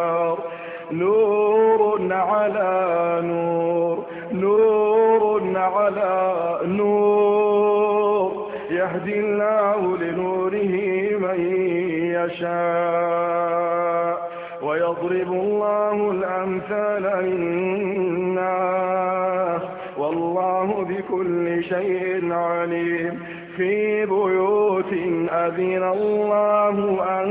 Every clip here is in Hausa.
النار نور على نور نور على نور يهدي الله لنوره من يشاء ويضرب الله الأمثال للناس والله بكل شيء عليم في بيوت أذن الله أن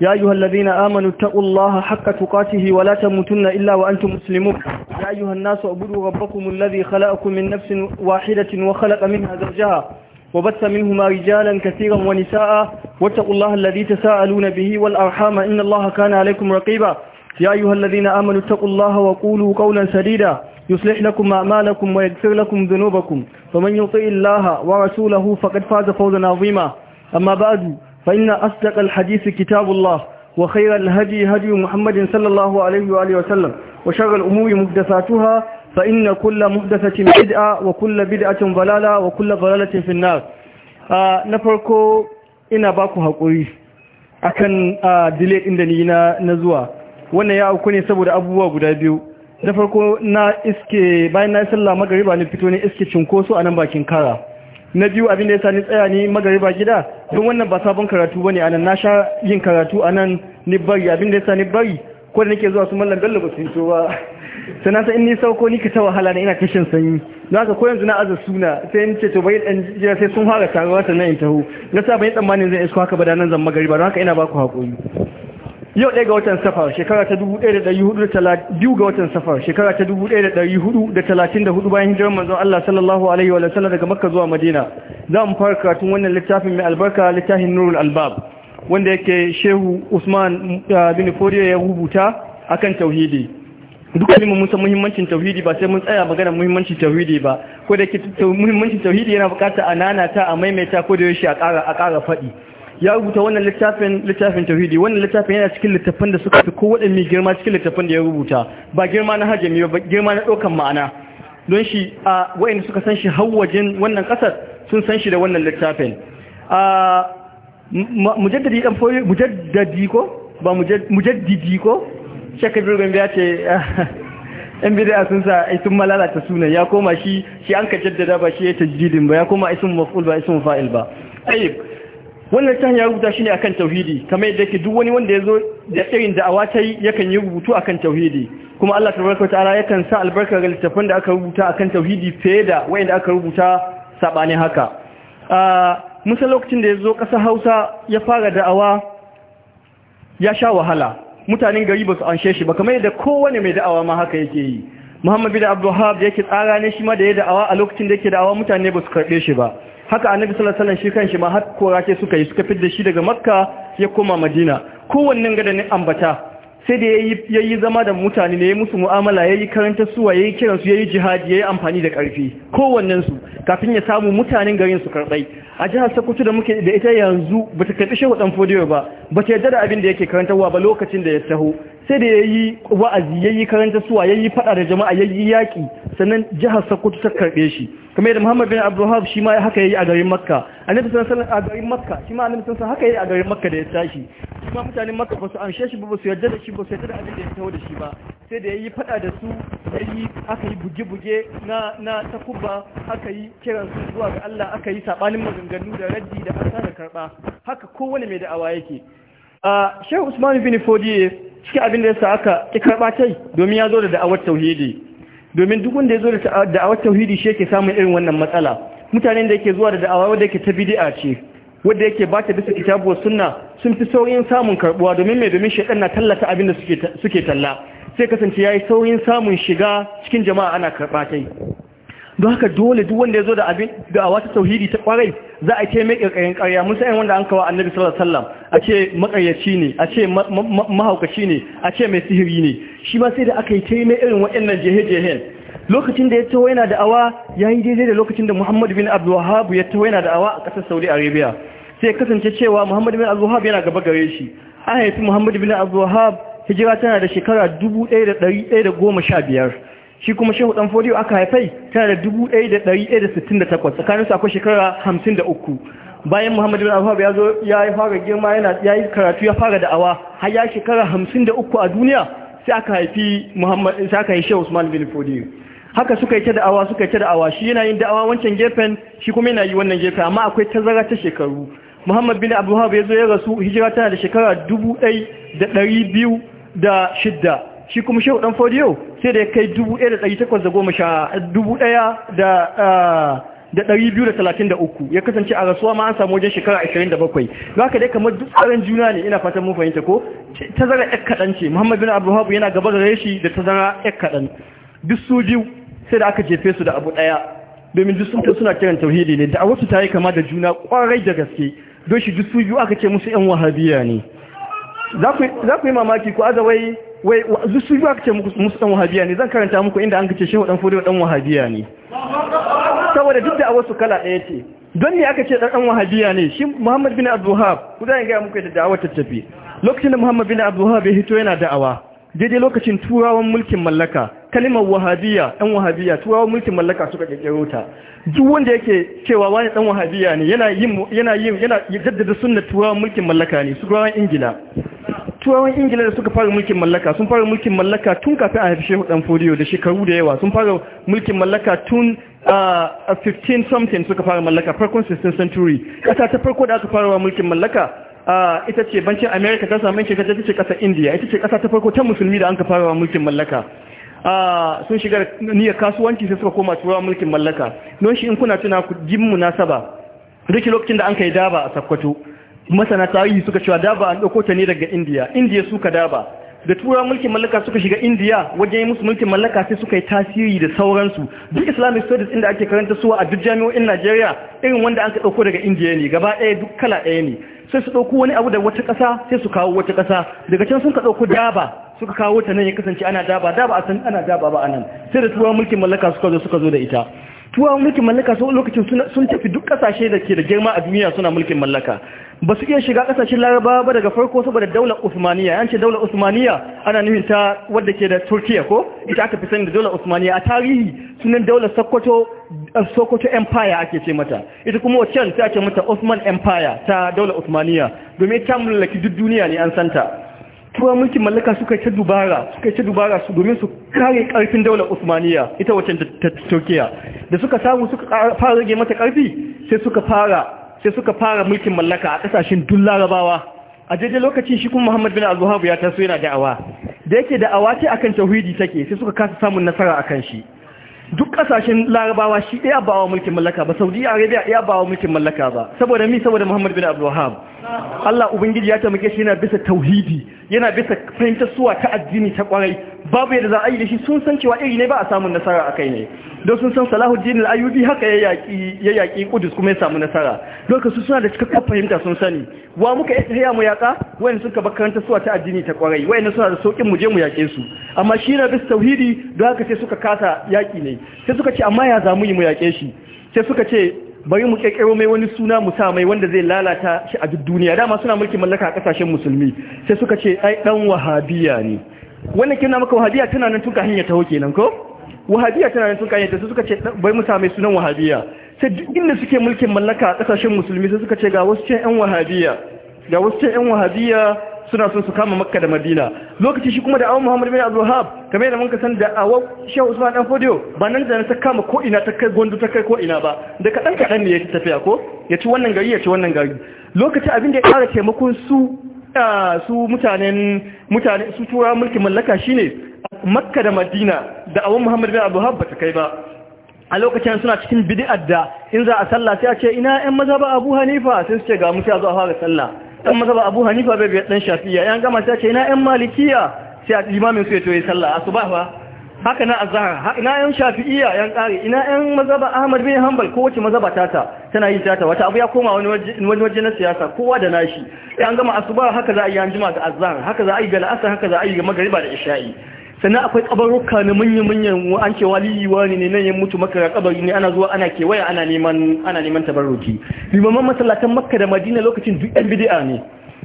يا أيها الذين آمنوا اتقوا الله حق تقاته ولا تموتن إلا وأنتم مسلمون يا أيها الناس اعبدوا ربكم الذي خلقكم من نفس واحدة وخلق منها زوجها وبث منهما رجالا كثيرا ونساء واتقوا الله الذي تساءلون به والأرحام إن الله كان عليكم رقيبا يا أيها الذين آمنوا اتقوا الله وقولوا قولا سديدا يصلح لكم أعمالكم ويغفر لكم ذنوبكم فمن يطيع الله ورسوله فقد فاز فوزا عظيما أما بعد فإن أصدق الحديث كتاب الله وخير الهدي هدي محمد صلى الله عليه وآله وسلم وشر الأمور محدثاتها فإن كل محدثة بدعة وكل بدعة ضلالة وكل ضلالة في النار نفركو ina ba haƙuri akan delay ɗin da ni na zuwa wannan ya auku ne saboda abubuwa guda biyu na farko na iske bayan na sallah magariba ne fito ne iske cunkoso a nan bakin kara na biyu abin da ya sani tsaya ni magariba gida don wannan ba sabon karatu a anan na sha yin karatu anan ni bari abin da ya sani bari ko da nake zuwa su mallan gallo ba su yi ba sannan sai in ni sauko ni ka ta wahala na ina kashin sanyi don haka ko yanzu na aza suna sai in ce to bai dan jira sai sun fara taruwa sannan in taho na sa ban yi tsammanin zai isko haka ba da nan zan magariba don haka ina ba ku haƙuri yau ɗaya ga watan safar shekara ta dubu ɗaya da ɗari hudu da biyu ga watan safar shekara ta dubu ɗaya da ɗari hudu da talatin da hudu bayan hijirar manzon Allah sallallahu alaihi wa sallam daga makka zuwa madina za mu fara karatun wannan littafin mai albarka littafin nurul albab wanda yake shehu usman eh, bin fodiyo ya rubuta akan tauhidi dukkanin mu musan muhimmancin tauhidi ba sai mun tsaya magana muhimmancin tauhidi ba ko da ke muhimmancin tauhidi yana bukata a nanata a maimaita ko da yaushe a ƙara faɗi ya rubuta wannan littafin littafin tauhidi wannan littafin yana cikin littafin da suka fi ko kowaɗanne girma cikin littafin da ya rubuta ba girma na hajjami ba girma na ɗaukan ma'ana don shi a wa'inda suka san shi hawajin wannan ƙasar sun san shi da wannan littafin mujaddidi dan fori mujaddadi ko ba mujaddidi ko shakka birgin ya ce yan bid'a sun sa sun malalata sunan ya koma shi shi an ka jaddada ba shi ya tajdidin ba ya koma ismu maf'ul ba ismu fa'il ba ayyuka wannan littafin ya rubuta shi ne akan tauhidi kamar yadda ke duk wani wanda ya zo da irin da awatai yakan yi rubutu akan tauhidi kuma Allah tabaraka ta'ala yakan sa albarka ga littafin da aka rubuta akan tauhidi fiye da wanda aka rubuta sabanin haka Musa lokacin da ya zo ƙasa Hausa ya fara da'awa ya sha wahala mutanen gari ba su anshe shi ba kamar yadda kowane mai da'awa ma haka yake yi Muhammad bin Abdul da yake tsara ne shi ma da ya da'awa a lokacin da yake da'awa mutane ba su karbe shi ba haka annabi sallallahu alaihi wasallam shi kanshi ma har ce suka yi suka fidda shi daga makka ya koma madina kowannen gada ne ambata sai da yayi yi zama da mutane ne ya musu mu'amala yayi yi karanta suwa yayi yi kiransu ya yi jihadi ya yi amfani da karfi ƙarfi su kafin ya samu mutanen garin su karɓai a jihar sokoto da muke da ita yanzu bata ta karɓi shehu ɗan fodiyo ba bata yarda da abin da yake karantarwa ba lokacin da ya taho sai da ya yi wa'azi ya yi karanta suwa ya yi fada da jama'a ya yi yaki sannan jihar Sokoto ta karbe shi kuma yadda Muhammad bin abdullahi shi ma haka yayi a garin Makka annabi sallallahu alaihi a garin Makka shi ma annabi sallallahu haka yayi a garin Makka da ya tashi ma mutanen Makka ba su anshe shi ba su yarda da shi ba su yarda da abin da ya tawo da shi ba sai da ya yi fada da su ya yayi aka yi buge-buge na na aka yi kiran su zuwa ga Allah aka yi saɓanin maganganu da raddi da da karba haka kowane mai da'awa yake a ah, Usman bin Fodiye cikin abin da ya sa aka ki karɓa domin ya zo da da'awar tauhidi domin duk wanda ya zo da da'awar tauhidi shi yake samun irin wannan matsala mutanen da yake zuwa da da'awa wanda yake ta bid'a ce wanda yake ba ta bisa kitabu wa sunna sun fi saurin samun karbuwa domin mai domin shaidan na tallata abin da suke talla sai kasance ya yi saurin samun shiga cikin jama'a ana karɓa kai don haka dole duk wanda ya zo da abin da wata tauhidi ta kwarai za a ce mai kirkirin karya mun san wanda an kawo annabi sallallahu alaihi wasallam a ce makaryaci ne a ce mahaukaci ne a ce mai sihiri ne shi ma sai da aka yi ta mai irin waɗannan jehe-jehen lokacin da ya taho yana da awa ya yi daidai da lokacin da Muhammadu bin abdul ya taho yana da awa a ƙasar saudi arabia sai kasance cewa Muhammadu bin abdul yana gaba gare shi an haifi muhammad bin abdul hijira tana da shekara dubu da da goma sha biyar. shi kuma shehu dan fodiyo aka haifai tana da 1168 tsakanin su akwai shekara 53 bayan muhammadu bin abubuwa ya zo ya fara girma ya yi karatu ya fara da'awa har ya shekara 53 a duniya sai aka haifi muhammad sai aka haifi shehu usman bin fodiyo haka suka yi ta da'awa suka yi ta da'awa shi yana yin da'awa wancan gefen shi kuma yana yi wannan gefen amma akwai tazara ta shekaru muhammad bin abubuwa ya zo ya rasu hijira tana da shekara 1206 da shidda shi kuma shehu dan fodiyo sai da ya kai uku ya kasance a rasuwa ma an samu wajen shekara 27 za ka dai kamar duk tsaron juna ne ina fatan mun fahimta ko tazara ɗan kaɗan ce muhammad bin abu yana gaba da shi da tazara ɗan kaɗan duk su biyu sai da aka jefe su da abu ɗaya domin duk sun suna kiran tauhidi ne da a wasu ta yi kama da juna kwarai da gaske don shi duk su biyu aka ce musu 'yan wahabiya ne za ku yi mamaki ku azawai wai su ba ka ce musu dan wahabiya ne zan karanta muku inda an kace shehu dan fodiyo dan wahabiya ne saboda duk da a wasu kala ɗaya ce don ne aka ce dan wahabiya ne shi Muhammad bin abduhab Wahhab ku zan ga muku da da'awa ta tafi lokacin da Muhammad bin abduhab ya hito yana da'awa daidai lokacin turawan mulkin mallaka kalimar wahabiya ɗan wahabiya turawan mulkin mallaka suka kirkiro ta duk wanda yake cewa wani ɗan wahabiya ne yana yin yana yin yana jaddada sunnar turawan mulkin mallaka ne su turawan ingila turawan ingila da suka fara mulkin mallaka sun fara mulkin mallaka tun kafin a haifi shehu dan fodiyo da shekaru da yawa sun fara mulkin mallaka tun a 15 something suka fara mallaka farkon 16th century kasa ta farko da aka fara wa mulkin mallaka ita ce bancin america ta samun yankin ta ita ce kasa india ita ce kasa ta farko ta musulmi da an ka fara wa mulkin mallaka sun shiga niyyar kasuwanci sai suka koma turawan mulkin mallaka don shi in kuna tuna ku jin munasaba duk lokacin da an kai daba a sakkwato masana tarihi suka cewa daba an ɗauko ta ne daga indiya indiya suka daba da turawan mulkin mallaka suka shiga indiya wajen yi musu mulkin mallaka sai suka yi tasiri da sauransu duk islamic studies inda ake karanta suwa a duk jami'o'in najeriya irin wanda aka ka ɗauko daga indiya ne gaba ɗaya duk kala ɗaya ne sai su ɗauko wani abu da wata ƙasa sai su kawo wata ƙasa daga can sun ka ɗauko daba suka kawo ta nan ya kasance ana daba daba a san ana daba ba a nan sai da turawan mulkin mallaka suka zo suka zo da ita tuwa mulkin mallaka sau lokacin sun tafi duk kasashe da ke da girma a duniya suna mulkin mallaka ba su iya shiga kasashen laraba ba daga farko saboda daular usmaniya yance daular usmaniya ana nufin ta wadda ke da turkiya ko ita aka fi sani da daular usmaniya a tarihi sunan daular sokoto eh, sokoto empire ake ce mata ita kuma wacce ta ce mata osman empire ta daular usmaniya domin ta mulki duk duniya ne an santa tuwa mulkin mallaka suka ce dubara suka ce dubara su domin su kare karfin daular usmaniya ita wacce ta turkiya da suka samu suka fara rage mata karfi sai suka fara sai suka fara mulkin mallaka a kasashen duk larabawa a daidai lokacin shi kuma muhammad bin al-zuhabu ya taso yana da'awa da yake da'awa ce akan tauhidi take sai suka kasa samun nasara akan shi duk kasashen larabawa shi ɗaya ba wa mulkin mallaka ba saudi arabia ɗaya ba wa mulkin mallaka ba saboda mi saboda muhammad bin abdullahab allah ubangiji ya taimake shi yana bisa tauhidi yana bisa fahimtar suwa ta addini ta kwarai babu yadda za a yi da shi sun san cewa iri ne ba a samun nasara a kai ne don sun san salahuddin al'ayyubi haka ya yaƙi kudus kuma ya samu nasara don su suna da cika fahimta sun sani wa muka yi tsaya mu yaƙa wayan sun ka bakaranta suwa ta addini ta kwarai wayan suna da sauƙin mu je mu yaƙe su amma shi na bisa tauhidi don haka sai suka kasa yaƙi ne sai suka ce amma ya zamu yi mu yaƙe shi sai suka ce bari mu kekero mai wani suna mu sa mai wanda zai lalata shi a duk duniya dama suna mulkin mallaka a kasashen musulmi sai suka ce ai dan wahabiya ne wannan kina maka wahabiya tana nan tun kahin ya taho kenan ko wahabiya tana nan tun kahin ya suka ce bari mu mai sunan wahabiya sai duk inda suke mulkin mallaka a kasashen musulmi sai suka ce ga wasu ce yan wahabiya ga wasu ce yan wahabiya suna son su kama makka da madina lokaci shi kuma da awon muhammadu bin azuhab kamar yadda muka san da awon shehu usman dan fodiyo ba nan da ta kama ko ina ta kai gondo ta kai ko ina ba da kaɗan kaɗan ne ya ci tafiya ko ya ci wannan gari ya ci wannan gari Lokaci abin da ya ƙara taimakon su su mutanen mutane su tura mulkin mallaka shine makka da madina da awon muhammadu bin azuhab ba ta kai ba a lokacin suna cikin bid'ar da in za a sallah sai a ce ina ƴan maza ba Abu Hanifa sai su ce ga mu sai zuwa fara sallah dan mazhaba Abu Hanifa bai biya dan Shafi'i yan gama ta ce na yan Malikiya sai limamin su ya toye sallah asuba ba haka na azhar ina yan shafi'i yan kare ina yan mazhaba Ahmad bin Hanbal ko wace mazhaba tata tana yi tata wata abu ya koma wani waje na siyasa kowa da nashi yan gama asuba haka za a yi an jima ga azhar haka za a yi ga haka za a yi ga da isha'i sannan akwai kabaruka na manya-manyan an ce ne nan ya mutu makara kabari ne ana zuwa ana kewaya ana neman ana neman tabarruki limaman masallatan makka da madina lokacin duk yan bid'a ne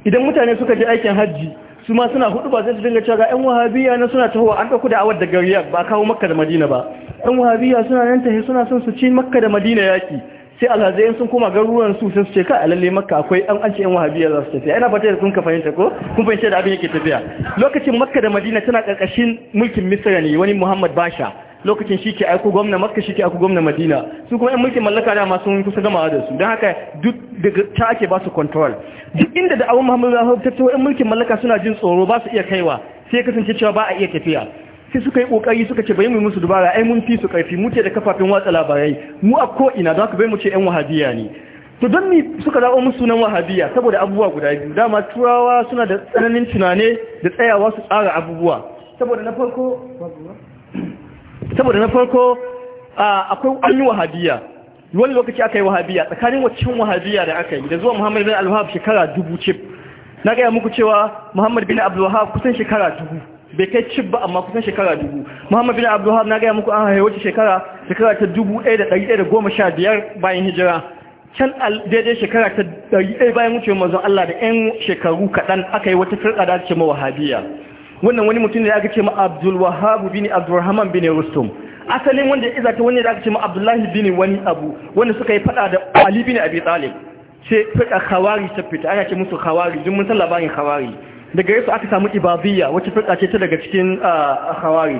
idan mutane suka je aikin hajji su ma suna hudu ba sai su dinga cewa ga yan wahabiya na suna tahowa an ɗauku da awar daga riyad ba kawo makka da madina ba yan wahabiya suna nan tahi suna son su ci makka da madina yaki sai alhazai sun koma garuruwan su sun su ce ka alalle makka akwai an an ce yan wahabiyya za su tafiya ina fata da kun ka fahimta ko kun fahimta da abin yake tafiya lokacin makka da madina tana karkashin mulkin misra ne wani muhammad basha lokacin shi ke aiko gwamna makka shi ke aiko gwamna madina su kuma yan mulkin mallaka da masu kusa gama da su don haka duk daga ta ake ba su control duk inda da abu muhammad zahab ta yan mulkin mallaka suna jin tsoro ba su iya kaiwa sai kasance cewa ba a iya tafiya sai suka yi kokari suka ce bai mu musu dubara ai mun fi su karfi mu ce da kafafen watsa labarai mu a ko ina za ka bai mu ce yan wahabiya ne to don mi suka zaɓo musu sunan wahabiya saboda abubuwa guda biyu dama turawa suna da tsananin tunane da tsayawa su tsara abubuwa saboda na farko saboda na farko akwai an yi wahabiya wani lokaci aka yi wahabiya tsakanin waccan wahabiya da aka yi da zuwa muhammad bin alwahab shekara dubu ce na gaya muku cewa muhammad bin abdulwahab kusan shekara dubu bai kai cib ba amma kusan shekara dubu muhammad bin abdullahi na gaya muku an haihuwa shekara shekara ta dubu ɗaya da ɗari ɗaya da goma sha biyar bayan hijira can daidai shekara ta ɗari ɗaya bayan wucewar mazan allah da ƴan shekaru kaɗan aka yi wata firɗa da ake ma wahabiya wannan wani mutum ne aka ce ma abdul wahab bin abdurrahman bin rustum asalin wanda ya ta wani da aka ce ma abdullahi bin wani abu wanda suka yi faɗa da ali bin abi talib sai fika khawari ta fita ana ce musu khawari duk mun san labarin khawari daga yasu aka samu ibabiyya wacce firka ce ta daga cikin ah, hawari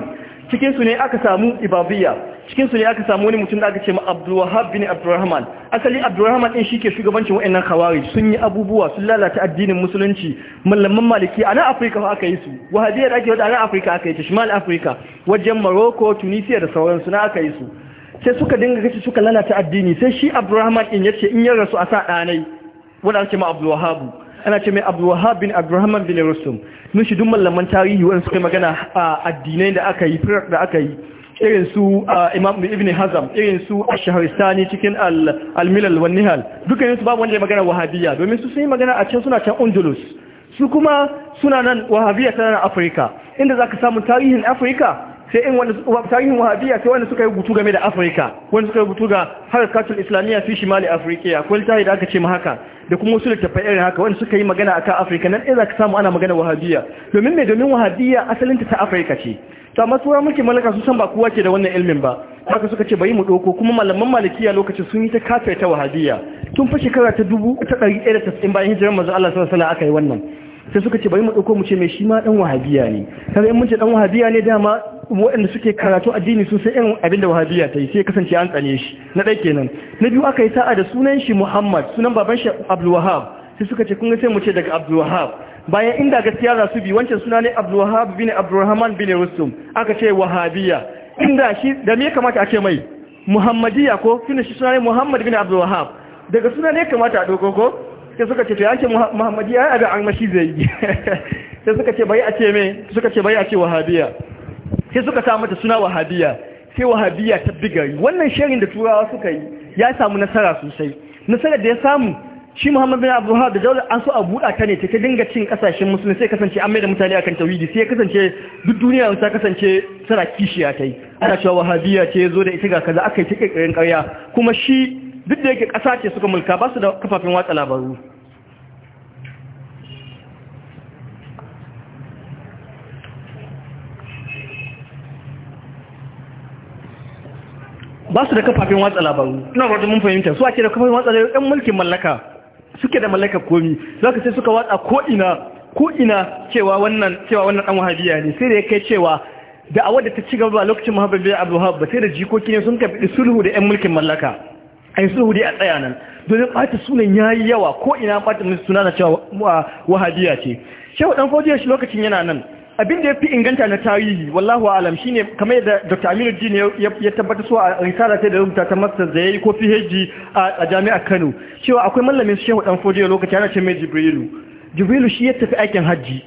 cikinsu ne aka samu ibabiyya cikinsu ne aka samu wani mutum da aka ce ma bin Abdurrahman asali Abdurrahman din ke shugabancin wayannan hawari sun yi abubuwa sun lalata addinin musulunci mallaman maliki a na Afirka fa aka yi su wahabiyya da ake wada a nan Afirka aka yi ta Shimal Afirka wajen Morocco Tunisia da sauransu na aka yi su sai suka dinga kace suka lalata addini sai shi Abdurrahman ya ce in ya rasu a sa ɗanai wanda ake ma ana ce mai abdullahab bin abdurrahman bin rusum mun shi duk mallaman tarihi wani suka magana a addinai da aka yi firar da aka yi irin su imam ibn hazam irin su shaharistani cikin al-milal wa nihal dukkanin su babu wanda ya magana wahabiyya domin su sun yi magana a can suna can undulus su kuma suna nan wahabiyya ta nan afirka inda za ka samu tarihin afirka sai in wani tarihin wahabiyya sai wanda suka yi gutu game da afirka wanda suka yi gutu ga harkatul islamiyya fi shimali afirka akwai littafi da aka ce ma haka da kuma wasu littafai irin haka wanda suka yi magana a akan afirka nan ɗaya za ka samu ana magana wahabiyya domin mai domin wahabiyya asalinta ta afirka ce to amma tsoron mulkin mallaka su san ba kowa ke da wannan ilimin ba haka suka ce bai mu doko kuma malaman malikiya lokacin sun yi ta ta wahabiyya tun fa shekara ta dubu ta ɗari ɗaya da tasa'in bayan hijirar manzo Allah sallallahu alaihi sallam aka yi wannan sai suka ce bari mu dauko mu ce mai shi ma dan wahabiya ne kaza in mun ce dan wahabiya ne dama waɗanda suke karatu addini sun sai irin abin da wahabiya ta yi sai kasance an tsane shi na dai kenan na biyu aka yi sa'a da sunan shi muhammad sunan baban shi abdul sai suka ce kun ga sai mu ce daga abdul bayan inda gaskiya za su bi wancan suna ne wahab bin abdulrahman bin rustum aka ce wahabiya inda shi da me kamata ake mai muhammadiya ko tunda shi suna ne muhammad bin wahab daga suna ne kamata a doko ko sai suka ce to ce muhammadiya ya yi abin armashi zai yi sai suka ce bai a ce me suka ce bai a ce wahabiya sai suka sa mata suna wahabiya sai wahabiya ta bigari wannan shirin da turawa suka yi ya samu nasara sosai nasarar da ya samu shi Muhammad bin abu hawa da jawar an so a buɗa ta ne ta ta dinga cin kasashen musulmi sai kasance an da mutane a kan tauhidi sai kasance duk duniya ta kasance tsara kishiya ta yi ana cewa wahabiya ce zo da ita ga kaza aka yi ta kirkirin ƙarya kuma shi duk da yake ƙasa ce suka mulka ba su da kafafen watsa labaru ba su da kafafen watsa labaru ina rata mun fahimta su ake da kafafen watsa labaru ɗan mulkin mallaka suke da mallaka komi za ka sai suka watsa ko'ina ko'ina cewa wannan cewa wannan ɗan wahabiya ne sai da ya kai cewa da a wadda ta ci gaba lokacin biyar, abu haɓa sai da jikoki ne sun kafi sulhu da 'yan mulkin mallaka a yi sulhu dai a tsaya nan domin ɓata sunan ya yi yawa ko ina ɓata musu suna na cewa wahabiya ce shehu ɗan fauji shi lokacin yana nan abin da ya fi inganta na tarihi wallahu alam shine kamar yadda dr aminu Dina ya tabbata su a risala ta da rubuta ta masters da ya yi ko phd a jami'ar kano cewa akwai mallamin shehu ɗan fauji lokacin ana ce mai jibrilu jibrilu shi ya tafi aikin hajji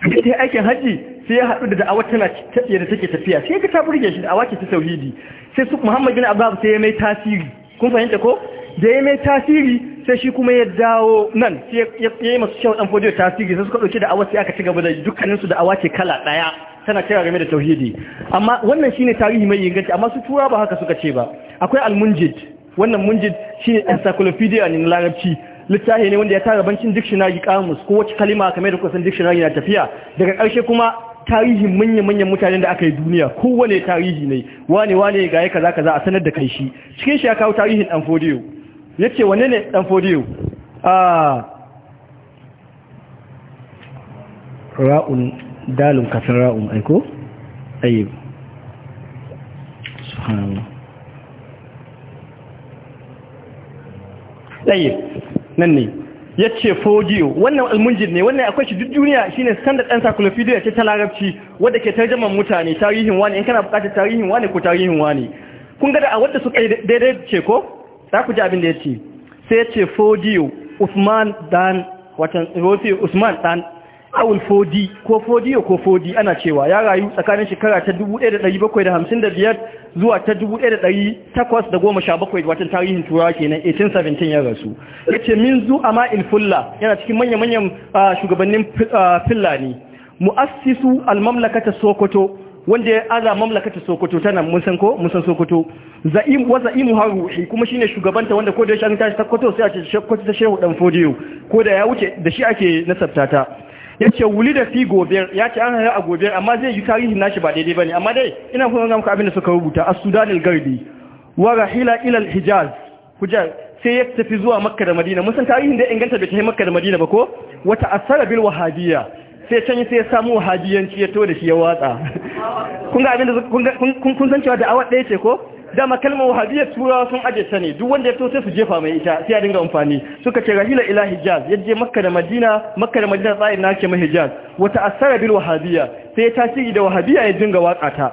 ta aikin hajji sai ya haɗu da da'awar tana tafiya da take tafiya sai ya ka ta burge shi da'awa ce ta sauhidi, sai su Muhammadu bin abbas sai ya mai tasiri kun fahimta ko da ya mai tasiri sai shi kuma ya dawo nan ya yi masu shawar ɗan tasiri sai suka ɗauki da awa sai aka ci gaba da dukkaninsu da awa ce kala ɗaya tana cewa game da tauhidi amma wannan shine tarihi mai inganci amma su tura ba haka suka ce ba akwai almunjid wannan munjid shine encyclopedia ne na larabci littafi ne wanda ya tara bancin dictionary kamus ko wacce kalima kamar da kusan dictionary na tafiya daga karshe kuma tarihin manya-manyan mutanen da aka yi duniya kowane tarihi ne wane-wane ga ya kaza kaza a sanar da kai shi cikin shi ya kawo tarihin danfodiyo ya ce wane ne danfodiyo a ra'un dalin kafin ra'un aiko ayyub subhanallah ayyub nan ne ya ce fodio wannan almunjin ne wannan akwai shi duk duniya shine standard encyclopedia ce ta larabci wadda ke tarjaman mutane tarihin wani in kana bukatar tarihin wani ko tarihin wani kun gada a wadda suka daidai ce ko za ku ji abin da ya ce sai ya ce fodio usman dan watan rofi usman dan awul fodi ko fodiyo ko fodi ana cewa ya rayu tsakanin shekara ta 1755 zuwa ta 1817 watan tarihin turawa kenan 1817 ya rasu yace min zu ama fulla yana cikin manya-manyan shugabannin ne muassisu al-mamlakata sokoto wanda ya aza mamlakata sokoto tana mun san ko mun san sokoto za'im wa za'imu haruhi kuma shine shugabanta wanda ko da shi an tashi sokoto sai a ce sokoto ta shehu dan fodiyo ko da ya wuce da shi ake nasabta ta ya ce wuli da fi gobe ya ce an haya a gobe amma zai yi tarihin nashi ba daidai ba ne amma dai ina kuma zama abin da suka rubuta a sudanin gardi wa rahila ilal hijaz hujjar sai ya tafi zuwa makka da madina musan tarihin da inganta bai ta makka da madina ba ko wata asara bil wahabiyya sai can sai ya samu wahabiyanci ya to da shi ya watsa kun ga da awa ɗaya ce ko dama kalmar wahabiyya turawa sun aje ta ne duk wanda ya fito sai su jefa mai ita sai a dinga amfani suka ce rahila ila hijaz yaje makka da madina makka da madina tsayin na ke ma hijaz wata asara bil wahabiyya sai ya tasiri da wahabiyya ya dinga waka ta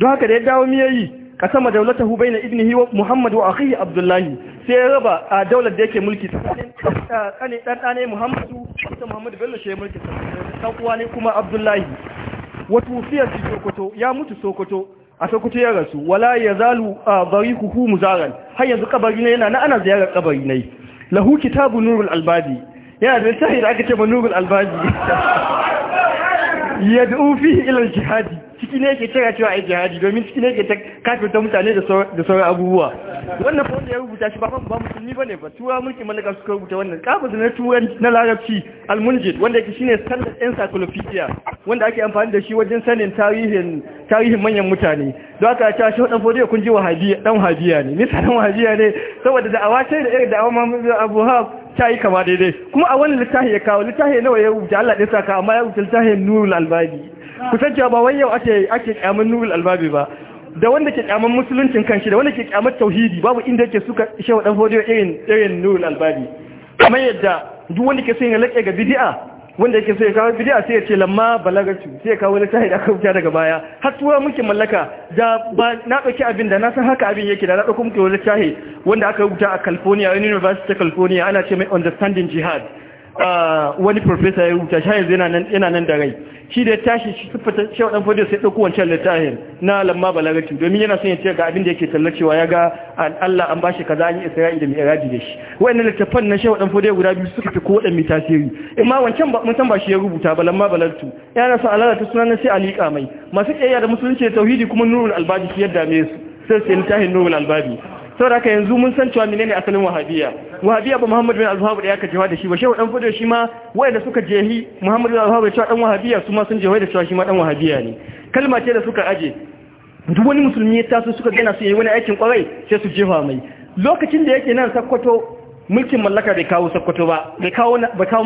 don haka da ya dawo yi miyayi kasama bai na ibnihi hiwa muhammad wa akhihi abdullahi sai ya raba a daular da yake mulki tsakanin dan dane muhammadu da muhammadu bello shi mulki ta dan uwa ne kuma abdullahi wato fiya sokoto ya mutu sokoto a sakuta ya rasu wala ya zalu a bari kuhu muzaran har yanzu kabari yana na ana ziyarar kabari ne lahu kitabu nurul albadi yana da littafi da aka ce ma nurul albadi ya da'u fi ilal jihadi ciki ne ke kira cewa ai jihadi domin ciki ne yake kafirta mutane da sauran abubuwa wannan fa wanda ya rubuta shi ba ba musulmi bane ba tuwa mulkin mallaka suka rubuta wannan kafa na turan na larabci almunjid wanda yake shine standard encyclopedia wanda ake amfani da shi wajen sanin tarihin tarihin manyan mutane don haka ta shi wadan fodiyo kun ji wahabiya dan wahabiya ne ni dan wahabiya ne saboda da awace da irin da awaman abu hab ta yi kama daidai kuma a wannan littafi ya kawo littafi nawa ya rubuta Allah ɗin saka amma ya rubuta littafin nurul albabi kusan cewa ba wai yau ake ake kyamun nurul albabi ba da wanda ke kyamar musuluncin kanshi da wanda ke kyamar tauhidi babu inda yake suka shehu wa hodiyo irin irin nurul albani kamar yadda duk wanda ke son ya laƙe ga bid'a wanda yake so ya kawo bid'a sai ya ce lamma balagatu sai ya kawo wani tahid aka rubuta daga baya har tuwa muke mallaka da ba na ɗauki abin da na san haka abin yake da na ɗauki muke wani tahid wanda aka rubuta a California University ta California ana ce mai understanding jihad wani profesa ya rubuta shi yanzu yana nan da rai shi da ya tashi shi siffata shi dan fodiyo sai dauko wancan littafin na lamma balagati domin yana son ya ce ga abin da yake tallacewa ya ga Allah an bashi kaza an yi Isra'ila da iraji da shi wayannan littafan na shi dan fodiyo guda biyu suka fi ko dan mai tasiri amma wancan ba mun san ba shi ya rubuta ba lamma balagatu na son Allah ta na sai alika mai masu kiyaya da musulunci da tauhidi kuma nurul albadi fiye da me su sai sai littafin nurul albadi saboda haka yanzu mun san cewa menene asalin wahabiya wahabiyya ba Muhammad bin al da yaka jewa da shi ba shehu dan fudo shi ma da suka jehi Muhammad bin Al-Wahhab cewa dan wahabiyya su ma sun jewa da cewa shi ma dan wahabiya ne kalma ce da suka aje duk wani musulmi ya taso suka gana su yi wani aikin kwarai sai su jefa mai lokacin da yake nan sakkwato mulkin mallaka bai kawo Sakkwato ba bai kawo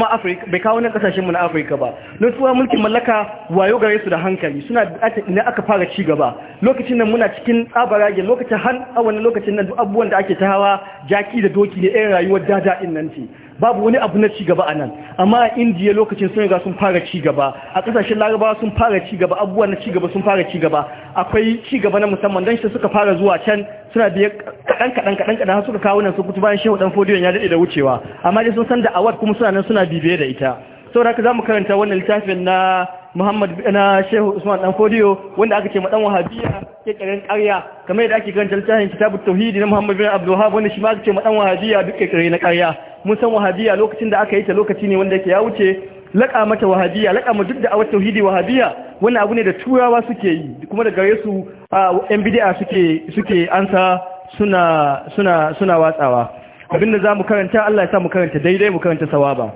ma afirka bai kawo na kasashenmu na afirka ba don suwa mulkin mallaka wayo gare su da hankali suna ina aka fara ci gaba lokacin nan muna cikin tsabarage lokacin har a wani lokacin nan duk abubuwan da ake ta hawa jaki da doki ne irin rayuwar dada nan ce babu wani abu na cigaba a nan amma a indiya lokacin sun ga sun fara cigaba a kasashen larabawa sun fara cigaba abubuwa na cigaba sun fara cigaba akwai cigaba na musamman don shi suka fara zuwa can suna biya kaɗan kaɗan kaɗan kaɗan har suka kawo nan su kutu bayan shehu ɗan fodiyon ya daɗe da wucewa amma dai sun san da awad kuma suna nan suna bibiye da ita saboda haka za mu karanta wannan littafin na Muhammad na Shehu Usman dan Fodiyo wanda aka ce ma dan Wahabiyya ke karen ƙarya kamar yadda ake karanta littafin Kitabut Tauhid na Muhammad bin Abdul Wahab wanda shi ma aka ce ma dan Wahabiyya duk ke na ƙarya mun san Wahabiyya lokacin da aka yi ta lokaci ne wanda yake ya wuce laƙa mata Wahabiyya laƙa ma duk da awar Tauhidi Wahabiyya wannan abu ne da turawa suke yi kuma da gare su yan bid'a suke suke ansa suna suna suna watsawa abinda zamu karanta Allah ya sa mu karanta daidai mu karanta sawaba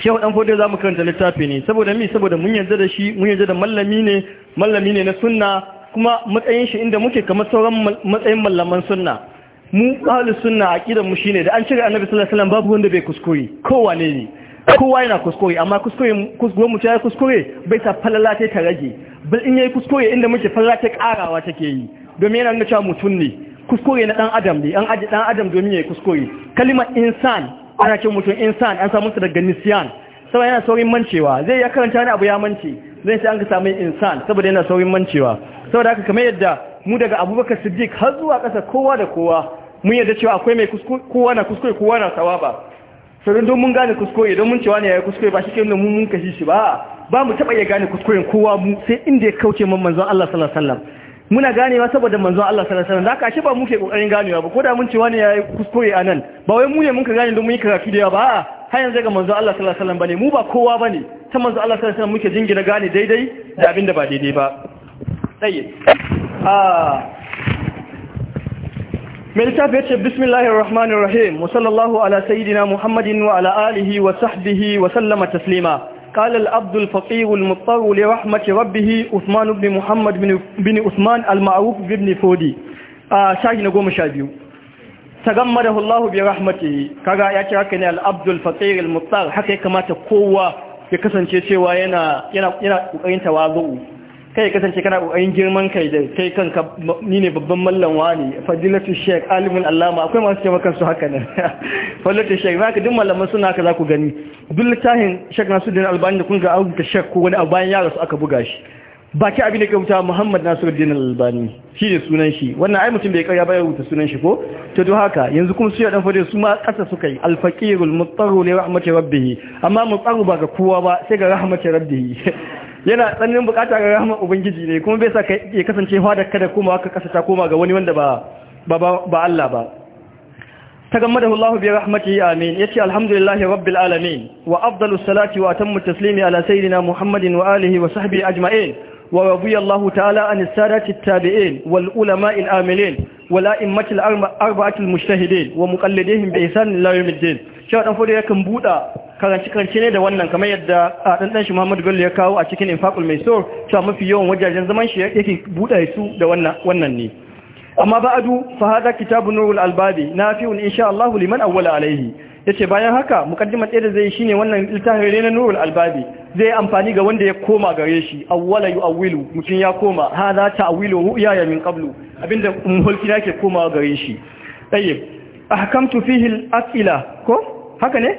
shehu dan za mu karanta littafi ne saboda mi saboda mun yarda da shi mun yarda da mallami ne mallami ne na sunna kuma matsayin shi inda muke kamar sauran matsayin mallaman sunna mu ahlus sunna aqidar mu shine da an cire annabi sallallahu alaihi wasallam babu wanda bai kuskure kowa ne ne kowa yana kuskure amma kuskure kuskure mu ta kuskure bai sa falala ta rage bal in yayi kuskure inda muke falala ta karawa take yi domin yana nuna cewa mutum ne kuskure na dan adam ne an ajiye dan adam domin ya yi kuskure kalimar insan ana ce mutum insan an samu da daga nisiyan saboda yana saurin mancewa zai ya karanta wani abu ya mance zai sai an ka samun insan saboda yana saurin mancewa saboda haka kamar yadda mu daga abubakar siddiq har zuwa ƙasa kowa da kowa mun yadda cewa akwai mai kowa na kuskure kowa na sawaba sauran don mun gane kuskure don mun cewa ne ya yi kuskure ba shi ke mun mun kashi shi ba ba mu taɓa iya gane kuskuren kowa mu sai inda ya kauce mamman zan Allah sallallahu alaihi wasallam muna ganewa saboda manzon Allah sallallahu alaihi wasallam da kashi ba muke kokarin ganewa ba ko da mun ce wani yayi kuskure nan ba wai mu ne mun ka gane don mun yi karatu da ba a, har yanzu ga manzon Allah sallallahu alaihi wasallam bane mu ba kowa bane ta manzon Allah sallallahu alaihi wasallam muke jingina gane daidai da abin da ba daidai ba tsaye ah mai littafi ya ce bismillahir rahmanir rahim wa sallallahu ala sayyidina muhammadin wa ala alihi wa sahbihi wa sallama taslima قال الأبد الفقير المضطر لرحمة ربه عثمان بن ibni بن عثمان المعروف بن فودي شاهي نقوم شابيو tagammadahu Allah bi rahmatihi kaga ya kira kai ne al-abdul fatir al-muttar haka ya kamata kowa ya kasance cewa yana yana yana kokarin kai kasance kana kokarin girman kai da kai kanka ni ne babban mallan wani fadilatu sheikh alimul allama akwai masu cewa kansu haka ne fadilatu sheikh ka duk malaman suna haka zaku gani duk littafin sheikh nasuddin albani da kun ga abu ta sheikh ko wani abu bayan yaro su aka buga shi baki abin da ke rubuta Muhammad Nasiruddin Al-Albani shi ne sunan shi wannan ai mutum bai karya ba ya rubuta sunan shi ko to don haka yanzu kuma su ya dan fadilatu su ma kasa suka yi alfaqirul faqirul muttaru li rahmati rabbih amma mutsaru ba ga kowa ba sai ga rahmati rabbih yana tsananin bukata ga rahama ubangiji ne kuma bai sa ka ya kasance da kada kuma ka kasata koma ga wani wanda ba ba Allah ba tagammadahu Allah bi rahmatihi amin yace alhamdulillahi rabbil alamin wa afdalus salati wa atammu taslimi ala sayidina muhammadin wa alihi wa sahbihi ajma'in ورضي الله تعالى عن السادة التابعين والعلماء الآملين wala immatil arba'atul mujtahidin wa muqallidihim bi ihsan ila yawmiddin shi dan fodi yakan buda karanci karanci ne da wannan kamar yadda dan dan shi Muhammadu Bello ya kawo a cikin infaqul maisur cewa mafi yawan wajajen zaman shi yake buɗe su da wannan wannan ne amma ba'adu fa hada kitabun nurul albabi nafi'un insha Allah liman awwala alaihi Ya ce bayan haka mukaddimar ɗaya da zai shi ne wannan littafin rena nurul albabi zai amfani ga wanda ya koma gare shi awwala yu'awwilu mutum ya koma Ha za hadha ta'wilu ru'ya min qablu abinda mulki yake koma gare shi tayyib ahkamtu fihi al-asila ko haka ne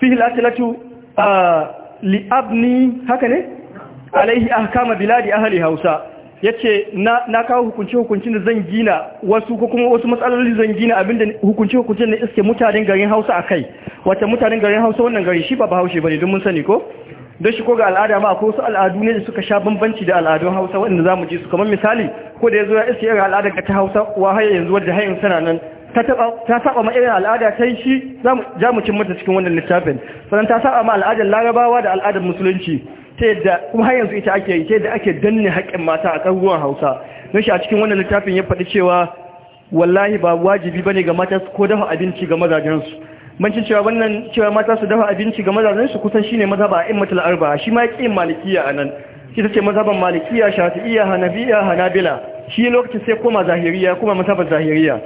fihi al tu ah, li abni haka ne alaihi ahkama biladi ahli hausa ya ce na kawo hukunci-hukuncin da zan gina wasu ko kuma wasu matsaloli zan gina abinda hukunci-hukuncin da iske mutanen garin hausa a kai wata mutanen garin hausa wannan gari shi ba ba haushe ba ne don mun sani ko don shi ko ga al'ada ma ko wasu al'adu ne da suka sha bambanci da al'adun hausa waɗanda za mu ji su kamar misali ko da ya zo ya iske irin al'adar ka ta hausa wa haya yanzu wadda har yanzu tana nan ta saba ma irin al'ada ta yi shi za mu cin mata cikin wannan littafin sannan ta saba ma al'adar larabawa da al'adar musulunci da kuma har yanzu ita ake yi sai da ake danne haƙƙin mata a ƙarruwan hausa don shi a cikin wannan littafin ya faɗi cewa wallahi ba wajibi ba ne ga mata ko dafa abinci ga mazajensu mancin cewa wannan cewa mata su dafa abinci ga mazajensu kusan shine ba a immatul arba shi ma yake malikiya anan ita ce mazaban malikiya shafi'iya hanabiya hanabila shi lokacin sai koma zahiriya koma mazaban zahiriya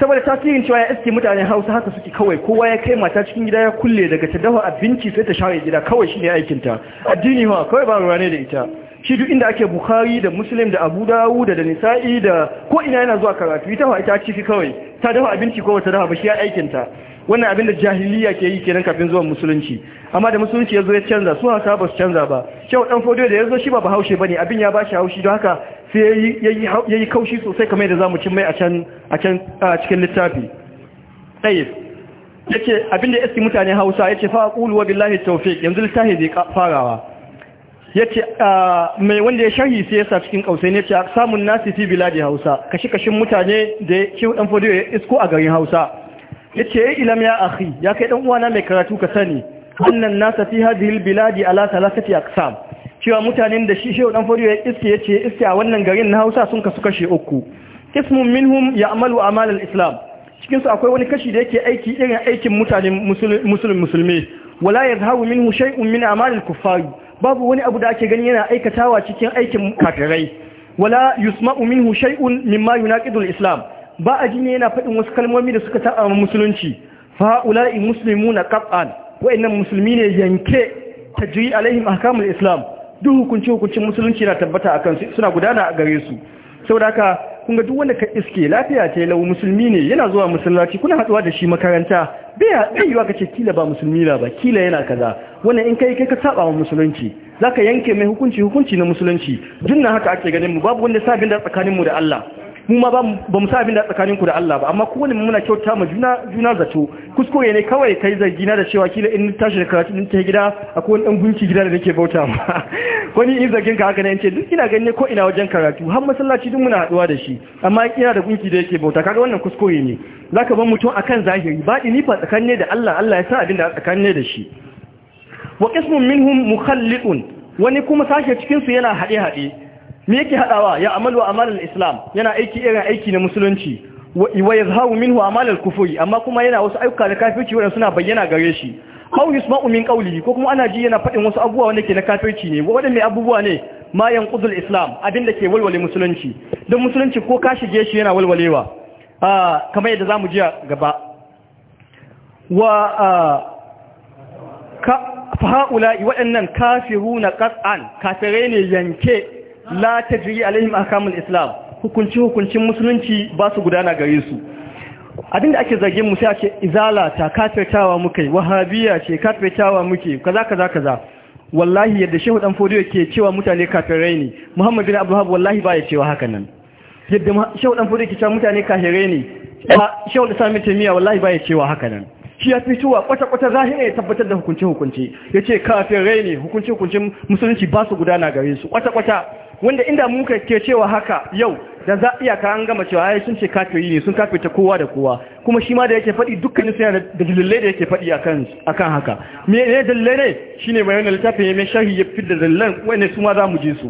saboda tasirin cewa ya iske mutanen hausa haka suke kawai kowa ya kai mata cikin gida ya kulle daga ta dafa abinci sai ta share gida kawai shine aikinta addini ma kawai ba ruwa ne da ita shi duk inda ake bukhari da muslim da abu dawu da nisa'i da ko ina yana zuwa karatu ita ma ita ciki kawai ta dafa abinci ko ta dafa ba shi ya aikinta wannan abin da jahiliya ke yi kenan kafin zuwan musulunci amma da musulunci ya zo ya canza su hausa ba su canza ba kyau dan fodo da ya zo shi ba bahaushe bane abin ya ba shi haushi don haka sai ya yi kaushi sosai kamar da za mu cin mai a cikin littafi ɗaya ya ce abinda ya mutane hausa ya ce fa ƙuluwa billahi taufik yanzu littafi zai farawa ya ce mai wanda ya sharhi sai ya sa cikin ƙausai ne ce samun nasi fi biladi hausa kashi-kashin mutane da ya ce ɗan fodiyo ya isko a garin hausa ya ce ya ilam ya ahi ya kai ɗan uwana mai karatu ka sani annan nasa fi hadihil biladi ala talatati aqsam cewa mutanen da shi shehu dan fariyo ya iske ya ce iske a wannan garin na hausa sun kasu kashe uku ismun minhum ya amalu amalar islam cikinsu akwai wani kashi da yake aiki irin aikin mutanen musulmi musulmi wala yazhabu minhu shay'un min amalil kuffari babu wani abu da ake gani yana aikatawa cikin aikin kafirai wala yusma'u minhu shay'un mimma yunaqidu islam ba a jini yana faɗin wasu kalmomi da suka taɓa wa musulunci fa ula'i muslimuna qat'an wa'annan musulmi ne yanke tajri alaihim ahkamul islam duk hukunci hukuncin musulunci na tabbata a kansu suna gudana a gare su da haka kun ga duk wanda ka iske lafiya ce lau musulmi ne yana zuwa musallaci kuna haɗuwa da shi makaranta bai yiwa ka ce kila ba musulmi na ba kila yana kaza wanda in kai kai ka saba wa musulunci Za ka yanke mai hukunci hukunci na musulunci na haka ake ganin mu babu wanda sabin da tsakaninmu da Allah mu ma ba mu sa abin da tsakanin ku da Allah ba amma kowane muna kyauta ma juna juna zato kuskure ne kawai ka kai na da cewa kila in tashi da karatu din ta gida akwai wani dan gunki gida da nake bauta ma wani in zargin ka haka ne yace duk ina ganye ko ina wajen karatu har masallaci duk muna haduwa da shi amma ina da gunki da yake bauta kaga wannan kuskure ne zaka ban mutum akan zahiri baɗi ni fa tsakanin da Allah Allah ya sa abin da tsakanin da shi wa qismun minhum mukhallidun wani kuma sashe cikin su yana hade hade me yake hadawa ya amalu amalul islam yana aiki irin aiki na musulunci wa yazharu minhu amalul kufuri amma kuma yana wasu ayyuka na kafirci wanda suna bayyana gare shi aw yusma'u min qawli ko kuma ana ji yana faɗin wasu abubuwa wanda ke na kafirci ne mai abubuwa ne ma yanqudul islam abinda ke walwale musulunci don musulunci ko ka shige shi yana walwalewa ah kamar yadda zamu ji gaba wa ah, ka fa'ula'i waɗannan kafiru na ƙas'an kafirai ne yanke la tajri alaihim ahkamul islam hukunci hukuncin musulunci ba su gudana gare su abin da ake zargin mu sai ake izala ta kafirtawa muke wahabiya ce kafirtawa muke kaza kaza kaza wallahi yadda shehu dan fodiyo ke cewa mutane kafirai ne muhammad bin abdulhab wallahi ba ya cewa haka nan yadda shehu dan fodiyo ke cewa mutane kafirai ne shehu da sami tamiya wallahi ba ya cewa haka nan shi ya fitowa kwata-kwata zahira ya tabbatar da hukunci hukunci ya ce kafirai ne hukunci hukuncin musulunci ba su gudana gare su kwata-kwata wanda inda muka ke cewa haka yau da za iya ka an gama cewa ai sun ce kafiri ne sun kafirta kowa da kowa kuma shi ma da yake faɗi dukkanin suna da dalilai da yake faɗi akan akan haka me ne dalilai ne shine mai wannan littafin mai sharhi ya fitar da dalilan wanda su ma za mu je su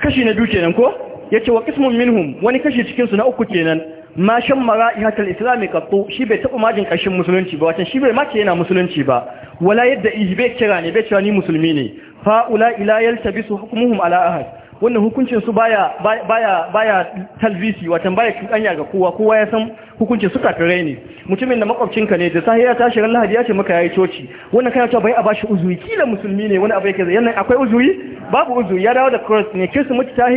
kashi na biyu kenan ko yace wa qismun minhum wani kashi cikin su na uku kenan ma shan mara'ihatul islami qattu shi bai taba majin kashin musulunci ba wata shi bai ma yana musulunci ba wala yadda ihbe kira ne bai cewa ni musulmi ne fa'ula ila yaltabisu hukmuhum ala ahad wannan hukuncin su baya baya baya talbisi watan baya cuɗanya ga kowa kowa ya san hukuncin su ne mutumin da makwabcinka ne da sahiya ta shirin lahadi ya ce maka yayi coci wannan kana cewa bai a bashi uzuri kila musulmi ne wani abu kaza yannan akwai uzuri babu uzuri ya dawo da cross ne kirsimati ta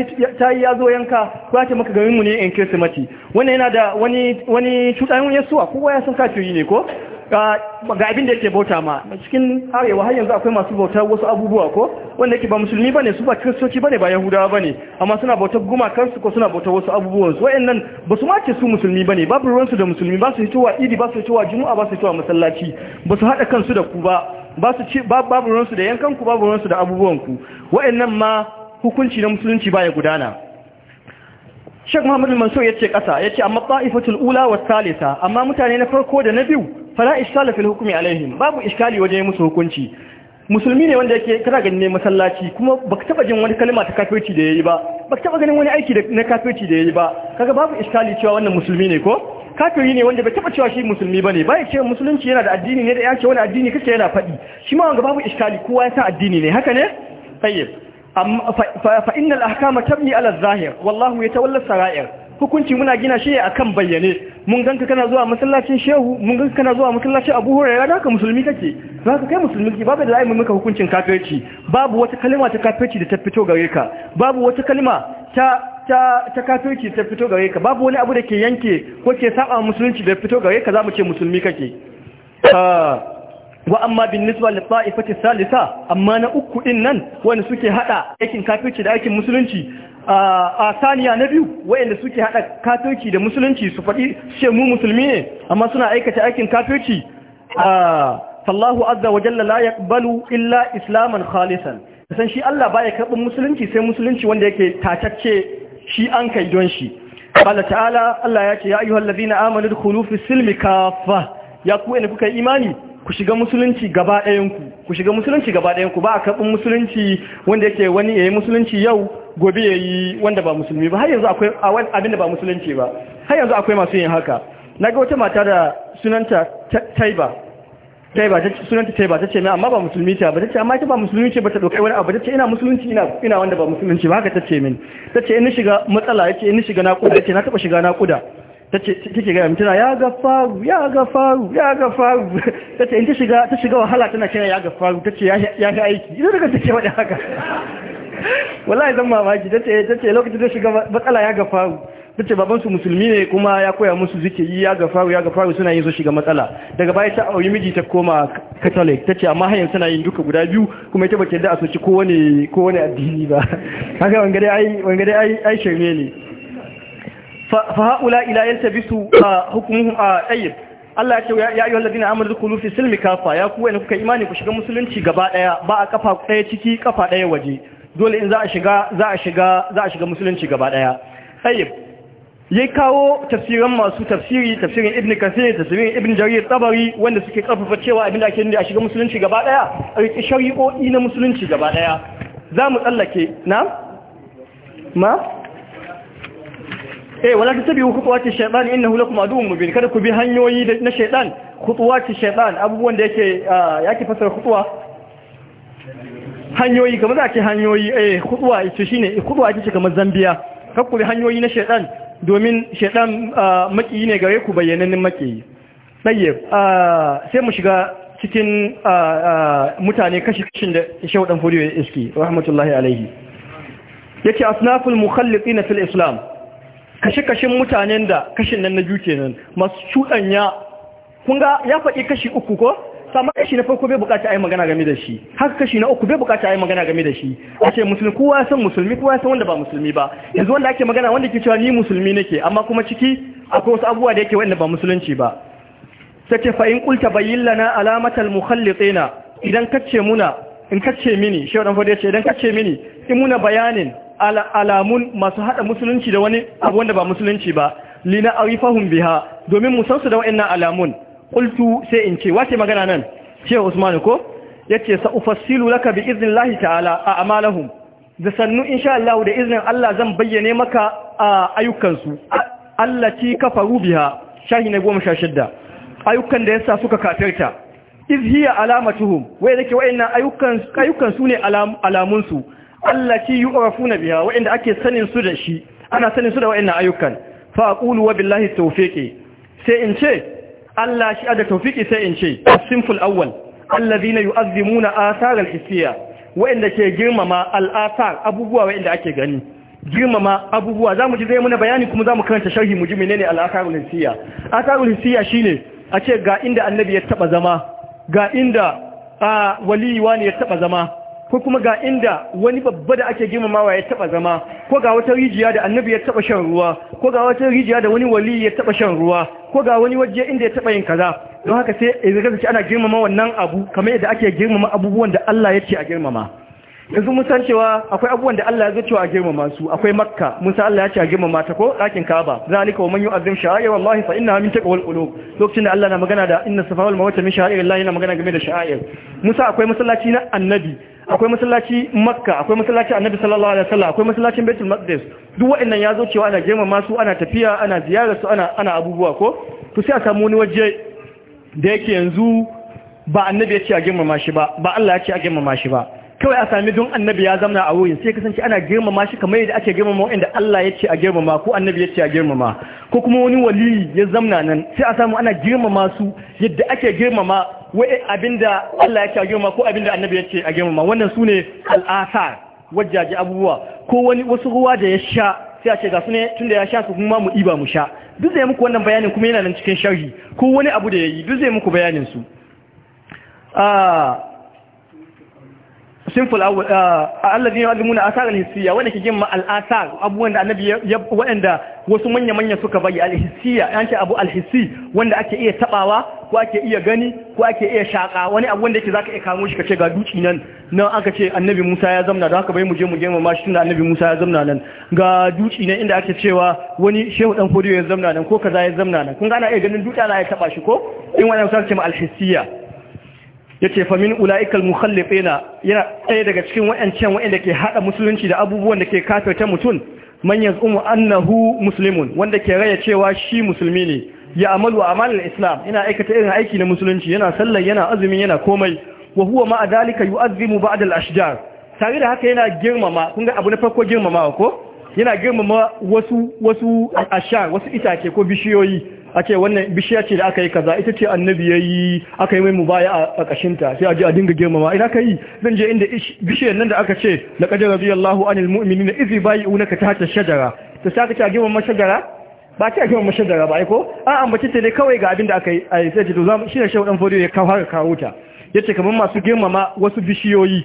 yi ya zo yanka ko ya ce maka garinmu mu ne in kirsimati wannan yana da wani wani yasuwa kowa ya san kafiri ne ko ga abin da yake bauta ma cikin harewa har yanzu akwai masu bautar wasu abubuwa ko wanda yake ba musulmi ba ne su ba kristoci ne ba yahudawa ba ne amma suna bautar gumakansu ko suna bautar wasu abubuwan su nan ba su mace su musulmi ne babu ruwansu da musulmi ba su hitowa idi ba su hitowa juma'a ba su hitowa masallaci ba su haɗa kansu da ku ba ba su ci babu ruwansu da yankanku babu ruwansu da abubuwanku nan ma hukunci na musulunci baya gudana Sheikh Muhammadu Mansur ya ce ƙasa ya ce amma ba'ifatul ula wa salisa amma mutane na farko da na biyu fala iskala fil hukmi alaihim babu iskali wajen musu hukunci musulmi ne wanda yake kana ganin masallaci kuma baka taba jin wani kalma ta kafirci da yayi ba baka taba ganin wani aiki na kafirci da yayi ba kaga babu iskali cewa wannan musulmi ne ko kafiri ne wanda bai taba cewa shi musulmi bane bai cewa musulunci yana da addini ne da yake wani addini kake yana faɗi shi ma wanga babu iskali kowa ya san addini ne haka ne tayyib amma fa innal ahkama tabni ala zahir wallahu yatawalla sarair hukunci muna gina shi akan bayyane mun ganka kana zuwa masallacin shehu mun ganka kana zuwa masallacin abu hurairah da ka musulmi kake za ka kai musulmi ki babu da za'i maka hukuncin kafirci babu wata kalima ta kafirci da ta fito gare ka babu wata kalima ta ta ta kafirci ta fito gare ka babu wani abu da ke yanke ko ke saba musulunci da fito gare ka zamu ce musulmi kake ah, wa amma bin nisba li ta'ifati salisa amma na uku din nan wanda suke hada aikin kafirci da aikin musulunci a saniya na biyu wayanda suke hada katoci da musulunci su faɗi shi mu musulmi ne amma suna aikata aikin katoci fallahu azza wa jalla la yaqbalu illa islaman khalisan san shi Allah baya karɓi musulunci sai musulunci wanda yake tatacce shi an kai don shi Allah ta'ala Allah ya ce ya ayyuhallazina amanu dukhulu fi silmi kaffa ya ku ne kuka imani ku shiga musulunci gaba ɗayanku ku shiga musulunci gaba ɗayanku ba a karɓin musulunci wanda yake wani ya yi musulunci yau gobe ya yi wanda ba musulmi ba har yanzu akwai abin da ba musulunci ba har yanzu akwai masu yin haka na ga wata mata da sunanta taiba taiba ta sunanta taiba ta ce mai amma ba musulmi ta ba ta ce amma ita ba musulmi ce ba ta dokai wani abu ta ce ina musulunci ina ina wanda ba musulunci ba haka ta ce min ta ce in shiga matsala ya ce in shiga naƙuda ya ce na taɓa shiga naƙuda take gaya mutuna ya faru ya faru ya faru tace in ta shiga ta shiga wahala tana kira ya faru ta ce ya ga aiki idan daga take wani haka wallahi zan mamaki ta ce lokacin da shiga matsala ya faru ta baban su musulmi ne kuma ya koya musu yi ya faru ya faru suna yin so shiga matsala daga baya ta auri miji ta koma catholic ce amma har suna yin duka guda biyu kuma ita bace da a soci ko wani addini ba haka wanga dai ai wanga dai ai ai shirme ne fa haula ila yaltabisu hukumuhum ayyib Allah ya ce ya ayyuhal ladina amanu dukhulu fi silmi kafa ya ku wanda kuka imani ku shiga musulunci gaba daya ba a kafa daya ciki kafa daya waje dole in za a shiga za a shiga za a shiga musulunci gaba daya tayyib yayi kawo tafsiran masu tafsiri tafsirin ibn kathir tafsirin ibn jarir tabari wanda suke karfafa cewa abinda ake nuna a shiga musulunci gaba daya a riƙe shari'o'i na musulunci gaba daya za mu tsallake na ma eh wala tabi'u khutuwati shaytan innahu lakum aduwwun mubin kada ku bi hanyoyi na shaytan khutuwati shaytan abubuwan da yake ah, yake fasara khutuwa hanyoyi kamar za ce hanyoyi eh khutuwa ita shine khutuwa ita ce kamar zambiya kada ku bi hanyoyi na shaytan domin shaytan ah, maki ne gare ku bayyananin maki tayyib ah, sai mu shiga cikin mutane kashi kashin da dan furiyo iski rahmatullahi alaihi yake asnaful mukhalliqina fil islam kashe-kashen mutanen da kashin nan na juke nan masu cuɗanya ya kunga ya faɗi kashi uku ko sama kashi na farko bai bukata a yi magana game da shi haka kashi na uku bai bukata a yi magana game da shi a ce musulmi kowa ya san musulmi kowa ya san wanda ba musulmi ba yanzu wanda ake magana wanda ke cewa ni musulmi nake amma kuma ciki akwai wasu abubuwa da yake wanda ba musulunci ba ta ce fa'in kulta bayin lana alamatal mukhallitina idan kacce muna in kacce mini shehu dan ya ce idan kacce mini in muna bayanin alamun masu hada musulunci da wani abu wanda ba musulunci ba lina arifahum biha domin mu da wa'annan alamun qultu sai in ce wace magana nan ce Usman ko yace sa ufassilu laka bi iznillahi ta'ala a amalahum da sannu insha Allah da iznin Allah zan bayyane maka ayyukan su allati kafaru biha shahi na 16 ayyukan da yasa suka kafirta iz hiya alamatuhum waye yake wa'annan ayyukan ayyukan su ne alamun su allati yu'rafuna biha wa'inda ake sanin su da shi ana sanin su da wa'innan ayyukan fa aqulu wa billahi tawfiqi sai in ce Allah shi ada tawfiqi sai in ce simful awwal alladhina yu'azzimuna athar al-hissiya wa'inda ke girmama al-athar abubuwa wa'inda ake gani girmama abubuwa zamu ji zai muna bayani kuma zamu karanta sharhi mu ji menene al-athar al-hissiya athar al-hissiya shine a ce ga inda annabi ya taba zama ga inda waliyi wani ya taba zama ko kuma ga inda wani babba da ake girmamawa ya taba zama ko ga wata rijiya da annabi ya taba shan ruwa ko ga wata rijiya da wani wali ya taba shan ruwa ko ga wani waje inda ya taba yin kaza don haka sai ya zaga ana girmama wannan abu kamar yadda ake girmama abubuwan da Allah ya ce a girmama yanzu mun san cewa akwai abubuwan da Allah ya zo cewa a girmama su akwai makka musa Allah ya ce a girmama ta ko ɗakin kaaba zalika wa man yu'azzim sha'air wallahi fa innaha min taqwal qulub lokacin da Allah na magana da inna safa wal mawta min sha'air Allah yana magana game da sha'air musa akwai masallaci na annabi akwai masallaci makka akwai masallaci annabi sallallahu alaihi wasallam akwai masallacin baitul maqdis duk wa'annan ya zo cewa ana girmama su ana tafiya ana ziyarar su ana ana abubuwa ko to sai a samu wani waje da yake yanzu ba annabi ya ce a girmama shi ba ba Allah ya ce a girmama shi ba kawai a sami don annabi ya zamna a wurin sai kasance ana girmama shi kamar yadda ake girmama wa'inda Allah ya ce a girmama ko annabi ya ce a girmama ko kuma wani wali ya zamna nan sai a samu ana girmama su yadda ake girmama wai abinda Allah ya ce a girmama ko abinda annabi ya ce a girmama wannan su ne al'asar wajaje abubuwa ko wani wasu ruwa da ya sha sai a ce ga su ne tunda ya sha su kuma mu iba mu sha duk zai muku wannan bayanin kuma yana nan cikin sharhi ko wani abu da ya yi duk zai muku bayanin su ah sinful awwal uh, alladhina yu'allimuna athar al-hissiyya wanda ke gimma al-athar abubuwan da annabi waɗanda wasu manya manya suka bayi al-hissiyya an ce abu al-hissi wanda ake iya tabawa ko ake iya gani ko ake iya shaka wani abu wanda yake zaka iya kamo shi kace ga duci nan nan aka ce annabi Musa ya zamna don haka bai mu je mu gema ma shi tunda annabi Musa ya zamna nan ga duci nan inda ake cewa wani shehu dan kodiyo ya zamna nan ko kaza ya zamna nan kun ga ana iya ganin duta ana iya taba shi ko in wannan sai ce ma al-hissiyya Ya ce fa min ulaikal mukhallifina yana ɗaya daga cikin wayancan wayanda ke hada musulunci da abubuwan da ke kafirta mutun man yazumu annahu muslimun wanda ke raya cewa shi musulmi ne ya amalu amalul islam yana aikata irin aiki na musulunci yana sallar yana azumi yana komai wa huwa ma adalika yu'azzimu ba'd al-ashjar tare da haka yana girmama kun ga abu na farko girmamawa ko yana girmama wasu wasu wasu itake ko bishiyoyi a wannan bishiya ce da aka yi kaza ita ce annabi ya yi aka yi mai mu baya a ƙashinta sai a ji a dinga girmama ina ka yi zan je inda bishiyar nan da aka ce da ƙajar radiyallahu anil mu'mini na izi bayi ka ta hata shajara ta sa ka ce a girmama shajara ba ce a girmama shajara ba aiko a ambaci ta ne kawai ga abin da aka yi a yi sai ce to za mu shi ne shehu ɗan fodiyo ya kawo har kawo ta ya ce kamar masu girmama wasu bishiyoyi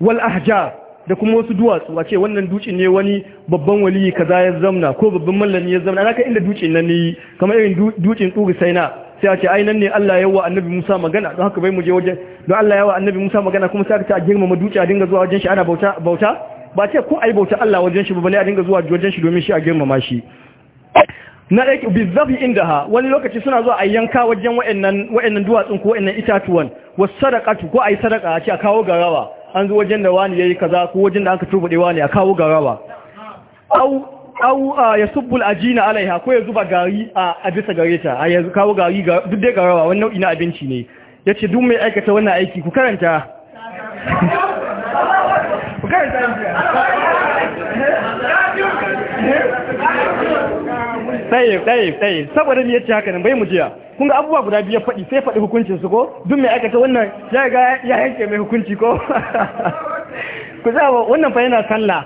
wal ahjar da kuma wasu duwatsu a ce wannan dutsen ne wani babban waliyi kaza ya zamna ko babban mallami ya zamna anaka inda dutsen nan ne kamar irin dutsen tsuri sai na sai a ce ai nan ne Allah ya wa annabi Musa magana don haka bai mu je wajen don Allah ya wa annabi Musa magana kuma sai ta girmama dutse a dinga zuwa wajen shi ana bauta bauta ba ce ko ai bauta Allah wajen shi ba bane a dinga zuwa wajen shi domin shi a girmama shi na bi bizzafi inda ha wani lokaci suna zuwa a yanka wajen wa'annan duwatsun ko wa'annan itatuwan wasu sadaka ko a yi sadaka a ce a kawo garawa an zo wajen da wani yayi kaza ko wajen da aka turbude wani a kawo garawa au au ya subul ajina alaiha ko ya zuba gari a bisa gareta, ta a ya kawo gari duk dai garawa wani nau'i na abinci ne yace duk mai aikata wannan aiki ku karanta ku karanta Ɗaya ɗaya ɗaya saboda me yace haka nan bai mu jiya kun ga abubuwa guda biyar faɗi sai faɗi hukuncin su ko duk mai aikata wannan ya ga ya yanke mai hukunci ko ku za wannan fa yana sallah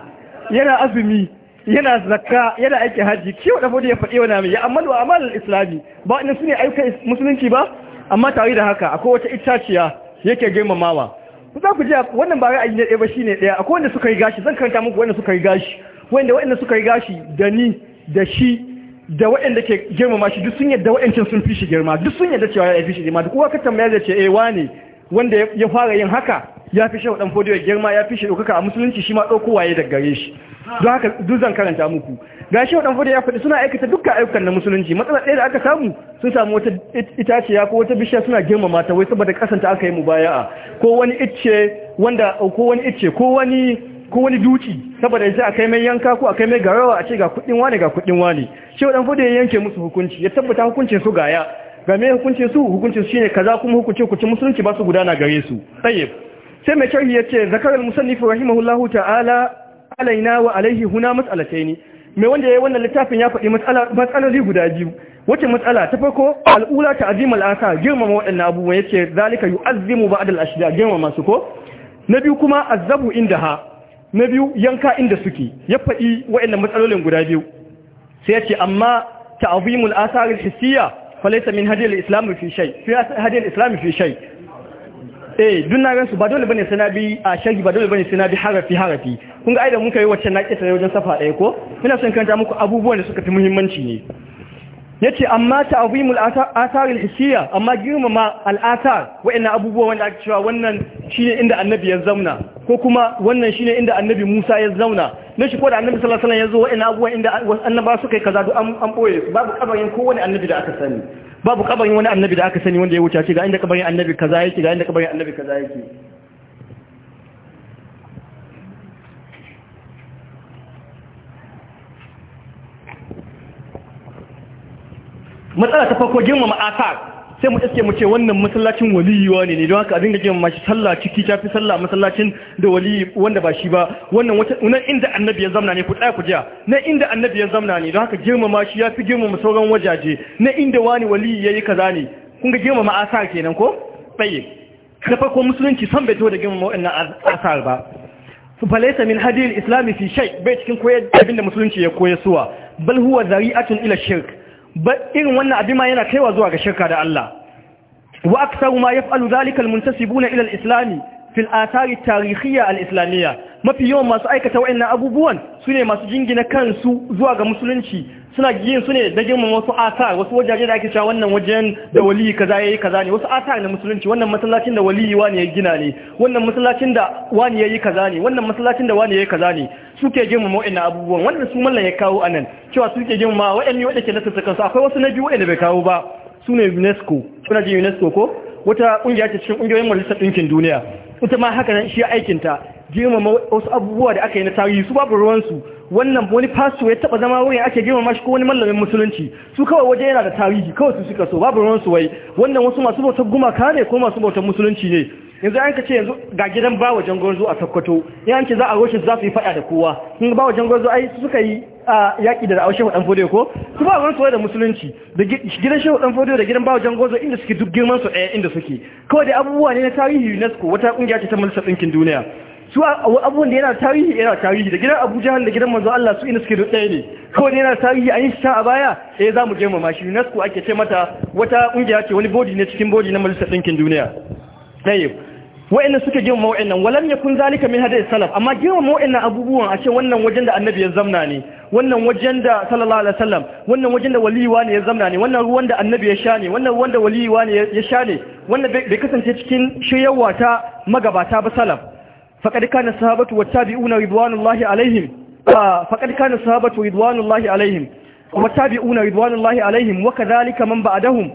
yana azumi yana zakka yana aikin haji kiwo da fodi ya faɗi wani mai ya amalu amal islami ba ina ne ayyukan musulunci ba amma tare da haka akwai wata itaciya yake girmamawa ku za ku ji wannan ba ra'ayi ne ɗaya ba shine ɗaya akwai wanda suka yi gashi zan karanta muku wanda suka yi gashi wanda wanda suka yi gashi da ni da shi da waɗanda ke girmama shi duk sun yadda waɗancan sun fi shi girma duk sun yadda cewa ya fi shi girma duk kowa ka tambaya da ce eh wani wanda ya fara yin haka ya fi shaudan fodiyo girma ya fi shi ɗaukaka a musulunci shi ma ɗauko waye da gare shi don haka duk zan karanta muku ga shi dan fodiyo ya faɗi suna aikata dukkan ayyukan na musulunci matsala ɗaya da aka samu sun samu wata itaciya ko wata bishiya suna girmama ta wai saboda kasanta aka yi mubaya'a ko wani icce wanda ko wani icce ko wani ko wani duki saboda ya ce a kai mai yanka ko a kai mai garawa a ce ga kudin wane ga kudin wane shi wadan fudu ya yanke musu hukunci ya tabbata hukuncin su gaya ga mai hukuncin su hukuncin su shine kaza kuma hukuncin ci musulunci ba su gudana gare su tayyib sai mai sharhi yace zakar al-musannif rahimahullahu ta'ala alaina wa alaihi huna mas'alataini mai wanda yayi wannan littafin ya faɗi matsaloli guda biyu wace matsala ta farko al'ula ta al-asa girmama waɗannan abubuwan yace zalika yu'azzimu ba'd al-ashda girmama su ko na biyu kuma azabu indaha na biyu yanka inda suke ya faɗi waɗannan matsalolin guda biyu sai ya ce amma ta'azimul asarin hissiya falaisa min hadiyar islam fi shay fi hadiyar islam fi shay eh dun na gansu ba dole bane sai na bi a shagi ba dole bane sai na bi harafi harafi kun ga ai da muka yi wacce na kisa wajen safa ɗaya ko ina son karanta muku abubuwan da suka fi muhimmanci ne yace amma ta'zimul athar al-hissiya amma girmama al-athar wa'annan abubuwa wanda ake cewa wannan shine inda annabi ya zauna ko kuma wannan shine inda annabi Musa ya zauna na shi ko da annabi sallallahu alaihi wasallam ya zo ina abuwa inda annaba suka yi kaza duk an boye su babu kabarin kowane annabi da aka sani babu kabarin wani annabi da aka sani wanda ya wuce ce ga inda kabarin annabi kaza yake ga inda kabarin annabi kaza yake matsala ta farko girmama asar sai mu iske mu ce wannan masallacin waliyuwa ne ne don haka a dinga jin mashi sallah ciki ta fi sallah masallacin da wali wanda ba shi ba wannan wata nan inda annabi ya zamna ne ku tsaya ku jiya na inda annabi ya zamna ne don haka girmama shi ya fi girmama sauran wajaje na inda wani wali yayi kaza ne kun ga girmama asar kenan ko tsaye na farko musulunci san bai to da girmama wannan asar ba falaisa min hadil islami fi shay bai cikin koyar abinda musulunci ya koyar suwa bal huwa zari'atun ila shirk irin wannan abin ma yana kaiwa zuwa ga shirka da Allah wa aksaru ma yaf'alu zalika almuntasibuna ila alislami fil asari tarihiyya al-islamiyya mafi yawan masu aikata wa'in abubuwan su ne masu jingina kansu zuwa ga musulunci suna yin su ne da girman wasu asar wasu wajaje da ake cewa wannan wajen da wali kaza yayi kaza ne wasu asar na musulunci wannan masallacin da wali wani ya gina ne wannan masallacin da wani yayi kaza ne wannan masallacin da wani yayi kaza ne suke girmama wa'in abubuwan Wannan su mallan ya kawo anan cewa suke girmama ne wanda ke nasa su. akwai wasu na biyu wa'anda bai kawo ba su ne UNESCO kuna ji UNESCO ko wata kungiya ce cikin kungiyoyin majalisar dinkin duniya ita ma haka nan shi aikinta girmama wasu abubuwa da aka yi na tarihi su babu ruwansu wannan wani pastor ya taba zama wurin ake girmama shi ko wani mallamin musulunci su kawai waje yana da tarihi kawai su suka so babu ruwansu wai wannan wasu masu bautar gumaka ne ko masu bautar musulunci ne yanzu an ka ce yanzu ga gidan ba wajen gwarzo a sakkwato ya an ce za a roshe za su yi faɗa da kowa in ba wajen gwarzo ai suka yi a yaƙi da wa ɗan fodiyo ko su ba wani da musulunci da gidan shehu ɗan fodiyo da gidan ba wajen gwarzo inda suke duk girman su ɗaya inda suke kawai da abubuwa ne na tarihi unesco wata ƙungiya ce ta majalisar ɗinkin duniya su abubuwan da yana tarihi yana tarihi da gidan abuja da gidan manzo Allah su ina suke duk ɗaya ne kawai yana tarihi an yi shi a baya eh za mu girmama shi unesco ake ce mata wata ƙungiya ce wani bodi ne cikin bodi na majalisar ɗinkin duniya ɗaya wa'annan suke girmama wa'annan walam yakun zalika min hadith salaf amma girmama wa'annan abubuwan a ce wannan wajen da annabi ya zamna ne wannan wajen da sallallahu alaihi wasallam wannan wajen da waliwa ne ya zamna ne wannan ruwan da annabi ya sha ne wannan ruwan da waliwa ne ya sha ne wannan bai kasance cikin shiryawa ta magabata ba salaf faqad kana sahabatu wattabi'una ridwanullahi alaihim faqad kana sahabatu ridwanullahi alaihim wattabi'una ridwanullahi alaihim wa kadhalika man ba'dahum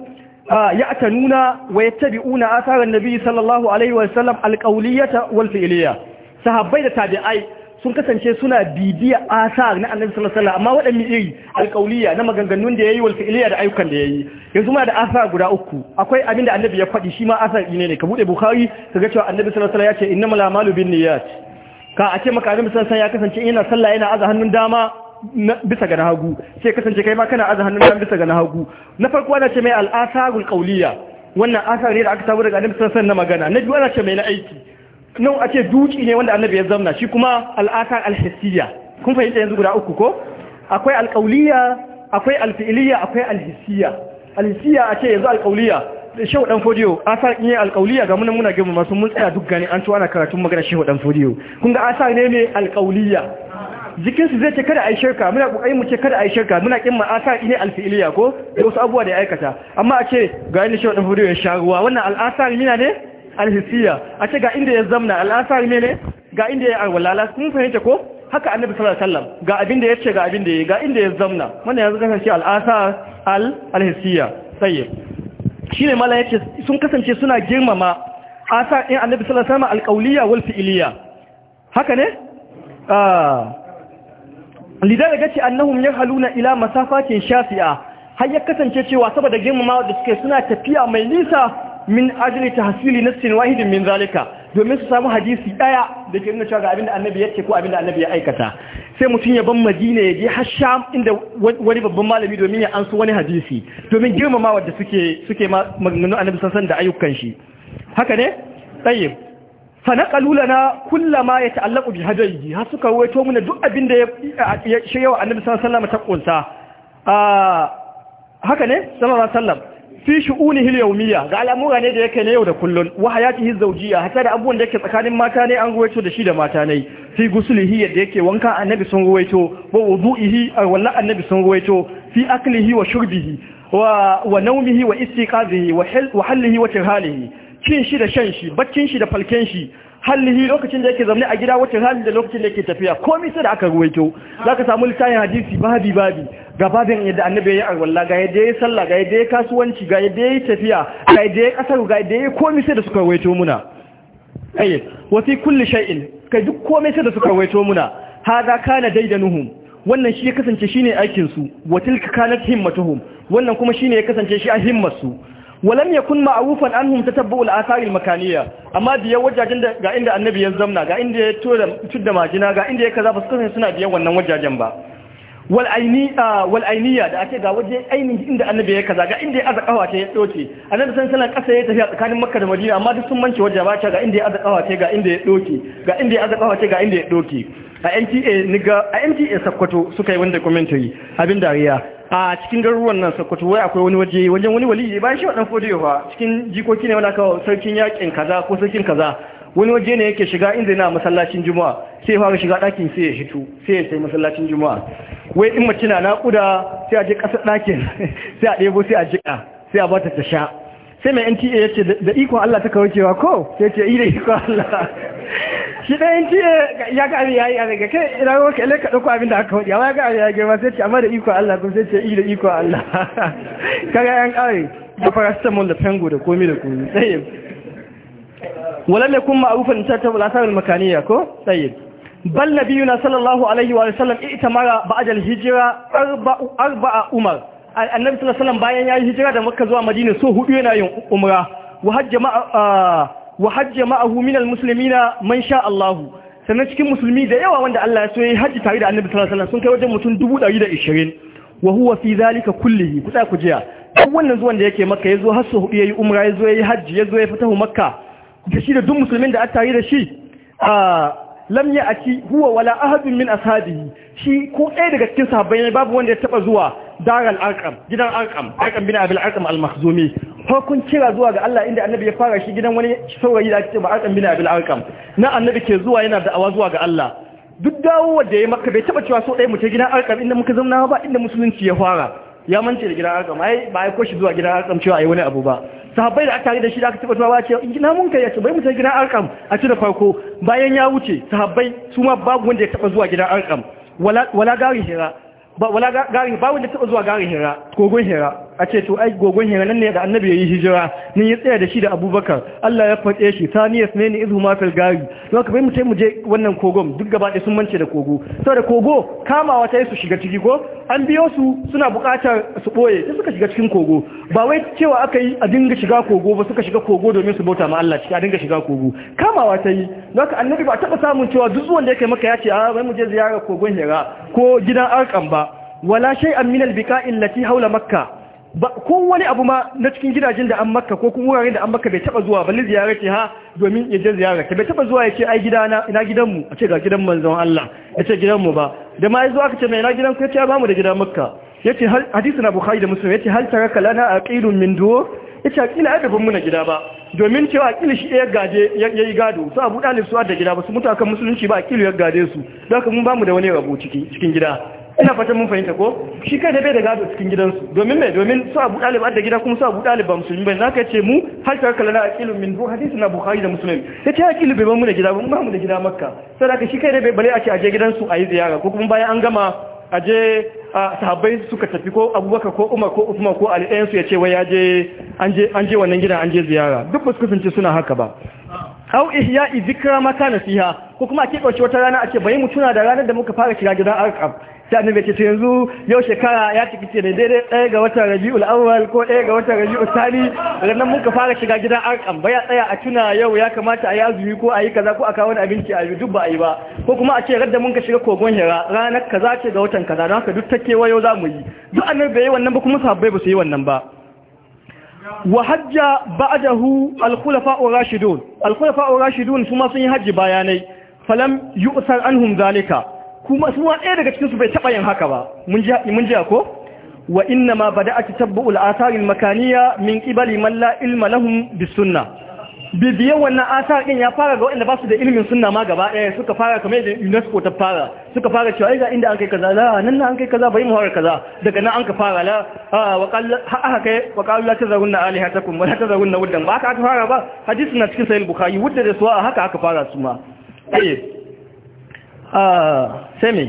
ya ta nuna wa ya tabi una asarar nabi sallallahu alaihi wasallam alƙauliyata walfi'iliya sahabbai da tabi'ai sun kasance suna bibiya asar na annabi sallallahu alaihi amma waɗanne iri alƙauliya na maganganun da yayi walfi'iliya da ayyukan da yayi yanzu ma da asar guda uku akwai abin da annabi ya faɗi shi ma asar ne ne ka bude bukhari kaga cewa annabi sallallahu alaihi wasallam ya ce innamal a'malu binniyat ka a ce maka annabi sallallahu alaihi wasallam ya kasance yana sallah yana aza hannun dama bisa ga na hagu sai kasance kai ma kana aza hannun nan bisa ga na hagu na farko ana ce mai al'asarul qawliya wannan asar ne da aka samu daga annabi sallallahu alaihi na magana na biyu ana ce mai na aiki nan a ce duki ne wanda annabi ya zamna shi kuma al'asar al-hissiyya kun fahimta yanzu guda uku ko akwai al-qawliya akwai al-fi'liya akwai al-hissiyya al-hissiyya a ce yanzu al-qawliya shehu dan fodiyo asar ne alƙauliya ga munan muna girma masu mun tsaya duk gani an to ana karatun magana shehu dan fodiyo kun ga asar ne ne alƙauliya jikinsu zai ce kada a yi shirka muna ƙoƙari mu ce kada a yi shirka muna ƙin ma'asa ne alfi'iliya ko da wasu abubuwa da ya aikata amma a ce ga yadda shi waɗansu ya sha ruwa wannan al'asar mina ne alhisiya a ce ga inda ya zamna al'asar ne ga inda ya arwalala sun fahimta ko haka annabi sallallahu alaihi wasallam ga abin da ya ce ga abin da ya ga inda ya zamna wannan yanzu shi al'asar al alhisiya sai shine mala yace sun kasance suna girmama asar in annabi sallallahu alaihi wasallam alqauliya wal fi'iliya haka ne ah lidalika ce annahum yahaluna ila masafatin shafi'a har ya kasance cewa saboda girmamawa da suke suna tafiya mai nisa min ajli tahsili nafsin wahidin min zalika domin su samu hadisi daya da ke nuna cewa ga abinda annabi ya ce ko abinda annabi ya aikata sai mutum ya ban madina ya je har inda wani babban malami domin ya ansu wani hadisi domin girmamawa da suke suke maganganu annabi sansan da ayyukan shi haka ne tayyib fa naqalu lana kullama ta'allaku bi hadayi har suka waito muna duk abin da ya shewa annabi sallallahu alaihi wasallam ta kunsa haka ne sallallahu alaihi wasallam fi shu'unihi al-yawmiyya ga al'amura ne da yake ne yau da kullun wa hayatihi zawjiyya hatta da abubuwan da yake tsakanin mata ne an ruwaito da shi da mata ne fi gusulihi yadda yake wanka annabi sun ruwaito wa wudu'ihi wallahi annabi sun ruwaito fi aklihi wa shurbihi wa wa naumihi wa istiqazihi wa halihi wa tirhalihi cin shi da shan shi baccin shi da falken shi halihi lokacin da yake zaune a gida wacce halin da lokacin da yake tafiya komai sai da aka ruwaito zaka samu littafin hadisi babi babi ga babin yadda annabi ya yi arwalla ga yadda ya yi sallah ga yadda ya kasuwanci ga yadda ya yi tafiya ga yadda ya kasar ga yadda ya yi komai sai da suka ruwaito muna ayi wasi kulli shay'in kai duk komai sai da suka ruwaito muna hada kana daidanuhum wannan shi ya kasance shine aikin su wa tilka kanat himmatuhum wannan kuma shine ya kasance shi a himmar su walam yakun ma'rufan anhum tatabbu al-athar al-makaniyya amma biyan wajajen da ga inda annabi ya zamna ga inda ya tura tudda majina ga inda ya kaza ba su kasance suna biyan wannan wajajen ba wal aini wal ainiya da ake ga waje ainihin inda annabi ya kaza ga inda ya aza kawa ta ya doke annabi san sanan kasa ya tafi tsakanin makka da madina amma duk sun manke waje ba ta ga inda ya aza kawa ta ga inda ya doke ga inda ya aza kawa ta ga inda ya doke a MTA niga a MTA Sokoto suka yi wanda commentary abin dariya a cikin garuruwan nan sokoto wai akwai wani waje wajen wani wali ba shi waɗannan fodiyo yawa, cikin jikoki ne wanda aka sarkin yakin kaza ko sarkin kaza wani waje ne yake shiga inda yana masallacin juma'a sai ya fara shiga ɗakin sai ya hito sai ya sai masallacin juma'a wai in mace na nakuda sai a je ƙasar ɗakin sai a ɗebo sai a jiƙa sai a bata ta sha sai mai nta yace da ikon allah ta kawo cewa ko sai ce iya ikon allah shi ɗayan ciye ya ga abin ya yi a daga kai ina kuma kalle ka ɗauko abin da aka hudu ya ga abin ya girma sai ce amma da iko Allah kuma sai ce i da iko Allah kaga yan ƙari da paracetamol da pengo da komi da komi tsayin walam yakun ma'rufan ta tabul makaniya ko tsayin bal na sallallahu alaihi wa sallam itamara ba'da hijira hijra arba'a umar annabi sallallahu alaihi wasallam bayan yayi hijira da makka zuwa madina so hudu yana yin umra wa hajja wa hajja ma'ahu minal muslimina man sha Allahu sannan cikin musulmi da yawa wanda Allah ya so ya hajji tare da Annabi sallallahu alaihi wasallam sun kai wajen mutum 220 wa huwa fi zalika kullihi kusa ku jiya duk wannan zuwan da yake Makka yazo har so hudu yayi umra yazo yayi hajji yazo ya fitahu Makka da shi da duk musulmin da tare da shi a lam ya a huwa wala ahadun min ashabihi shi ko ɗaya daga cikin sahabbai babu wanda ya taba zuwa daral arkam gidan arqam arqam bin abil arkam al-makhzumi farkon kira zuwa ga Allah inda annabi ya fara shi gidan wani saurayi da ake ba arqam bin abil arkam na annabi ke zuwa yana da'awa zuwa ga Allah duk dawo wanda ya maka bai taba cewa so ɗaya mu ce gidan arqam inda muka zauna ba inda musulunci ya fara ya mance da gidan arqam ai ba ai koshi zuwa gidan arqam cewa ai wani abu ba sahabbai da aka yi da shi da aka taba cewa ba ce ina mun kai ya ce bai mu ce gidan arqam a ci da farko bayan ya wuce sahabbai su ma babu wanda ya taba zuwa gidan arqam wala wala gari hira ba wala garin ba wanda taɓa zuwa garin hira kogon hira a ce to ai gogon hira nan ne da annabi yayi hijira ni ya tsaya da shi da abubakar Allah ya faɗe shi saniyas ne ni izhuma fil gari don ka bai mu mu je wannan kogon duk gaba ɗaya sun mance da kogo saboda kogo kamawa ta yi su shiga ciki ko an biyo su suna buƙatar su ɓoye sai suka shiga cikin kogo ba wai cewa aka yi a dinga shiga kogo ba suka shiga kogo domin su bauta ma Allah ciki a dinga shiga kogo kamawa ta yi don ka annabi ba taɓa samun cewa duk da ya kai maka ya ce a bai mu je ziyarar kogon hira ko gidan arkan ba wala shay'an min al-biqa allati hawla makkah ba ko wani abu ma na cikin gidajen da an maka ko kuma wuraren da an maka bai taba zuwa balle ziyararce ha domin ya je ziyararce bai taba zuwa ya ce ai gidana ina gidanmu a ce ga gidan manzon Allah ya ce gidanmu ba da ma yazo aka ce mai ina gidan ku ya ce ba mu da gidan makka ya ce hadisi na bukhari da muslim ya ce hal taraka lana aqilun min du ya ce aqila ai ban na gida ba domin cewa aqil shi ya gaje ya yi gado su abu dalib su da gida ba su mutu musulunci ba aqil ya gaje su don haka mun ba mu da wani rabo cikin cikin gida ina fatan mun fahimta ko shi kai da bai da gado cikin gidansu domin mai domin su abu dalib da gida kuma su abu dalib ba musulmi bai zaka ce mu har ta kallana aqilu min ruha hadisi na bukhari da muslim ta ce aqilu bai mu da gida ba mu ba mu da gida makka saboda shi kai da bai bale a ce aje gidansu a yi ziyara ko kuma bayan an gama aje sahabbai suka tafi ko abubakar ko umar ko usman ko ali ɗayansu ya ce wai ya je an je wannan gidan an je ziyara duk ba su kasance suna haka ba hau ihya izikra mata nasiha ko kuma a keɓace wata rana a ce bayan mu tuna da ranar da muka fara kira gidan arkab ta annabi ce yanzu yau shekara ya ciki ce daidai ɗaya ga watan rabi'ul awwal ko ɗaya ga watan rabi'ul sani daga muka fara shiga gidan arkan baya tsaya a tuna yau ya kamata a yi azumi ko a yi kaza ko a kawo wani abinci a yi duk ba a yi ba ko kuma a ce radda mun ka shiga kogon hira ranar kaza ce ga watan kaza don haka duk take wayo za mu yi duk bai yi wannan ba kuma sahabbai ba su yi wannan ba wa hajja ba'dahu al-khulafa ar-rashidun al-khulafa ar-rashidun kuma sun yi hajji bayanai falam yu'sar anhum zalika kuma su ɗaya daga cikin su bai taɓa yin haka ba mun ji ko wa inna ma bada'at tatabbu'ul atharil makaniya min qibali man la ilma lahum bisunna sunnah bibiyan wannan asar din ya fara ga wanda ba su da ilimin sunna ma gaba ɗaya suka fara kamar da UNESCO ta fara suka fara cewa ga inda an kai kaza la nan na an kai kaza bai mu har kaza daga nan an ka fara la wa qall ha kai wa qall la ta alihatakum wa la tazarunna wuddan ba ka aka fara ba hadisi na cikin sahih bukhari wudda da suwa haka aka fara su ma eh. Ah, sai mai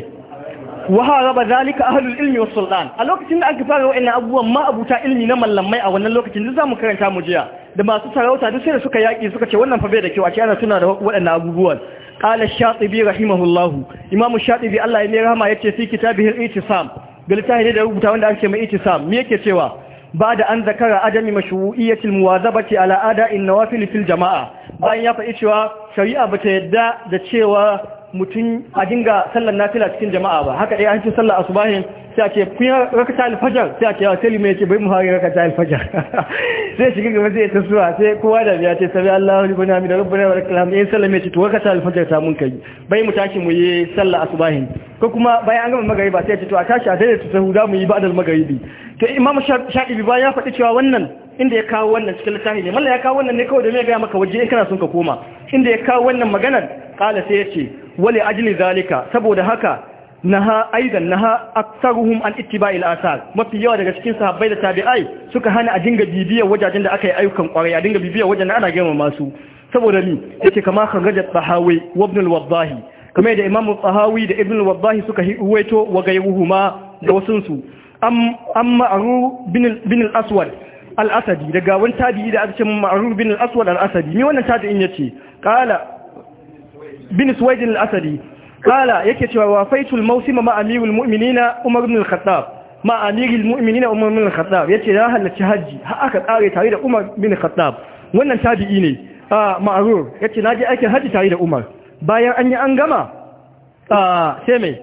waharaba zalika ahlul ilmi wasu sultan a lokacin da aka fara wa'annan abubuwan ma ilmi na mallamai a wannan lokacin za mu karanta mu jiya da masu sarauta duk sai da suka yaki suka ce wannan fa bai da kyau a ce ana tuna da waɗannan abubuwan qala shatibi rahimahullah Imamu shatibi Allah ya ne rahama yace fi kitabihi al-ittisam ga littafin da rubuta wanda ake mai ittisam me yake cewa بعد أن ذكر عدم مشروعية المواظبة al'ada أداء النوافل في jama'a. bayan ya faɗi cewa shari'a bata yadda da cewa mutum a dinga sallar nafila cikin jama'a ba haka dai an ce sallar asubahin sai a ce kun yi rakata alfajar sai a ce yawa ah, sai ya ce bai mu hari ta alfajar sai shiga gaba zai ta suwa sai kowa da biya ce sabi Allah wani na mi da na wa rakalam in sallar mai ce to ta alfajar ta mun kai bai mu tashi mu yi sallar asubahin ko kuma bayan an gama magariba sai ya ce to a tashi a ta sahu za mu yi ba'dal magaribi to imam shaɗibi ba ya faɗi cewa wannan inda ya kawo wannan cikin littafi ne mallaka ya kawo wannan ne kawai da mai gaya maka waje in kana son ka koma inda ya kawo wannan maganar kala sai ya ce wale ajili zalika saboda haka naha aidan naha aktsaruhum an ittiba'il asar mafi yawa daga cikin sahabbai da tabi'ai suka hana a dinga bibiyar wajajen da aka yi ayyukan kwarai a dinga bibiyar wajen da ana girma masu saboda ni yake kama kharajat tahawi wa ibn al-wadahi kamar da imamu tahawi da ibn al-wadahi suka hiwaito wa gairuhuma da su an ma'aru bin al al'asadi daga wani tabi'i da aka ce ma'aru bin al-asadi ni wannan tabi'in ya ce kala. bin suwaidin al'asadi kala yake cewa wa faitul mausima ma amirul mu'minina umar ibn al-khattab ma amirul mu'minina umar ibn al-khattab ce ya halarci hajji har aka tsare tare da umar ibn al-khattab wannan tabi'i ne ya ce na naje aikin hajji tare da umar bayan an yi an gama sai mai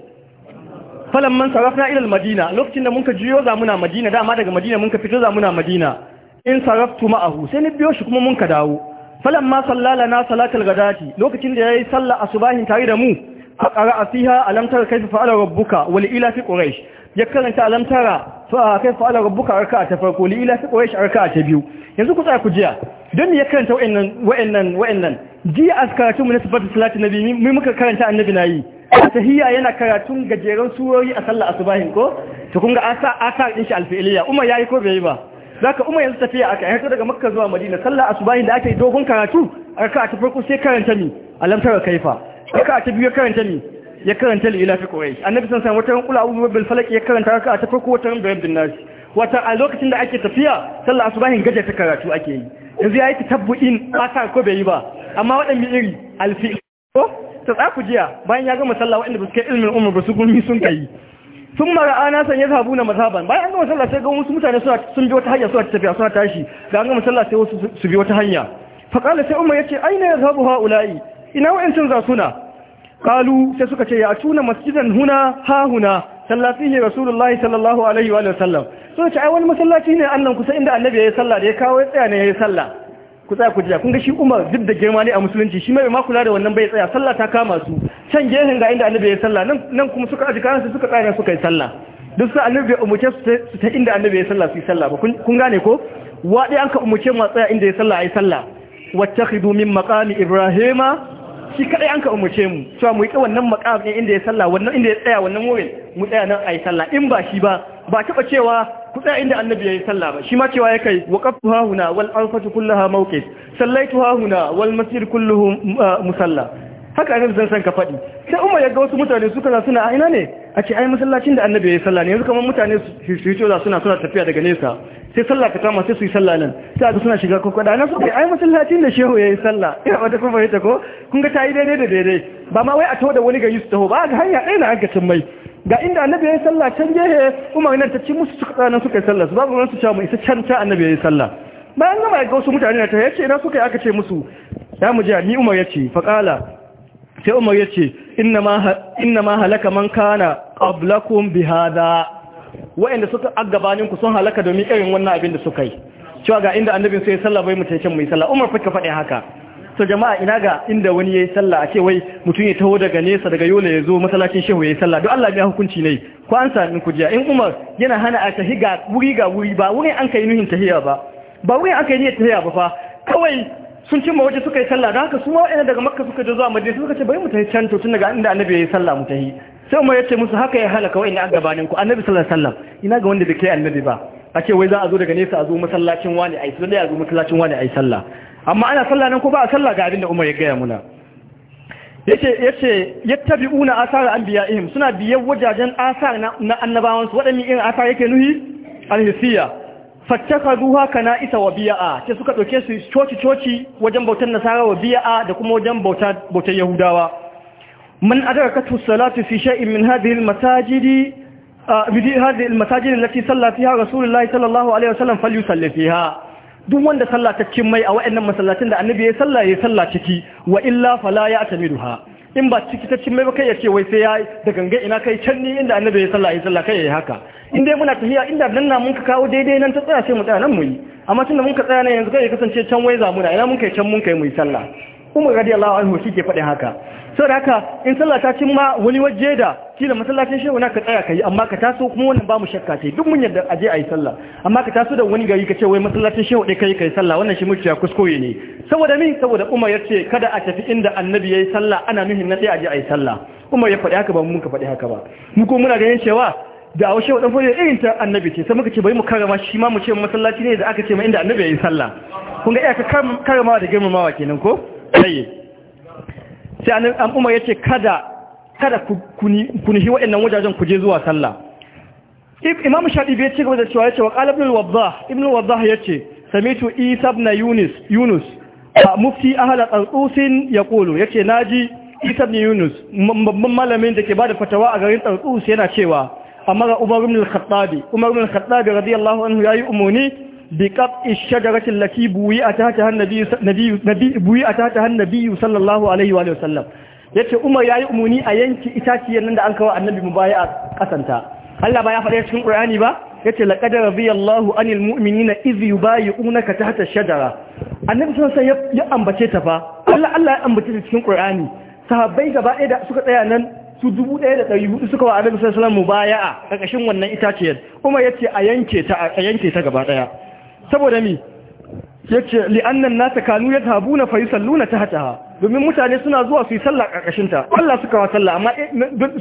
falamman sarrafna ilal madina lokacin da muka juyo za muna madina dama daga madina muka fito za muna madina in sarraftu ma'ahu sai ni biyo shi kuma muka dawo Falan ma sallala na salatul gadati lokacin da yayi sallah asubahin tare da mu a qara'a fiha alam tara kayfa fa'ala rabbuka wal ila fi quraish ya karanta alam tara fa kayfa fa'ala rabbuka arka ta farko li ila fi quraish arka ta biyu yanzu ku tsaya ku jiya dan ya karanta wa'annan wa'annan wa'annan jiya askaratu mu na sifatu salati nabi mu muka karanta annabi nayi tahiyya yana karatun gajeren surori a sallah asubahin ko to kun ga asa asa din shi alfi'liya umar yayi ko bai yi ba Za ka umma yanzu tafiya aka yanzu daga makka zuwa madina sallah asubahin da aka yi dogon karatu aka ta farko sai karanta ni alam tara kaifa aka ta biyu karanta ni ya karanta li ila fi quraish annabi sallallahu alaihi wasallam wata qul a'udhu birabbil falaq ya karanta aka ta farko watan wata birabbin nas wata a lokacin da ake tafiya sallah asubahin gaje ta karatu ake yi yanzu yayi tatabbu'in ba ko bai yi ba amma waɗanne iri alfi ta tsaku jiya bayan ya gama sallah waɗanda ba su kai ilmin umar ba su gumi sun kai sun mara ana san ya zabu na mazhaban bayan gama sallah sai ga wasu mutane suna sun bi wata hanya suna tafiya suna tashi ga an ga sallah sai wasu su bi wata hanya fa qala sai umar yace aina yazhabu haula'i ina wa'ancin za suna qalu sai suka ce ya tuna masjidan huna ha huna sallafihi rasulullahi sallallahu alaihi wa sallam so ce ai wani masallaci ne annan kusa inda annabi ya yi sallah da ya kawo ya tsaya ne ya yi sallah ku tsaya ku jiya kun ga shi Umar duk da girma ne a musulunci shi mai ma kula da wannan bai tsaya sallah ta kama su can gehen ga inda annabi ya sallah nan nan kuma suka aji kayan su suka tsaya suka yi sallah duk sai annabi ya umuce su ta inda annabi ya sallah su yi sallah ba kun gane ko wa dai an ka umuce mu tsaya inda ya sallah ayi sallah wattakhidu min maqami ibrahima shi kadai an ka umuce mu cewa mu yi wannan maqami inda ya sallah wannan inda ya tsaya wannan wurin mu tsaya nan ayi sallah in ba shi ba ba taba cewa kusa inda annabi yayi sallah ba shi ma cewa ya kai waqaftu ha huna wal anfatu kullaha mawqit sallaitu ha huna wal masjid kulluhu uh, musalla haka annabi zan san ka faɗi sai umar ya ga wasu mutane suka na suna a ina ne a ce ai masallacin da annabi yayi sallah ne yanzu kamar mutane su yi cewa suna suna tafiya daga nesa sai sallah ka kama sai su yi sallah nan sai aka suna shiga kokoda na su ai masallacin da shehu yayi sallah ina wata kuma ita ko kun ga ta yi daidai da daidai ba ma wai a taho da wani gari su taho ba ga hanya ɗaya na aka cin mai ga inda annabi yayin sallah can gehe Umar nan ta ci musu su tsana suka yi sallah babu ran su cewa mu isa can ta annabi yayin sallah bayan gama ga wasu mutane ta yace ina suka yi aka ce musu ya mu ji ni Umar yace fa qala sai Umar yace inna ma inna ma halaka man kana qablakum bihada wa'anda suka aggabanin ku sun halaka domin irin wannan abin da suka yi cewa ga inda annabi sai sallah bai mu tace mu yi sallah Umar fa ka faɗi haka to jama'a ina ga inda wani yayi sallah a ce wai mutum ya taho daga nesa daga yola ya zo masallacin shehu yayi sallah don Allah ya hukunci ne ko an sami jiya, in Umar yana hana a tahi ga wuri ga wuri ba wurin an kai nuhin tahiya ba ba wurin an kai ne tahiya ba fa kawai sun cimma waje suka yi sallah don haka su ma waɗanda daga makka suka je zuwa madina suka ce bari mu tahi can to tun daga inda annabi yayi sallah mu tahi sai Umar ya ce musu haka ya halaka wa'in an gabanin ku annabi sallallahu alaihi wasallam ina ga wanda bai kai annabi ba ake wai za a zo daga nesa a zo masallacin wani a yi sallah ya zo masallacin wani a yi sallah amma ana sallah nan ko ba a sallah ga abin da Umar ya gaya muna yace yace yattabi'una asar anbiya'ihim suna biyan wajajen asar na, na annabawan su wadanne irin asar yake nuhi alhisiya fattakhaduha kana isa wa bi'a ce suka dauke su coci coci wajen bautar nasara wa bi'a da kuma wajen bautar bautar yahudawa man adrakatu salatu fi shay'in min hadhihi almasajidi ah, bi hadhihi almasajid allati salla fiha rasulullahi sallallahu alaihi wasallam falyusalli fiha duk wanda sallah ta cin mai a waɗannan masallacin da annabi ya sallah ya sallah ciki wa illa fala ya atamiduha in ba ciki ta cin mai ba kai ya ce wai sai ya da ganga ina kai can ni inda annabi ya sallah ya sallah kai ya yi haka in dai muna tafiya inda nan na mun ka kawo daidai nan ta tsaya sai mu tsaya nan mu yi amma tunda mun ka tsaya nan yanzu kai ya kasance can wai za na ina mun kai can mun kai mu yi sallah umar radiyallahu anhu shi ke faɗin haka saboda haka in sallah ta cin ma wani waje da kila masallacin shehu na ka tsaya kai amma ka taso kuma wannan ba mu shakka sai duk mun yadda aje ayi sallah amma ka taso da wani gari ka ce wai masallacin shehu dai kai kai sallah wannan shi mutuwa kuskure ne saboda min saboda Umar ya ce kada a tafi inda Annabi yayi sallah ana nuhin na sai aje ayi sallah Umar ya faɗi haka ba mun ka faɗi haka ba mu ko muna ganin cewa da awashe wadan fare irin ta Annabi ce sai muka ce bai mu karama shi ma mu ce masallaci ne da aka ce ma inda Annabi yayi sallah kun ga iyaka ka karamawa da girmamawa kenan ko sai an Umar ya ce kada kada ku nishi waɗannan wajajen ku je zuwa sallah imam shaɗibi ya ce gaba da cewa ya ce wa ƙalabin wadda ibn wadda ya ce samitu isa na yunus yunus a mufti ahala tsartsusin ya kolo, ya ce na ji isa na yunus babban malamin da ke ba da fatawa a garin tsartsus yana cewa amma ga umar ibn al-khattabi umar ibn al-khattabi radiyallahu anhu yayi umuni bi qat'i shajarati allati buwi atata an-nabi sallallahu alaihi wa sallam yace Umar ya yi umuni a yanki itaciyar nan da an kawo annabi a kasanta Allah ba ya faɗa cikin Qur'ani ba yace laqad radiyallahu anil mu'minina iz yubayyi'unaka tahta ash-shajara annabi sun alaihi ya ambace ta fa Allah Allah ya ambace ta cikin Qur'ani sahabbai gaba ɗaya da suka tsaya nan su 1400 suka wa annabi sallallahu alaihi wasallam mubaya'a kakashin wannan itaciyar Umar yace a yanke ta a yanke ta gaba ɗaya saboda mi yace li'anna an-nasa kanu yadhabuna fa yusalluna tahtaha domin mutane suna zuwa su yi sallah ƙarƙashinta. Allah suka wa sallah amma eh,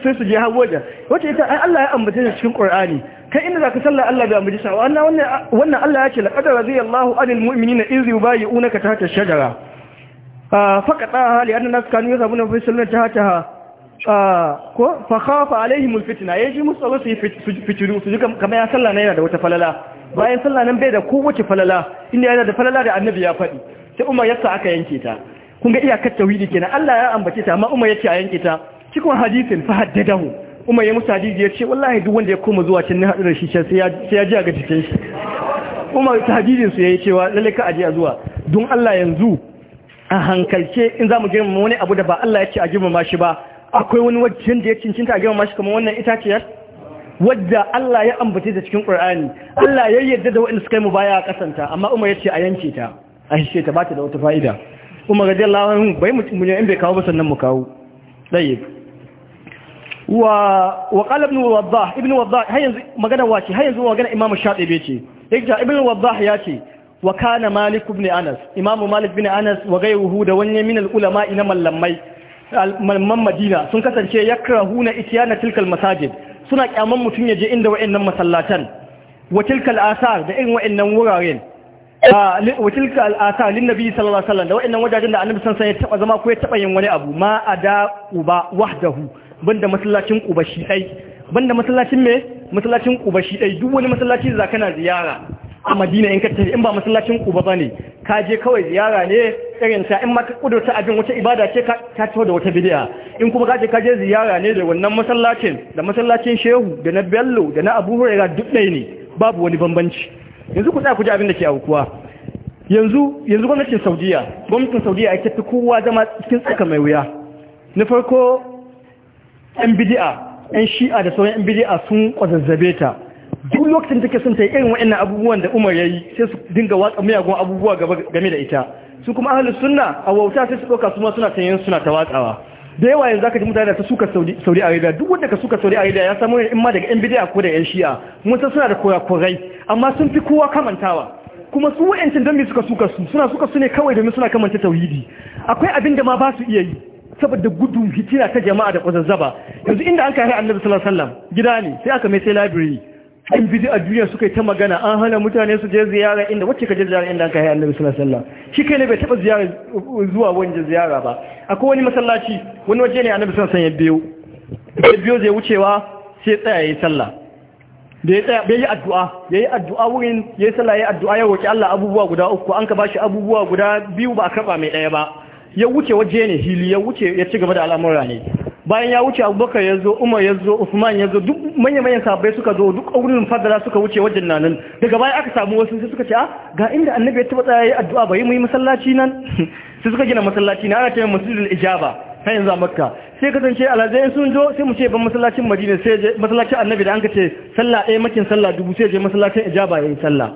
sai su je har wajen wace ita ai Allah ya ambace shi cikin Qur'ani kai inda zaka sallah Allah bai ambace shi wannan wannan wannan Allah ya ce laqad radiyallahu anil mu'minina iz yubayyi'unaka tahta ash-shajara ah, faqataha li anna nas kanu yasabuna fi sunnati tahtaha ah, ko fa khafa alaihim alfitna yaji musallu su fitiru su kamar ya sallah yana da wata falala bayan sallah nan bai da ko kowace falala inda yana da falala da annabi ya faɗi sai Umar ya sa aka yanke ta kun ga iyakar tawhidi kenan Allah ya ambace ta amma Umar yace a yanke ta cikin hadisin fa haddadahu Umar ya musa hadisi ya ce wallahi duk wanda ya koma zuwa can ne hadin shi sai ya sai ya ji ga cikin shi Umar ta hadisin su yayi cewa lalle ka aje zuwa don Allah yanzu a hankalce in zamu girmama wani abu da ba Allah ya ce a girmama shi ba akwai wani wajen da ya cincinta a girmama shi kamar wannan itaciyar wadda Allah ya ambace ta cikin Qur'ani Allah ya yarda da waɗanda suka yi mu baya a kasanta amma Umar ya a yanke ta a hishe ta ba da wata fa'ida umar radiyallahu anhu bai mutum ne in bai kawo ba sannan mu kawo tayyib wa wa ibn ibn wadda har yanzu magana wace har yanzu magana imam bai ce yake ibn wadda ya ce wa kana malik ibn anas imam malik ibn anas wa wuhu da wani min al ina mallamai malman madina sun kasance itiya na tilkal masajid suna kyaman ya je inda wa'annan masallatan wa tilkal asar da irin wa'annan wuraren Ah, wakilka al'asa lin nabiya sallallahu alaihi wasallam da wa'annan wajajen da ya taba zama ko ya yin wani abu ma ada uba wahdahu banda masallacin uba shi masallacin me masallacin shi duk wani masallaci da ziyara a Madina in ka in ba masallacin uba bane ka je kawai ziyara ne irin ta in ma ka kudurta abin wata ibada ce ka ta da wata bid'a in kuma ka je ka je ziyara ne da wannan masallacin da masallacin Shehu da na Bello da na Abu Hurairah duk ɗaya ne babu wani bambanci yanzu ku tsaya ku ji abin da ke aukuwa yanzu yanzu gwamnatin Saudiya gwamnatin Saudiya ake fi kowa zama cikin tsaka mai wuya na farko yan bid'a yan shi'a da sauran yan bidi'a sun kwazazzabe ta duk lokacin da take son ta yi irin waɗannan abubuwan da Umar ya yi sai su dinga watsa miyagun abubuwa game da ita su kuma ahlus sunna a wauta sai su ɗauka su ma suna tayin suna ta watsawa da yawa yanzu aka ji mutane da ta suka saudi arabia duk wanda ka suka saudi arabia ya samu ne in ma daga yan bidiya ko da yan shi'a mun san suna da kurakurai amma sun fi kowa kamantawa kuma su wa'ancin don suka suka su suna suka su ne kawai domin suna kamanta tauhidi akwai abin da ma ba su iya yi saboda gudu hitina ta jama'a da kwazazzaba yanzu inda an kare annabi sallallahu alaihi wasallam gida ne sai aka mai sai library an bi a duniya suka yi ta magana an hana mutane su je ziyara inda wacce ka je ziyara inda aka yi annabi sallallahu alaihi wasallam shi kai ne bai taba ziyara zuwa wani ziyara ba akwai wani masallaci wani waje ne annabi sallallahu alaihi wasallam ya biyo ya biyo zai wucewa sai tsaya yayi sallah da ya tsaya bai yi addu'a yayi addu'a wurin yayi sallah yayi addu'a ya roki Allah abubuwa guda uku an ka bashi abubuwa guda biyu ba a karba mai daya ba ya wuce waje ne hili ya wuce ya ci gaba da al'amura ne bayan ya wuce abubakar ya zo umar ya zo usman ya zo duk manya-manyan sabai suka zo duk aurin fadala suka wuce wajen nan daga baya aka samu wasu sai suka ce ah ga inda annabi ya taɓa tsaya ya addu'a bai mu yi masallaci nan sai suka gina masallaci na ana ce masjidul ijaba ta yanzu a makka sai kasance alhazai sun zo sai mu ce ban masallacin madina sai masallacin annabi da an ka ce sallah ɗaya makin sallah dubu sai je masallacin ijaba ya yi sallah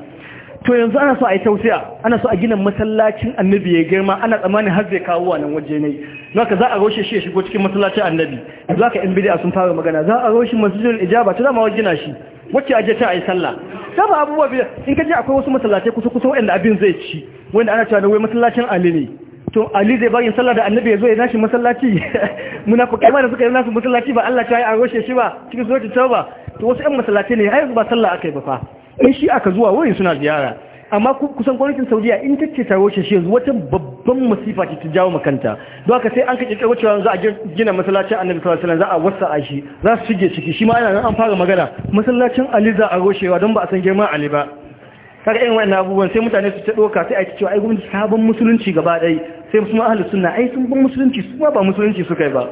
to yanzu ana so a yi tausiya ana so a gina masallacin annabi ya girma ana tsammanin har zai kawo wannan waje ne zaka za a roshe shi ya shigo cikin masallacin annabi za ka in bid'a sun fara magana za a roshe masjidul ijaba ta zama wajina shi wacce aje ta ayi sallah Ta ba abubuwa biya in ka ji akwai wasu masallacin kusa kusa wanda abin zai ci wanda ana cewa wai masallacin ali ne to ali zai bari sallah da annabi ya zo ya nashi masallaci kai ma da suka yi nasu masallaci ba Allah ta yi a roshe shi ba cikin suratul tauba to wasu yan masallatai ne har ba sallah aka yi ba fa in shi aka zuwa wurin suna ziyara amma kusan gwamnatin saudiya in ta ce taro shi yanzu wata babban masifa ce ta jawo makanta don haka sai an ka kirkiro cewa za a gina masallacin annabi sallallahu alaihi wasallam za a wasa a shi za su shige ciki shi ma yana nan an fara magana masallacin ali za a roshewa don ba a san girman ali ba kaga irin wannan abubuwan sai mutane su ta doka sai a ci cewa ai gwamnati sabon musulunci gaba ɗaya sai musulman ahlus sunna ai sun ban musulunci su ba musulunci suka yi ba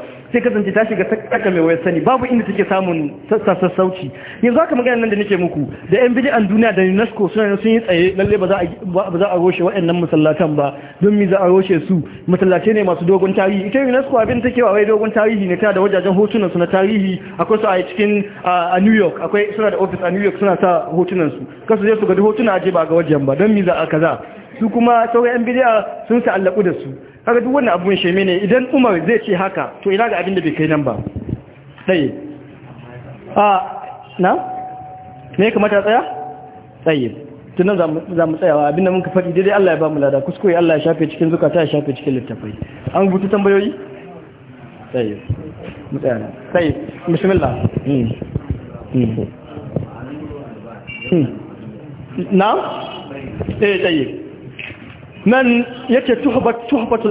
sai zance ta shiga kaka mai wayar sani babu inda take samun sassauci yanzu haka magana nan da nake muku da yan bidi'an duniya da UNESCO suna sun yi tsaye lalle ba za a roshe waɗannan masallatan ba don mi za a roshe su masallace ne masu dogon tarihi ita UNESCO abin take wa wai dogon tarihi ne ta da wajajen hotunan su na tarihi akwai su a cikin a New York akwai suna da office a New York suna sa hotunan su kasu je su ga hotuna aje ba ga wajen ba don mi za a kaza su kuma sauran yan bidi'a sun ta'allaku da su kaga duk wannan abun sheme ne idan umar zai ce haka to ina ga abin da bai kai nan ba tsaye a na me kamata tsaya tsaye tunan za mu tsayawa abinda ka faɗi daidai Allah ya ba mu lada kuskure Allah ya shafe cikin zukata ya shafe cikin littafai an rubuta tambayoyi tsaye mu tsaya na tsaye bismillah hmm. Hmm. Hmm. na eh tsaye nan yace tuhbat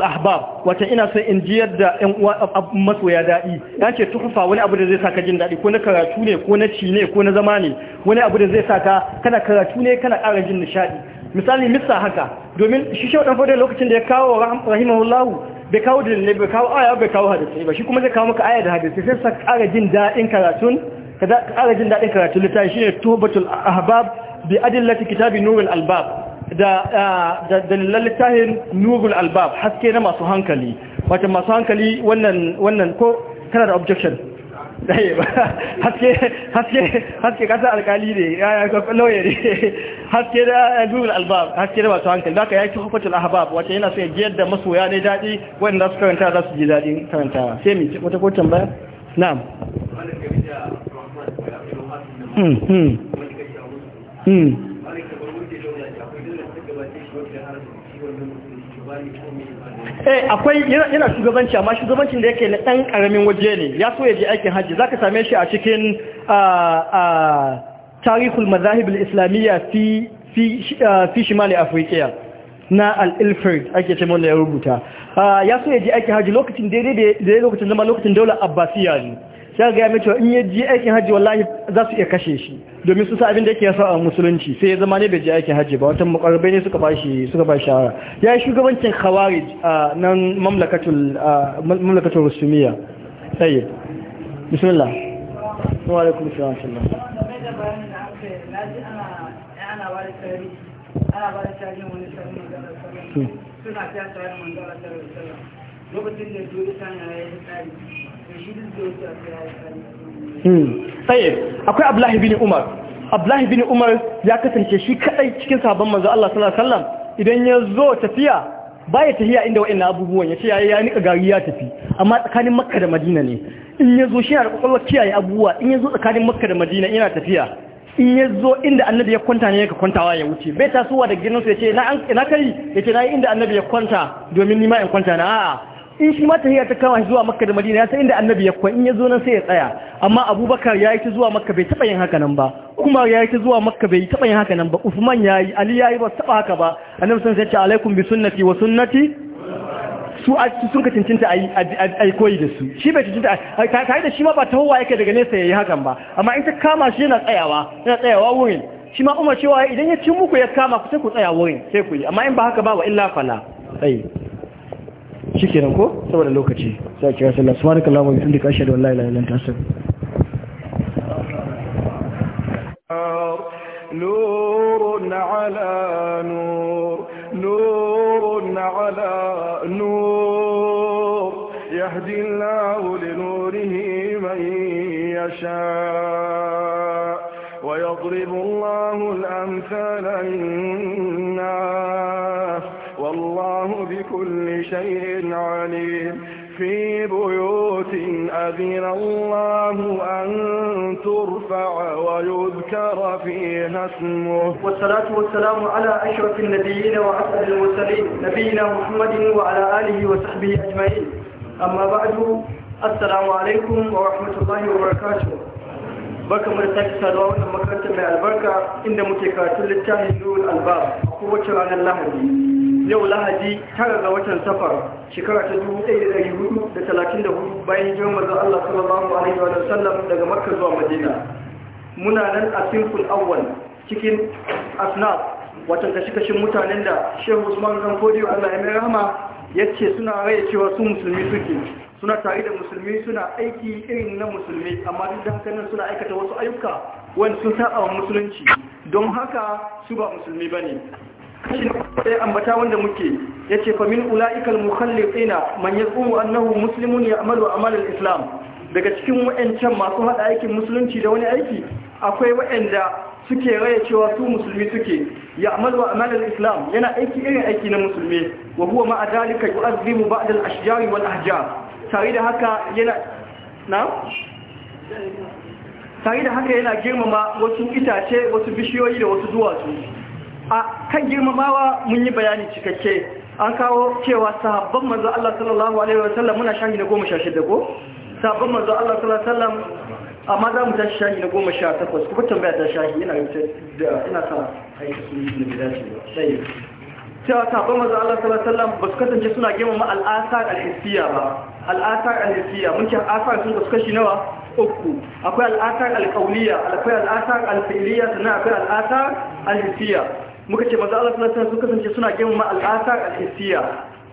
ahbab wata ina sai in jiyar da ɗan uwa masoya daɗi ce tuhfa wani abu da zai saka jin daɗi ko na karatu ne ko na ci ne ko na zama ne wani abu da zai saka kana karatu ne kana ƙara jin nishaɗi misali mista haka domin shi shi wadannan lokacin da ya kawo rahimahullahu bai kawo dalilai bai kawo aya bai kawo hadisi ba shi kuma zai kawo maka aya da hadisi sai sa ƙara jin daɗin karatun ka ƙara jin daɗin karatun littafi shine tuhbatul ahbab bi adillati kitabi nurul albab da dalilan littafin nugul albab haske na masu hankali wata masu hankali wannan ko kana da objection haske kasar alkali ne ya lauye ne haske da nugul albab haske da masu hankali ya yaki hukuncin ahabab wata yana so ya jiyar da ya ne daɗi wanda su karanta za su ji daɗin karantawa sai mai wata ko ba na'am Hmm, Hmm. hmm. eh akwai yana shugabanci amma shugabancin da yake na ɗan ƙaramin waje ne ya so ya je aikin hajji za same shi a cikin tarihul mazahibul islamiyya fi shimali afirka na al ake ce ya rubuta ya so ya je aikin hajji lokacin daidai da ya lokacin zama lokacin daular abbasiya ne sai ga mai cewa in ya ji aikin hajji wallahi za su iya kashe shi domin sun sa abin da yake yasa a musulunci sai ya zama ne bai ji aikin hajji ba wata makarbai ne suka bashi suka bashi shawara ya yi shugabancin khawarij a nan mamlakatul mamlakatul rusumiya sai bismillah wa alaikum assalam ana ba da tarihin wani sarari manzara hmm. hmm. suna ta tarihin manzara sarari lokacin da duk isa na ya yi tsari Hmm. tsaye akwai ablahi bin umar ablahi bin umar ya kasance shi kadai cikin sabon manzo Allah sallallahu alaihi wasallam idan ya zo tafiya baya tafiya inda wa'annan abubuwan ya ce yayi ya nika gari ya tafi amma tsakanin makka da madina ne in ya zo shi yana kwakwalwar kiyaye abubuwa in ya zo tsakanin makka da madina yana tafiya in ya zo inda annabi ya kwanta ne ka kwantawa ya wuce bai tasowa da gidansu ya ce na kai ya ce na yi inda annabi ya kwanta domin nima in kwanta na a'a in shi mata ya ta kama zuwa makka da madina ya san inda annabi ya kwa in ya zo nan sai ya tsaya amma abubakar ya yi ta zuwa makka bai taɓa yin haka nan ba kuma ya yi ta zuwa makka bai taɓa yin haka nan ba usman ya yi ali ya yi ba taɓa haka ba annabi sun sai ce alaikum bi sunnati wa sunnati su sun ka cincinta a koyi da su shi bai cincinta a yi tare da shi ma ba ta hawa yake daga nesa ya yi hakan ba amma in ta kama shi yana tsayawa yana tsayawa wurin shi ma umar cewa idan ya ci muku ya kama ku sai ku tsaya wurin sai ku yi amma in ba haka ba wa illa fala shikenan ko saboda lokaci sai kira sallallahu subhanakallahu wa bihamdika ashhadu an la ilaha illa anta astaghfiruka نور على ويضرب الله الأمثال للناس والله بكل شيء عليم في بيوت أذن الله أن ترفع ويذكر فيها اسمه والصلاة والسلام على أشرف النبيين وعسل المرسلين نبينا محمد وعلى آله وصحبه أجمعين أما بعد السلام عليكم ورحمة الله وبركاته baka من da sake saduwa wannan makarantar mai albarka inda muke karatun littafin nurul albab a kowace ranar lahadi yau lahadi tara ga watan safar shekara ta dubu ɗaya da ɗari hudu da talatin da hudu bayan jiran mazan Allah sallallahu alaihi wa sallam daga makka zuwa madina muna nan a sinful awwal cikin asnaf watan kashi-kashin mutanen da shehu usman zanfodiyo Allah ya mai rahama ya ce suna raya cewa su musulmi suke suna tare da musulmi suna aiki irin na musulmi amma duk da haka nan suna aikata wasu ayyuka wani sun saba musulunci don haka su ba musulmi bane sai ambata wanda muke yace fa min ulaikal mukhallifina man yaqumu annahu muslimun ya'malu amal al-islam daga cikin wayancan masu hada aikin musulunci da wani aiki akwai wayanda suke raye cewa su musulmi suke ya'malu amal al-islam yana aiki irin aiki na musulmi wa huwa ma'a dalika yu'azzimu ba'd al-ashjar wal ahjar tare da haka yana na tare da haka yana girmama wasu itace wasu bishiyoyi da wasu duwatsu a kan girmamawa mun yi bayani cikakke an kawo cewa sahabban manzo Allah sallallahu alaihi sallam) muna shahi na goma sha ko sahabban manzo Allah sallallahu alaihi sallam amma za mu tashi shahi na goma sha takwas kuma tambaya ta shahi ina ina sa aiki da bidaci sai cewa sahabban maza Allah sallallahu ba su kasance suna girmama al'asar al-hisiya ba al'asar al-hisiya mun ce asar sun kasu kashi nawa uku akwai al'asar alƙauliya akwai al'asar al-fi'liya sannan akwai al'asar al-hisiya muka ce maza Allah sallallahu sun kasance suna girmama al'asar al'isiyya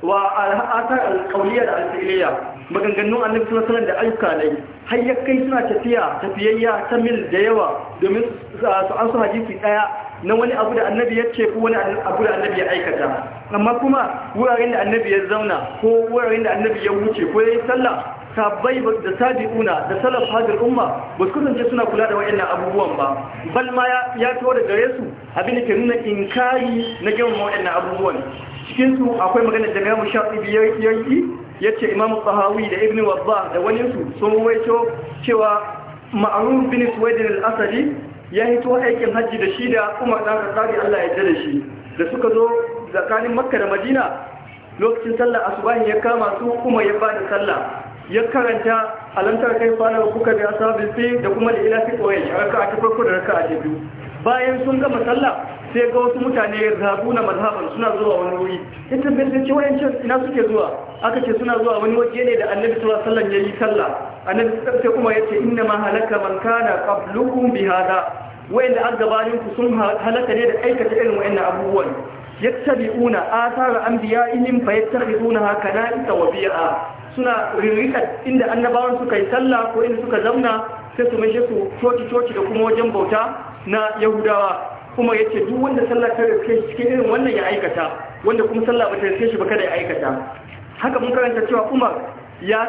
wa al'asar al da al maganganun annabi suna sanar da ayyuka ne har ya suna tafiya tafiyayya ta mil da yawa domin su an su hadisi ɗaya na wani abu da annabi ya ce ko wani abu da annabi ya aikata amma kuma wuraren da annabi ya zauna ko wuraren da annabi ya wuce ko ya yi sallah sabbai da sabi'una da salaf hadar umma ba su kasance suna kula da wayannan abubuwan ba bal ma ya tawo da gare su abin da ke nuna inkari na gama wayannan abubuwan cikinsu akwai magana da gamu shafi biyar yanki yace imamu bahawi da ibnu wabba da wani su sun waito cewa ma'ruf bin suwaidin al-asadi ya hito aikin hajji da shi da umar dan kasabi Allah ya yarda da shi da suka zo tsakanin makka da madina lokacin sallar asubahin ya kama su kuma ya bada sallah ya karanta alamtar kai fara kuka da asabin fi da kuma da ilafi koyi raka a farko da raka a biyu bayan sun gama sallah sai ga wasu mutane ya zabu na mazhaban suna zuwa wani wuri ya tabbata ce wayancin ina suke zuwa aka ce suna zuwa wani waje ne da annabi sallallahu alaihi wasallam yayi sallah annabi sai kuma ce inna ma halaka man kana qablukum bi hada wayanda an gabanin ku sun halaka ne da aikata irin wayannan abubuwan yattabi'una athara anbiya'ihim fayattabi'una haka na'ita wa bi'a suna rirrika inda annabawan suka yi sallah ko inda suka zauna sai su maishe su coci coci da kuma wajen bauta na yahudawa kuma ce duk wanda sallah ta riske shi cikin irin wannan ya aikata wanda kuma sallah ba ta riske shi ba kada ya aikata haka mun karanta cewa Umar ya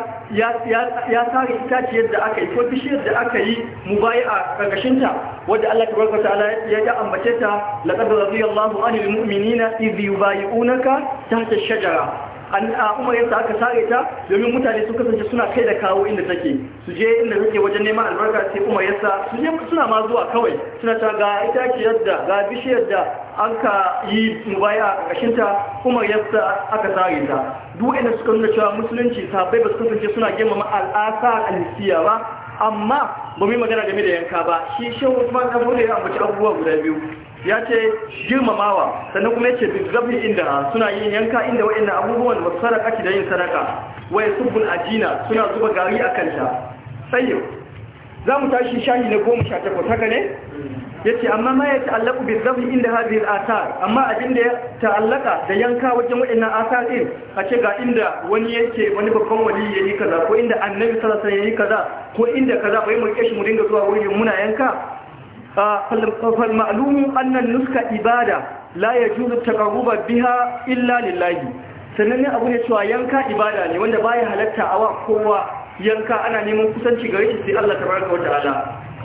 sare itaciyar da aka yi ko bishiyar da aka yi mu bayi a ƙarƙashinta wadda Allah ta barka ta'ala ya ya ambace ta laqad radiyallahu anil mu'minina idh yubayi'unaka tahta shajara a umar yasa aka sare ta domin mutane sun kasance suna kai da kawo inda take su je inda take wajen neman albarka sai umar yasa su je suna ma zuwa kawai suna ta ga ita itaciyar yadda ga bishiyar da aka yi mubaya a ƙarƙashin ta umar yasa aka sare ta duk wanda suka nuna cewa musulunci sabai ba su kasance suna girmama al'asa alisiya ba amma ba mu yi magana game da yanka ba shi shi wasu dan bude ya ambaci abubuwa guda biyu ya ce girmamawa sannan kuma ya ce gabi inda suna yin yanka inda na abubuwan wasu sadaka ake da yin sadaka waye subbul ajina suna zuba gari a kanta sayo za mu tashi shahi na goma sha takwas haka ne ya ce amma ma ya ta'allaku bi zabi inda a al'asar amma abin da ya ta'allaka da yanka wajen waɗannan asar ɗin a ce ga inda wani yake wani babban wali ya yi kaza ko inda annabi sallallahu alaihi ya yi kaza ko inda kaza bai mu kishi mu dinga zuwa wurin muna yanka فالمعلوم أن النسك إبادة لا يجوز التقرب بها إلا لله sannan abu ne cewa yanka ibada ne wanda baya halatta a wa kowa yanka ana neman kusanci gare shi sai Allah tabaraka wa ta'ala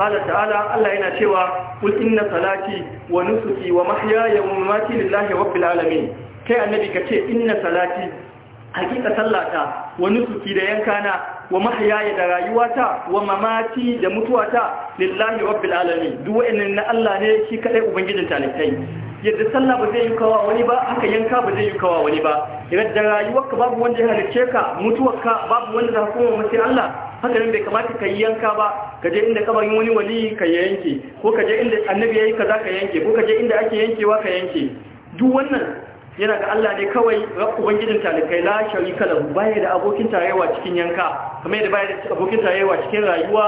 qala ta'ala Allah yana cewa kul inna salati wa nusuki wa mahyaya wa mamati lillahi rabbil alamin kai annabi kace inna salati hakika sallata wa nusuki da yankana wa mahayaya da rayuwata wa mamati da mutuwata lillahi rabbil alamin duk wa'annan na Allah ne shi kadai ubangijin talikai yadda sallah ba zai yi kawa wani ba haka yanka ba zai yi kawa wani ba yadda rayuwarka babu wanda ya halice ka mutuwarka babu wanda za ka koma sai Allah haka nan bai kamata ka yi yanka ba ka je inda kabarin wani wali ka yanke ko ka je inda annabi yayi kaza ka yanke ko ka je inda ake yankewa ka yanke duk wannan yana ga Allah ne kawai ubangijin talikai la sharika lahu baya da abokin tarayyawa cikin yanka kamar yadda baya da abokin tarayyawa cikin rayuwa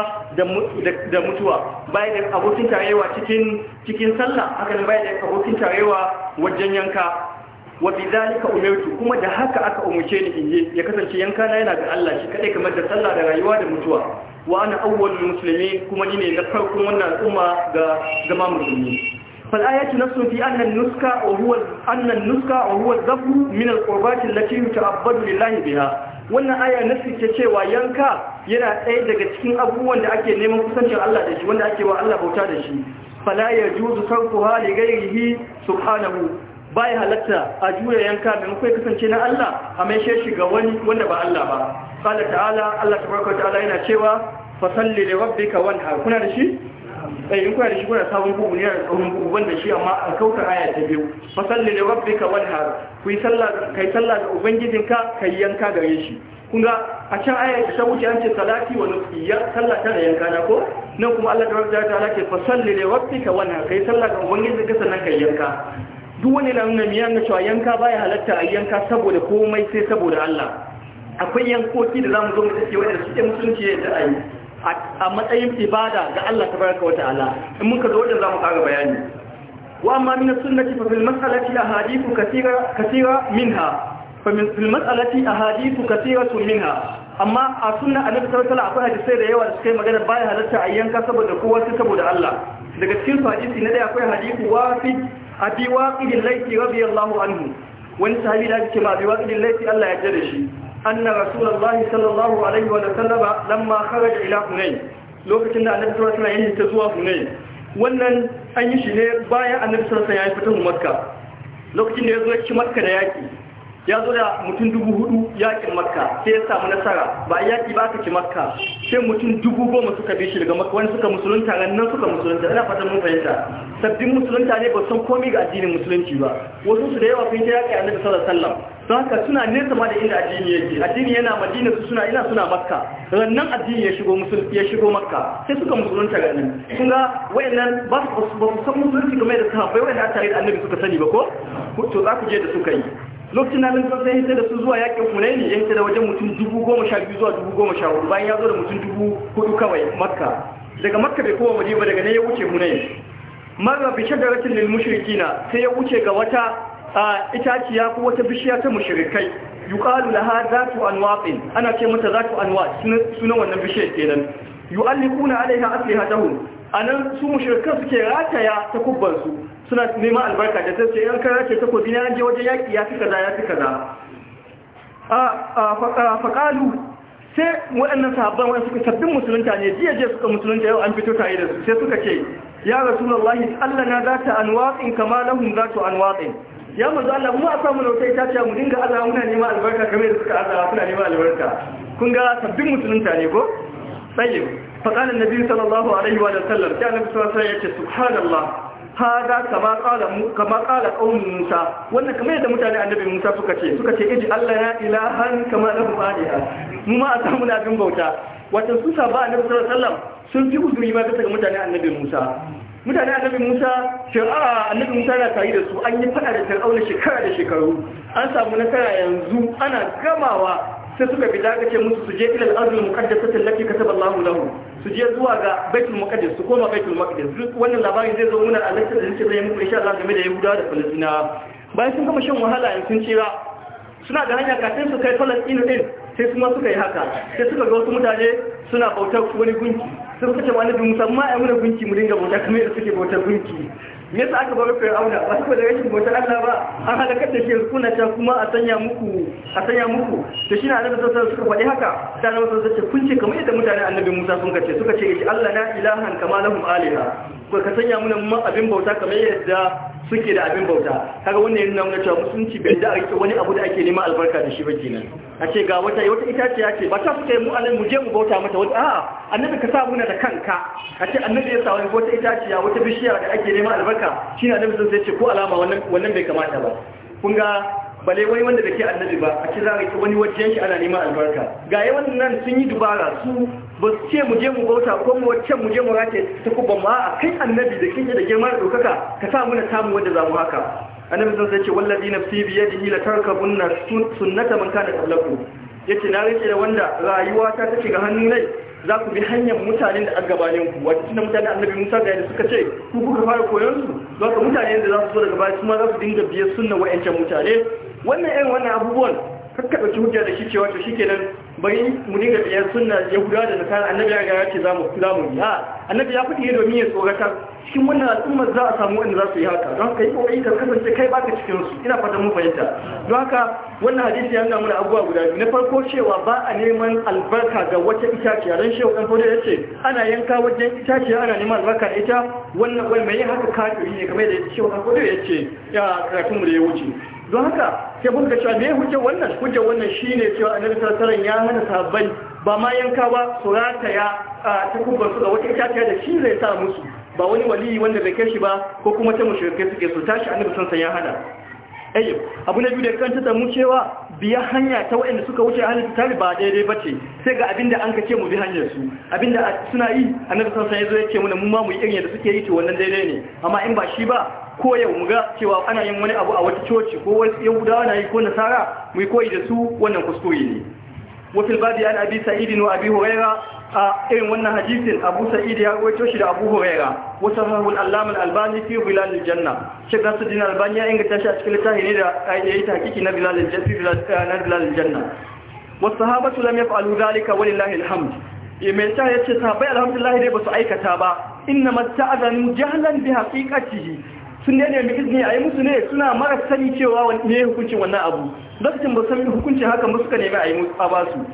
da mutuwa baya da abokin tarayyawa cikin cikin sallah haka ne baya da abokin tarayyawa wajen yanka wa bidhalika umirtu kuma da haka aka umurce ni inje ya kasance yanka na yana ga Allah shi kadai kamar da sallah da rayuwa da mutuwa wa ana awwalul muslimin kuma ni ne na farkon wannan al'umma ga zama musulmi فالآية نفس في أن النسك وهو أن النسك وهو الذبح من القربات التي يتعبد لله بها wannan aya nasi ce cewa yanka yana ɗaya daga cikin abubuwan da ake neman kusancin Allah da shi wanda ake wa Allah bauta da shi fala yajuzu tarkuha li ghayrihi subhanahu bai halatta a juya yanka mai mafi kasance na Allah a mai shi ga wani wanda ba Allah ba qala ta'ala Allah tabaraka ta'ala yana cewa fasalli li rabbika wanhar kuna da shi sai eh, in kuna da shi kuna samun bugu ne a tsohon bugu wanda shi amma an kautar aya ta biyu fasalli da rabbi ka wani har ku yi sallah kai sallah da ubangijinka kai yanka gare shi kun ga a can aya ta wuce an ce salati wa nufi ya sallah ta da yanka na ko nan kuma Allah tabaraka ta ala ke fasalli da rabbi ka wani har kai sallah da ubangijinka sannan kai yanka duk wani na nuna miyan na cewa yanka baya halatta a yanka saboda komai sai saboda Allah akwai yankoki da zamu zo mu tafi wanda su ke musulunci da ta'ayi. a matsayin ibada ga Allah ta baraka wa ta'ala in muka zo za zamu ƙara bayani wa amma min sunnati fa fil mas'alati ahadithu kathira kathira minha fa min fil mas'alati ahadithu kathira minha amma a sunna annabi sallallahu alaihi akwai hadisai da yawa da suka yi magana baya halatta a yanka saboda kowa sai saboda Allah daga cikin hadisi na daya akwai hadisi fi abi waqidil layti radiyallahu anhu wani sahabi da yake ma abi waqidil layti Allah ya jada shi أن رسول الله صلى الله عليه وسلم لما خرج إلى هنين لوكتن النبي صلى الله عليه وسلم تزوى هنين wannan an yi shi ne bayan annabi sallallahu alaihi wasallam ya fita Makka lokacin da ya zo ci Makka da yaki ya zo da mutum dubu hudu yakin makka sai ya samu nasara ba yaki ba aka ci makka sai mutum dubu goma suka bi shi daga makka wani suka musulunta ran nan suka musulunta ina fatan mun fahimta sabbin musulunta ne ba san komai ga addinin musulunci ba wasu su da yawa sun ta yaki annabi sallallahu alaihi wasallam don haka suna nesa ma da inda addini yake addini yana madina su suna ina suna makka rannan addini ya shigo musulunci ya shigo makka sai suka musulunta nan. kun ga wayannan ba su ba su san musulunci kamar da sahabbai wayanda aka yi da annabi suka sani ba ko to za ku je da suka yi lokacin nan zan sai hita da su zuwa yakin hunaini ya hita da wajen mutum dubu goma sha biyu zuwa dubu goma sha hudu bayan ya zo da mutum dubu hudu kawai makka daga makka bai kowa waje ba daga nan ya wuce hunaini marra bi shajaratin lil mushrikina sai ya wuce ga wata itaciya ko wata bishiya ta mushrikai yuqalu laha zatu anwaqin ana ce mata zatu anwa sunan wannan bishiyar kenan yu'alliquna alaiha aslihatahu a nan su mushirkan suke rataya ta kubbansu suna neman albarka da sai yan kara ce takobi na je wajen yaki ya fi kaza ya fi kaza a faƙalu sai waɗannan sahabban wani suka sabbin musulunta ne jiya je suka musulunta yau an fito tare da su sai suka ce ya rasulullahi Allah na za ta anwatsin kama lahum za ta anwatsin ya manzo Allah mu a samu nauta ita ce mu dinga Allah muna neman albarka kamar da suka azawa suna neman albarka kun ga sabbin musulunta ne ko tsayin فقال النبي صلى الله عليه وآله وسلم كان النبي صلى الله عليه وسلم سبحان الله هذا كما قال كما قال قوم موسى wannan kamar yadda mutane annabi Musa suka ce suka ce iji Allah ya ilahan kama lahu aliha mu ma a samu na bin bauta wato su saba annabi sallallahu alaihi sun fi uzuri mutane annabi Musa mutane annabi musa shari'a annabi musa na tare da su an yi fada da fir'auna shekara da shekaru an samu nasara yanzu ana gamawa sai suka bi da kace musu su je ila al-ardh muqaddasah allati kataba Allah lahu su je zuwa ga baitul muqaddas su koma baitul muqaddas wannan labarin zai zo muna a lokacin da yake zai insha Allah game da Yahuda da Falastinawa bayan sun kama shan wahala in sun tsira suna da hanya kafin su kai Falastinu din sai kuma suka yi haka sai suka ga wasu mutane suna bautar wani gunki sai suka ce wani musamman ai muna gunki mu dinga bautar kamar yadda suke bautar gunki me yasa aka bar fir'auna ba saboda rashin bautar Allah ba an halakar da shi kuna ta kuma a sanya muku a sanya muku to shi na annabi sallallahu suka faɗi haka sai annabi sallallahu alaihi kun ce kamar yadda mutanen annabi Musa sun kace suka ce Allah na ilahan kama lahum aliha ka sanya muna ma abin bauta kamar yadda suke da abin bauta kaga wannan yana nuna cewa musulunci bai da ake wani abu da ake nema albarka da shi ba kenan a ce ga wata wata ce ba ta suka yi mu alai mu je mu bauta mata wata a'a annabi ka sa muna da kanka a ce annabi ya sa wani wata itaciya wata bishiya da ake nema albarka shine annabi sun sai ce ko alama wannan wannan bai kamata ba kun ga bale wani wanda bai ke annabi ba a kira rai wani wajen shi ana neman albarka ga yawan nan sun yi dubara su ba su ce mu je mu bauta ko mu wacce mu je mu rake ta kuma ma a kai annabi da kinje da girma da ɗaukaka ka sa muna samu wanda za mu haka annabi sun sai ce wallazi nafsi bi yadihi la tarkabunna sunnata man kana qablakum yace na rike da wanda rayuwa ta take ga hannu nai za ku bi hanyar mutanen da aka gabanin ku wata tunan mutane annabi musa ga yadda suka ce ku kuka fara koyon su za ka mutane da za su zo daga baya su ma za su dinga biyar sunna wa'ancan mutane wannan yan wannan abubuwan kakkaɓe su hujja da shi cewa to shi kenan muniga da yan suna ya guda da nasara annabi ya gaya ce za mu kula mu biya annabi ya faɗi domin ya tsorata cikin wannan al'ummar za a samu wanda za su yi haka don haka yi kokari ka kasance kai baka cikin su ina fatan mun fahimta don haka wannan hadisi ya nuna mana abubuwa guda biyu na farko cewa ba a neman albarka ga wata itaciya don shehu dan fodo ya ce ana yanka wajen itaciya ana neman albarka da ita wannan wani mai haka kafiri ne kamar da shehu dan fodo ya ce ya karatun mu da ya wuce don haka sai kun ga cewa me hujja wannan hujja wannan shine cewa annabi sallallahu alaihi wasallam ya hana sahabbai ba ma yanka ba su rataya ta kubba su da wata itaciya da shi zai sa musu ba wani wali wanda bai kai shi ba ko kuma ta mushrikai suke su tashi annabi sallallahu alaihi wasallam ya hana ayyau abu na biyu da kanta da mu cewa biya hanya ta waɗanda suka wuce ahalin tare ba daidai ba ce sai ga abinda an ka ce mu bi hanyar su abinda suna yi annabi sallallahu alaihi wasallam ya ce mu mu ma mu yi irin da suke yi to wannan daidai ne amma in ba shi ba ko yau mu ga cewa ana yin wani abu a wata coci ko wani yahudawa na yi ko nasara mu koyi da su wannan kuskure ne wafil babi an abi sa'idin wa abi huraira a irin wannan hadisin abu sa'id ya rawaito shi da abu huraira wa sahihul allam albani fi bilal janna shi gasudin albani ya inganta shi a cikin littafi ne da yayi tahqiqi na bilal eh, janna wa sahabatu lam yaf'alu dhalika walillahi alhamd mai ta yace sahabai alhamdulillah dai basu aikata ba inna matta'azanu jahlan bi haqiqatihi sun ne nemi izini a yi musu ne suna mara sani cewa ne hukuncin wannan abu lokacin ba sami hukuncin haka ba suka nemi a yi musu a su,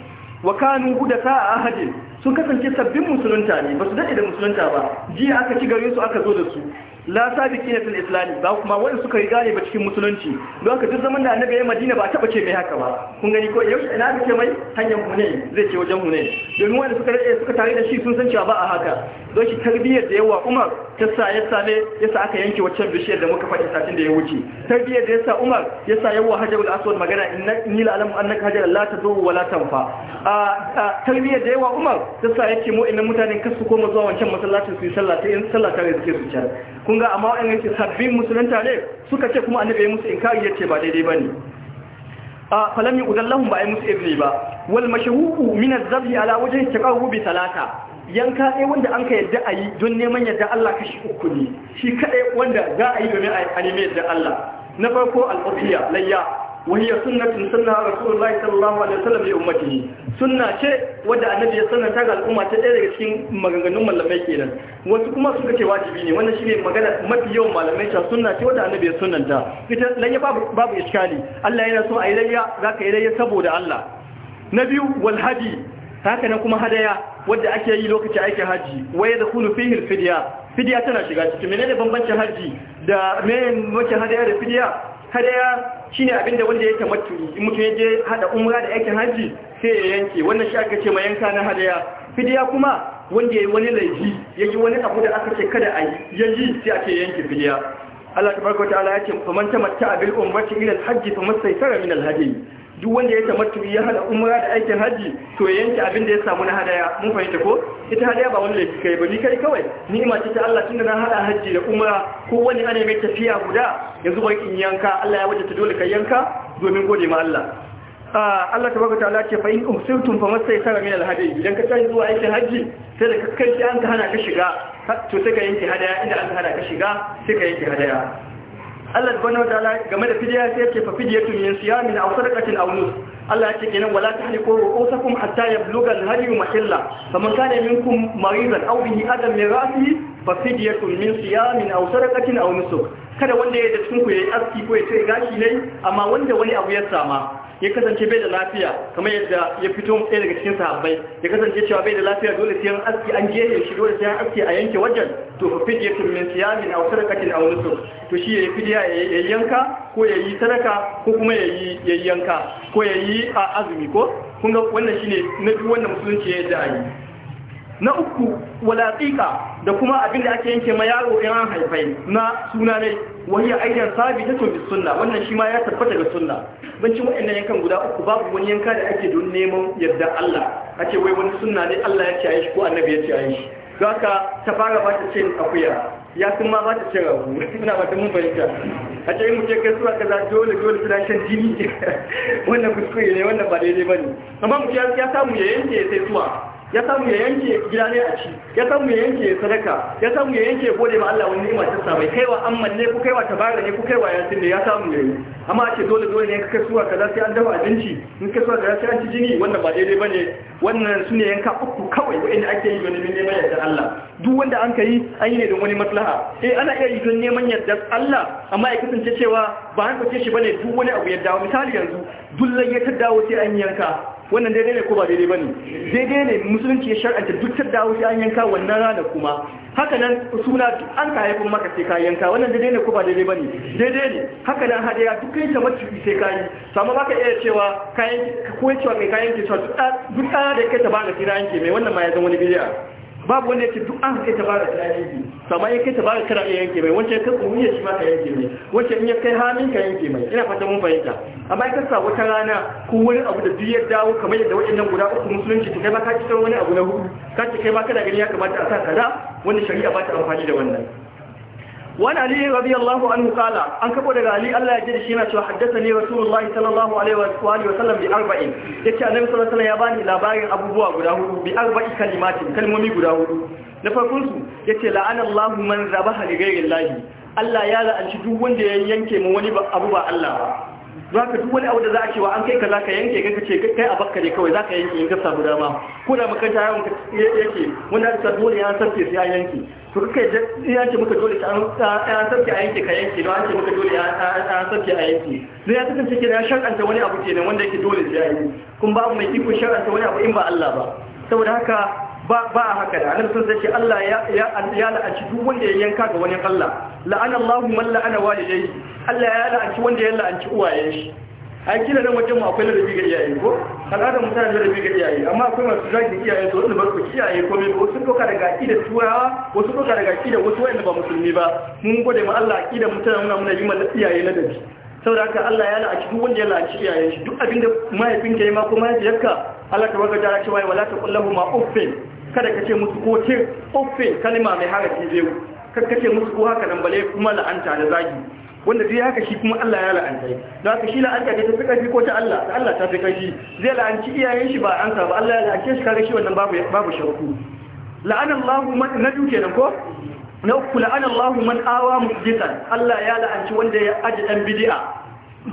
wa kanu guda ta a ahadin sun kasance sabbin musulunta ne ba su daɗe da musulunta ba jiya aka ci gare su aka zo da su la sabiki na fil islam ba kuma wani suka riga ne ba cikin musulunci don haka duk zaman da annabi ya madina ba taba ce mai haka ba kun gani ko yau ina da mai hanyar mu ne zai ce wajen mu ne domin wanda suka rage suka tare da shi sun san cewa ba a haka don shi tarbiyyar da yawa Umar ta sa ya same ya sa aka yanke waccan bishiyar da muka faɗi satin da ya wuce tarbiyyar da ya sa Umar ya sa yawa Hajarul Aswad magana inna inni la alamu annaka hajar la tadurru wa la tanfa a tarbiyyar da yawa Umar ta sa yake mu inna mutanen kasu koma zuwa wancan masallacin su yi sallah ta yin sallah ta riske su can kun ga amma wa'in yake sabbin musulunta ne suka ce kuma annabi ya musu inkari yace ba daidai bane a falami Udallahu ba ay musu ibni ba wal mashhuhu min az-zabhi ala wajhi taqawu bi talata yanka ɗaya wanda an ka yadda a yi don neman yadda Allah shi uku ne shi kaɗai wanda za a yi domin a nemi yadda Allah na farko al'ufiya layya wani ya suna tunsunna a rasuwar rai sallallahu alaihi wasallam da umarci suna ce wadda annabi ya sanar ta ga al'umma ta ɗaya daga cikin maganganun malamai kenan wasu kuma suka ce wajibi ne wannan shine magana mafi yawan malamai ta suna ce wadda annabi ya sunan ta ita lanya babu iskali Allah yana so a yi lanya za ka yi lanya saboda Allah na biyu wal haji haka nan kuma hadaya wadda ake yi lokacin aikin hajji wai da kullu fihi fidiya fidiya tana shiga cikin menene bambancin hajji da menene mace hadaya da fidiya hadaya shi shine abinda wanda ya tamattu in mutum ya je hada umra da aikin haji sai ya yanke wannan shi aka ce ma yanka na hadaya fidiya kuma wanda yayi wani laifi yayi wani abu da aka ce kada a yi sai ake yanke fidiya Allah tabaraka wa ta'ala ya ce faman tamatta bil umrati ila al-hajji famastaysara min al-hadi duk wanda ya tamattu ya hada umara da aikin haji to yanke abin da ya samu na hadaya mun fahimta ko ita hadaya ba wanda ya kai ba ni kai kawai ni ce ta Allah tunda na hada haji da umara ko wani ana mai tafiya guda yanzu ba in yanka Allah ya wajata dole kai yanka domin gode ma Allah ah, Allah tabaraka ta'ala ce fa in usirtum fa mastaysara min alhaji idan ka tashi zuwa aikin haji sai da kakkai an ka hana ka shiga to sai ka yanke hadaya idan an hana ka shiga sai ka yanke hadaya Allah subhanahu wataala game da fidiya sai yake fa tun min siyamin aw sadaqatin aw nus Allah yake kenan wala tahliqu ru'usakum hatta yablugha al-hadi mahalla faman kana minkum maridan aw bihi adam min ra'sihi fa tun min siyamin aw sadaqatin aw nusuk kada wanda ya da cikin ku yi aski ko ya ce gashi ne amma wanda wani abu ya sama ya kasance bai da lafiya kamar yadda ya fito ɗaya daga cikin sahabbai ya kasance cewa bai da lafiya dole sai an aski an gehe shi dole sai an aski a yanke wajen to fa fidiya tun min siyamin wasu rakatin a wani to shi ya yi fidiya yi yanka ko ya yi sadaka ko kuma yayi yayi yanka ko ya yayi azumi ko kun ga wannan shine na biyu wanda musulunci ya da yi na uku wala tsika. da kuma abin da ake yanke ma yaro in an haifai na suna ne wani aidan sabi ta tobi sunna wannan shi ma ya tabbata ga sunna ci waɗannan yankan guda uku babu wani yanka da ake don neman yarda Allah a ce wai wani sunna ne Allah ya ce a shi ko annabi ya ce a shi za haka ta fara ba ta ce akuya ya sun ma ba ta ce rabu ina ba ta mun fahimta a ce mu ce kai suwa za dole dole suna shan jini wannan kuskure ne wannan ba daidai ba ne amma mu ya samu ya yanke sai suwa ya samu ya yanke gida ne a ci ya samu ya yanke sadaka ya samu ya yanke gode ma Allah wani ni'ima ta mai kaiwa amman ne ku kaiwa tabara ne ku kaiwa yasin ne ya samu yi, amma a ce dole dole ne ka suwa kaza sai an dafa abinci in suwa kaza sai an ci jini wannan ba daidai bane wannan sune yanka uku kawai inda ake yi don neman yardar Allah duk wanda an kai an yi ne don wani maslaha eh ana iya yi don neman yardar Allah amma ya kasance cewa ba an kace shi bane duk wani abu ya dawo misali yanzu dullan ya ta dawo sai an yanka wannan daidai ne ko ba daidai bane daidai ne musulunci ya shar'anta duk da wuce an yanka wannan rana kuma haka nan suna an ka haifin maka sai ka yanka wannan daidai ne ko ba daidai bane daidai ne haka nan hadiya duk kai ta mace sai ka yi amma baka iya cewa kayan ko cewa kai kayan ke duk da kai ta ba ga tira yanke mai wannan ma ya zama wani bid'a babu wanda yake duk an kai tabara ta yanke sama ya kai tabara kana iya yanke mai wancan ka kuma yake shi ma ka yanke mai wancan in ya kai halin ka yanke mai ina fata mun fahimta amma ka sa wata rana ko wani abu da duk ya dawo kamar yadda waɗannan guda uku musulunci ta kai ba ka ci wani abu na hudu ka ci kai ba da gani ya kamata a sa kaza Wani shari'a ba ta amfani da wannan wani ali radiyallahu anhu kala an kabo da ali Allah ya ji shi yana cewa haddasa ne rasulullahi sallallahu alaihi wa alihi bi arba'in yace annabi sallallahu alaihi ya bani labarin abubuwa guda hudu bi arba'i kalimatin kalmomi guda hudu na farkon su yace la'ana Allahu man zabaha li ghayri Allah Allah ya la'anci duk wanda ya yanke mu wani abu ba Allah za ka duk wani abu da za a cewa an kai ka za ka yanke ka ce kai a bakka ne kawai za ka yanke in ka samu dama ko da makanta yawon ka yake wanda ta dole ya sarfe sai an yanke to kai yi ya ce muka dole an sarfe a yanke ka yanke don an ce muka dole an sarfe a yanke zai ya kasance kenan ya shar'anta wani abu kenan wanda yake dole sai a yi kuma babu mai iko shar'anta wani abu in ba Allah ba saboda haka ba a haka da annabi sun ce Allah ya ya la'anci duk wanda ya yanka ga wani Allah la'ana Allahu man la'ana walidayhi Allah ya la'anci wanda ya la'anci uwayen shi ai kila nan wajen mu akwai ladabi ga iyaye ko al'adar mutane tana ladabi ga iyaye amma akwai masu zagi iyaye to wanda barku iyaye ko me wasu doka daga kida turawa wasu doka daga kida wasu wanda ba musulmi ba mun gode ma Allah kida mu tana muna muna yi mallaka iyaye ladabi saboda haka Allah ya la'anci duk wanda ya la'aci iyayen shi duk abinda mahaifinka ya ma ko mahaifiyarka Allah ta baka jara cewa wala ta kullahu ma uffin kada ka ce musu ko ce ofe kalima mai harafi zai kakka ce musu ko haka nan bale kuma la'anta da zagi wanda zai haka shi kuma Allah ya la'anta Da haka shi la'anta da ta fi karfi ko ta Allah ta Allah ta fi kashi zai la'anci iyayen shi ba an sa ba Allah ya la'anci shi kare shi wannan babu babu shakku la'an Allahu man na kenan ko na uku la'an Allahu man awa musjidan Allah ya la'anci wanda ya aji dan bid'a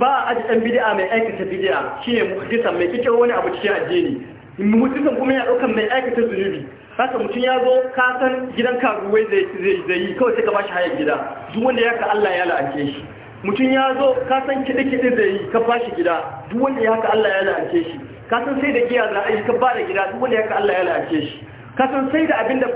ba a aji dan bid'a mai aikata bid'a shine muhdisan mai kike wani abu cikin addini mutum kuma ya ɗaukar mai aikata zunubi haka mutum ya zo kasan gidan kaguwai zai yi kawai sai ka bashi hayar gida duk wanda ya ka Allah ya la'ance shi mutum ya zo kasan kiɗe-kiɗe zai yi ka bashi gida duk wanda ya ka Allah ya la'ance shi kasan sai da giya za a yi ka ba da gida duk wanda ya ka Allah ya la'ance shi kasan sai da abinda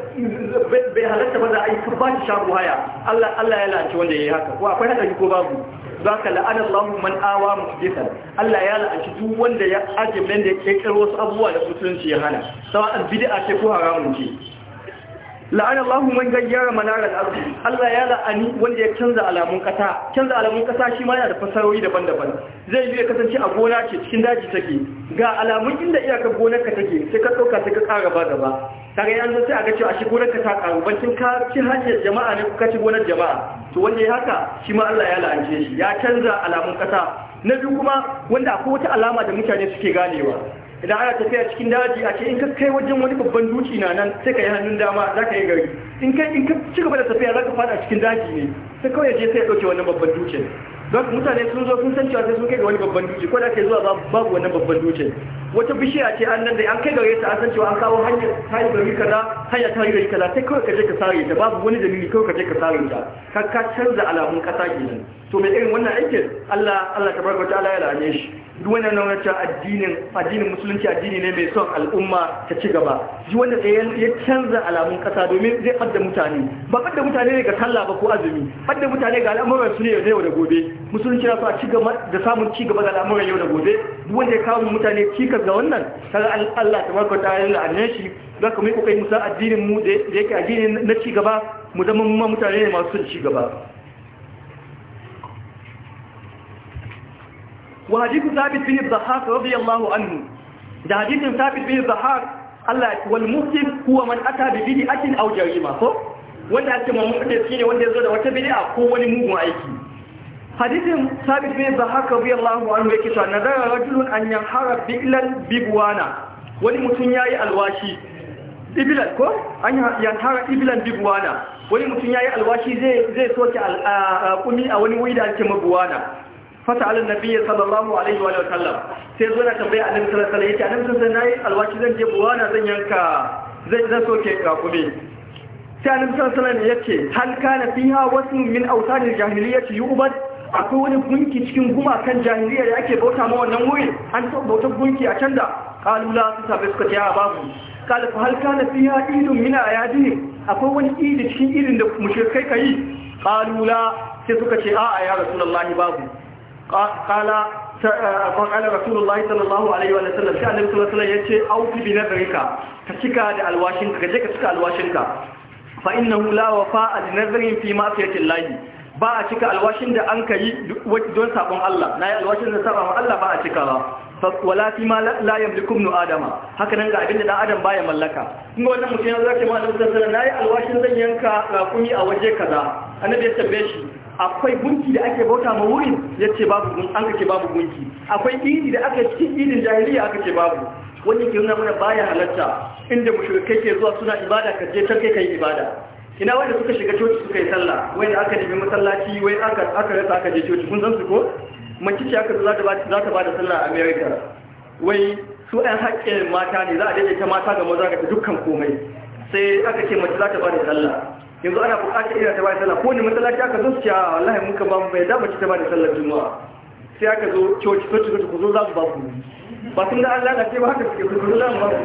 bai halatta ba za a yi ka bashi shago haya Allah ya la'ance wanda ya yi haka ko akwai haɗari ko babu zaka la'ana Allahu man awa muhdithan Allah ya la'anci duk wanda ya aje men da ke karo wasu abubuwa da mutunci ya hana sawa'an bid'a ce ko haramun ce la'ana Allahu man gayyara manaral ardi Allah ya la'ani wanda ya canza alamun kasa canza alamun kasa shi ma yana da fasarori daban-daban zai yi kasance a gona ce cikin daji take ga alamun inda iyakar gonar ka take sai ka ɗauka sai ka kara ba gaba kaga yanzu sai aka cewa shi gonar ka ta karu bakin ka ci hanyar jama'a ne ka ci gonar jama'a to wanda ya haka shi ma Allah ya la'ance shi ya canza alamun kasa na biyu kuma wanda akwai wata alama da mutane suke ganewa idan ana tafiya cikin daji a ce in ka kai wajen wani babban duci na nan sai ka yi hannun dama za ka yi gari in ka in ka ci gaba da tafiya za ka fada cikin daji ne sai kawai je sai ya dauke wannan babban dutsen don mutane sun zo sun san cewa sai sun kai ga wani babban duci ko da ke zuwa babu wannan babban dutsen wata bishiya ce an nan da an kai gare ta an san cewa an kawo hanyar tayi gari kaza hanyar tayi gari kaza sai kawai ka je ka sare ta babu wani dalili kawai ka je ka sare ta ka ka canza alamun kasa kenan to mai irin wannan aikin Allah Allah tabaraka ta'ala ya lane shi duk wannan nan wata addinin addinin musulunci addini ne mai son al'umma ta ci gaba ji wanda ya canza alamun kasa domin zai fadda mutane ba fadda mutane ne ga sallah ba ko azumi fadda mutane ga al'amuran su ne yau da gobe musulunci na so a ci gaba da samun ci gaba da al'amuran yau da gobe duk wanda ya kawo mutane cika fuskar ga wannan kaga Allah tabaraka ta'ala ya la'ane shi za ka mu kokari musa addinin mu da yake addini na ci gaba mu zama mu mutane ne masu ci gaba wa hadithu thabit bin dhahak radiyallahu anhu da hadithin thabit bin dhahak Allah wal muslim huwa man ata bi bid'atin aw jarima ko wanda ake ma mu'min shine wanda yazo da wata bid'a ko wani mugun aiki hadisin sabit bin zahaka radiyallahu anhu yake cewa nazara rajulun an yanhara bi'lan bibwana wani mutum yayi alwashi ibilan ko an ibilan wani mutum yi alwashi zai soke alqumi a wani wuri da ake mabuwana fata alin nabi sallallahu alaihi wa sallam sai zo na tambaya annabi sallallahu alaihi wa sallam yace annabi sallallahu alwashi zan je buwana zan yanka zai zan soke kakumi sai annabi sallallahu alaihi wa sallam hal kana fiha wasu min awsanil yi ubar? akwai wani gunki cikin gumakan jahiliya da ake bauta ma wannan wuri an taɓa bautar gunki a can da kalula su sabai suka tiya a babu kalifu halka na fiya idun mina a yadi akwai wani idi cikin irin da mushirkai ka yi kalula sai suka ce a a ya rasulallah babu kala kala rasulullah sallallahu alaihi wa sallam sai annabi sallallahu alaihi wa sallam yace auki bi nazrika ka cika da alwashinka ka je ka cika alwashinka fa innahu la wafa'a li nazarin fi ma'siyati llahi ba a cika alwashin da an yi don sabon Allah na yi alwashin da sabon Allah ba a cika ba wala ma layan yamliku ibn adama haka nan ga abinda dan adam baya mallaka kun ga wannan mutum ya zace ma da sallallahu na yi alwashin zan yanka rakumi a waje kaza annabi ya tambaye shi akwai gunki da ake bauta ma wurin ce babu gunki an kace babu gunki akwai idi da aka cikin idin jahiliya aka ce babu wani ke nuna mana baya halatta inda mushrikai ke zuwa suna ibada je ta kai kai ibada ina wanda suka shiga coci suka yi sallah wai aka nemi masallaci wai aka aka rasa aka je coci kun san su ko mace ce aka za ta ba za ta da sallah a America wai su ɗan haƙƙin mata ne za a daidaita mata ga maza ga dukkan komai sai aka ce mace za ta ba da sallah yanzu ana buƙatar ina ta ba da sallah ko ne masallaci aka zo su ce wallahi muka ba mu bai da mace ta ba da sallar juma'a sai aka zo coci coci coci ku zo za su ba ku ba sun ga Allah na ce ba haka suke ku zo za mu ba ku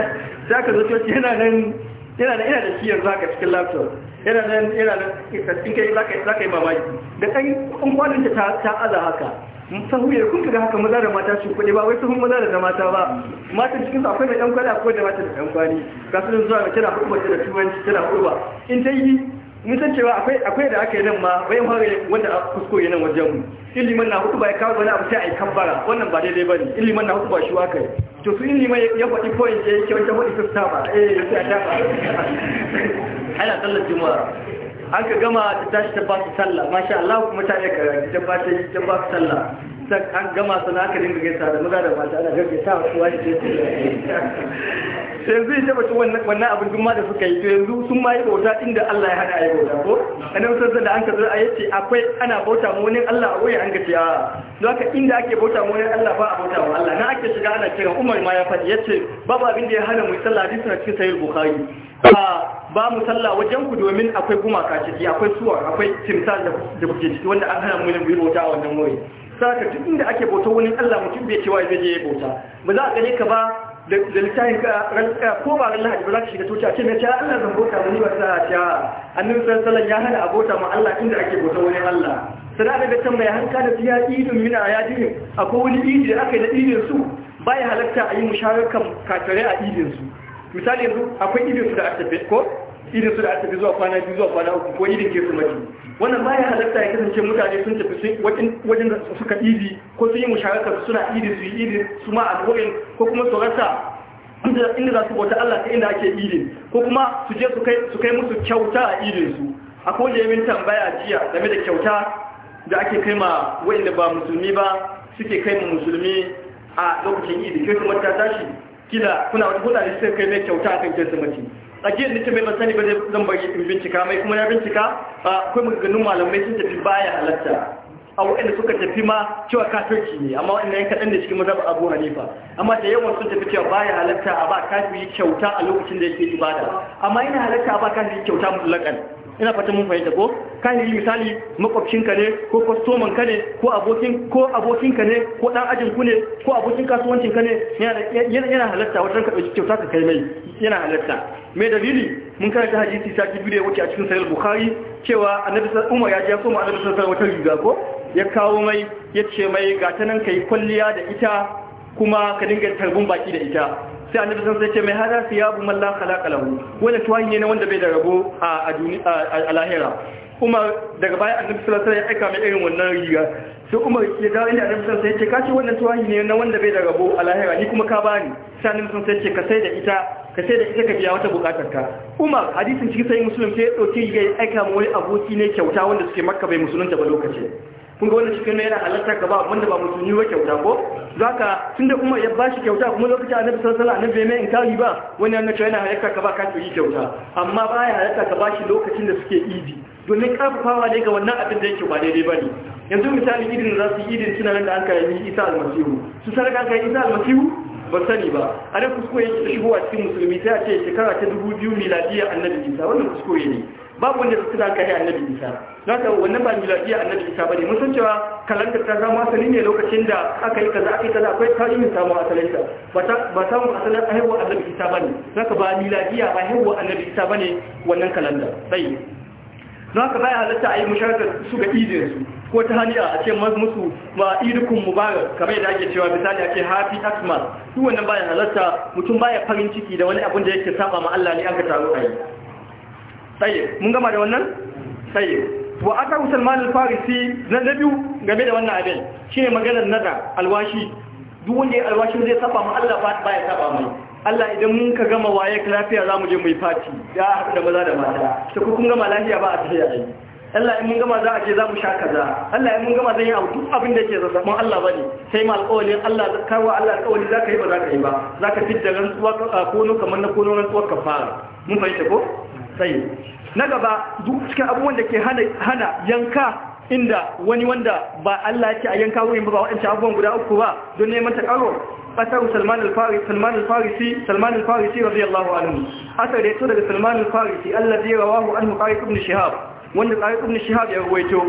sai aka zo coci yana nan yana da yana da shi yanzu haka cikin laptop yana da yana da in kai za ka yi mamaki da kan kun kwanin ta ta aza haka sahu ya kun kaga haka maza da mata su kudi ba wai sahun maza da mata ba mata cikin su akwai mai dan kwali akwai da mata da dan kwali kasu zuwa tana kurba da tuwanci tana kurba in ta yi mun san cewa akwai akwai da aka yi nan ma bayan fara wanda a kuskure nan wajen mu iliman na hutu ba ya kawo wani abu sai a yi kabbara wannan ba daidai ba ne ilimin na hutu ba shi waka yi to su iliman ya faɗi point ya yi kyau ta faɗi fifta ba eh sai a taɓa ana sallar juma'a an ka gama ta tashi ta ba su sallah masha Allah kuma ka ta ba ta ta ba su sallah an gama sana aka dinga gaisa da maza da mata ana gaske ta ce yanzu wannan abin da suka yi to yanzu sun bauta inda Allah ya a yi bauta ko ana musamman an ka a akwai ana bauta wani Allah a an don haka inda ake bauta wani Allah ba a bauta Allah na ake shiga ana kira Umar ma ya faɗi yace babu abin da ya hana mu sallah hadisi na cikin sahih Bukhari ba mu sallah wajen ku domin akwai gumaka ciki akwai suwa akwai timsal da kuke ciki wanda an hana mu yin bauta a wannan wuri saka duk inda ake bauta wani Allah mutum bai cewa zai je ya bauta ba za a gane ka ba da littafin ka eh, ko ba ran lahadi ba za ka shiga tuta a ce mai cewa Allah zan bauta mu ni ba sa ta ah, annabi sallallahu alaihi ya hana abota ma Allah inda ake bauta wani Allah sana da ga tambaya hanka da yi idin mina a yajin akwai wani idi da aka yi na idin su bai halatta a yi musharakan katare a idin su misali yanzu akwai idin su da aka ko irin su da aka fi zuwa kwana biyu zuwa kwana uku ko irin ke su mace wannan baya halatta ya kasance mutane sun tafi wajen da suka idi ko sun yi musharaka suna idi su yi idi su ma a koyin ko kuma su rasa inda za su bauta Allah ta inda ake idin ko kuma su je su kai musu kyauta a idin su akwai wanda yamin tambaya jiya game da kyauta da ake kai ma wa'inda ba musulmi ba suke kai ma musulmi a lokacin idi kirsimata tashi kila kuna wani hulɗa da suka kai mai kyauta a kan akan mace tsakiyar nake mai masani sani ba zan bar in bincika mai kuma na bincika akwai maganganun malamai sun tafi baya halatta a waɗanda suka tafi ma cewa kafirci ne amma waɗanda yan kaɗan da cikin mazhab abu hanifa amma da yawan sun tafi cewa baya halatta a ba kafi kyauta a lokacin da yake ibada amma yana halatta a ba kafi kyauta mutlaƙan ina fatan mun fahimta ko kai yi misali ka ne ko kwastoman ka ne ko abokin ko abokin ka ne ko dan ajin ku ne ko abokin kasuwancin ka ne yana yana halatta wata ka dauki kyauta ka kai mai yana halatta me dalili mun karanta hadisi sati biyu da wuce a cikin sahih bukhari cewa annabi Umar ya je kuma annabi sallallahu alaihi wasallam wata riga ko ya kawo mai ya ce mai gata nan kai kwalliya da ita kuma ka dinga tarbun baki da ita sai annabi sun sai ce mai hada siyabu man la khalaqa lahu wala tuwaye ne wanda bai da rabo a a lahira Umar daga baya annabi sallallahu alaihi wasallam ya aika mai irin wannan riga sai Umar ya dawo inda annabi sallallahu sai wasallam ce kace wannan tuwai ne na wanda bai da rabo a lahira ni kuma ka bani sai annabi sun sai ce ka sai da ita ka sai da ita ka biya wata bukatar ka Umar hadisin cikin sai musulun sai ya dauki ya aika mai wani aboki ne kyauta wanda suke Makka bai musulunta ba lokacin kun ga wannan cikin yana halarta ka ba wanda ba musulmi ba kyauta ko zaka da kuma ya shi kyauta kuma lokacin annabi sallallahu alaihi wasallam annabi mai inkari ba wani annabi yana halarta ka ba yi kyauta amma ba ya halarta ka ba shi lokacin da suke idi domin karfafawa ne ga wannan abin da yake ba daidai ba ne yanzu misali idin za su idin suna nan da an ni isa almasihu su sarka kai isa almasihu ba sani ba a da kuskure yake shigowa cikin musulmi sai a ce shekara ta dubu biyu miladiyya annabi isa wannan kuskure ne babu wanda su da kai annabi isa na ta wannan ba miladiya annabi isa bane mun san cewa kalandar ta zama asali ne lokacin da aka yi kaza aka yi kaza akwai yi samu asalin ta ba ta asalin haihuwa annabi isa bane ka ba miladiya ba haihuwa annabi isa bane wannan kalandar sai ka baya halatta a yi musharakar su ga idin su ko ta hanya a ce musu ba idukun mubarak kamar yadda ake cewa misali ake happy xmas duk wannan baya halatta mutum baya farin ciki da wani abin da yake saba ma Allah ne aka taro a yi tsaye mun gama da wannan tsaye wa aka musulman farisi na biyu game da wannan abin shi ne maganar nada alwashi duk wanda ya alwashi zai saba ma Allah ba ya saba mai Allah idan mun ka gama waye lafiya za mu je mu yi fati ya haɗu da maza da mata ta kun gama lafiya ba a tafiya ai Allah in mun gama za a ce za mu sha kaza Allah in mun gama zan yi abu duk abin da yake zama Allah bane sai ma alƙawarin Allah karwa Allah alƙawari zaka yi ba zaka yi ba zaka da rantsuwa ko no kamar na kono rantsuwa ka fara mun fahimta ko tsaye na gaba duk cikin abubuwan da ke hana yanka inda wani wanda ba Allah yake a yanka wurin ba waɗancan abubuwan guda uku ba don neman ta asaru salman al-fari salman farisi salman al-farisi radiyallahu anhu asari to daga salman al-farisi allazi rawahu anhu qari ibn shihab wanda qari ibn shihab ya rawaito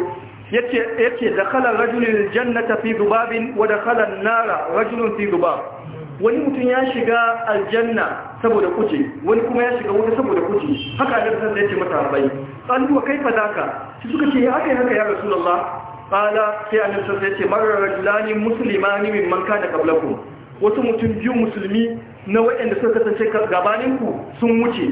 yace "Da dakhala rajulun al-jannata fi dhubabin wa da an-nara rajulun fi dhubab wani mutum ya shiga aljanna saboda kuce wani kuma ya shiga wuta saboda kuce haka da sanda da yace mata bai qalu wa kaifa zaka shi suka ce haka haka ya rasulullah qala sai annabi sai yace marar rajulani muslimani man kana qablakum wasu mutum biyu musulmi na waɗanda suka kasance gabanin ku sun wuce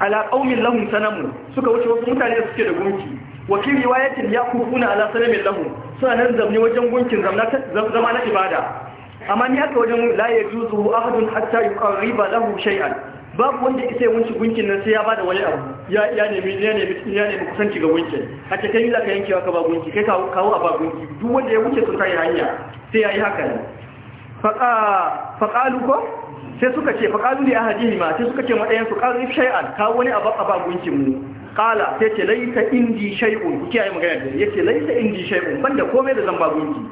ala qaumin lahum sanamu suka wuce wasu mutane da suke da gunki wa fi riwayatin yaqufuna ala sanamin lahum suna nan zamne wajen gunkin zamna zama na ibada amma ni haka wajen la ya juzu ahadun hatta yuqarriba lahu shay'an babu wanda isa ya wunci gunkin nan sai ya bada wani abu ya ya nemi ya nemi ya nemi kusanci ga gunkin a ce kai ka yanke ka ba gunki kai kawo kawo a ba gunki duk wanda ya wuce sun hanya sai yayi haka ne faqa faqalu ko sai suka ce faqalu li ahadihi ma sai suka ce ma dayan su qalu shay'an kawo wani abu a ba gunkin mu qala sai ce laita indi shay'un kiyaye magana da yace laita indi shay'un banda komai da zan ba gunki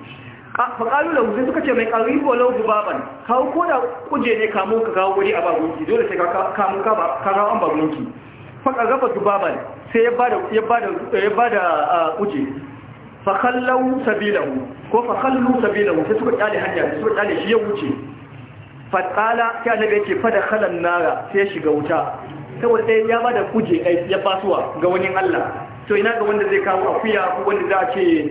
faƙalu da sai suka ce mai ƙari walau gubaban kawo ko da kuje ne kamo ka kawo guri a bagunki dole sai ka kamo ka kawo an bagunki faƙa gaba gubaban sai ya ba da kuje fakallau sabilahu ko fakallu sabilahu sai suka ƙyale hanya sai suka ƙyale shi ya wuce faƙala sai annabi yake fada halan nara sai ya shiga wuta saboda ɗaya ya ba da kuje ya basuwa ga wani Allah to ina ga wanda zai kawo akuya ko wanda za a ce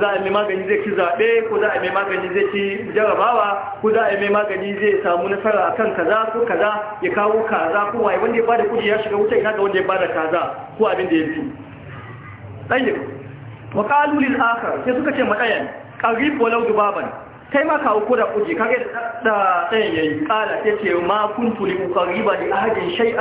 za a mai magani zai ci zaɓe ko za a mai magani zai ci jarabawa ko za a mai magani zai samu nasara a kan kaza ko kaza ya kawo kaza ko waye wanda ya bada kuɗi ya shiga wuta ina ga wanda ya bada kaza ko abin da ya fi ɗayyar wa ƙalulin akar sai suka ce matsayan ƙarfi walau dubaban kai ma kawo ko da kuje kage da tsayin yayi ƙala sai ce ma kuntu li uqariba li ahadin shai'a.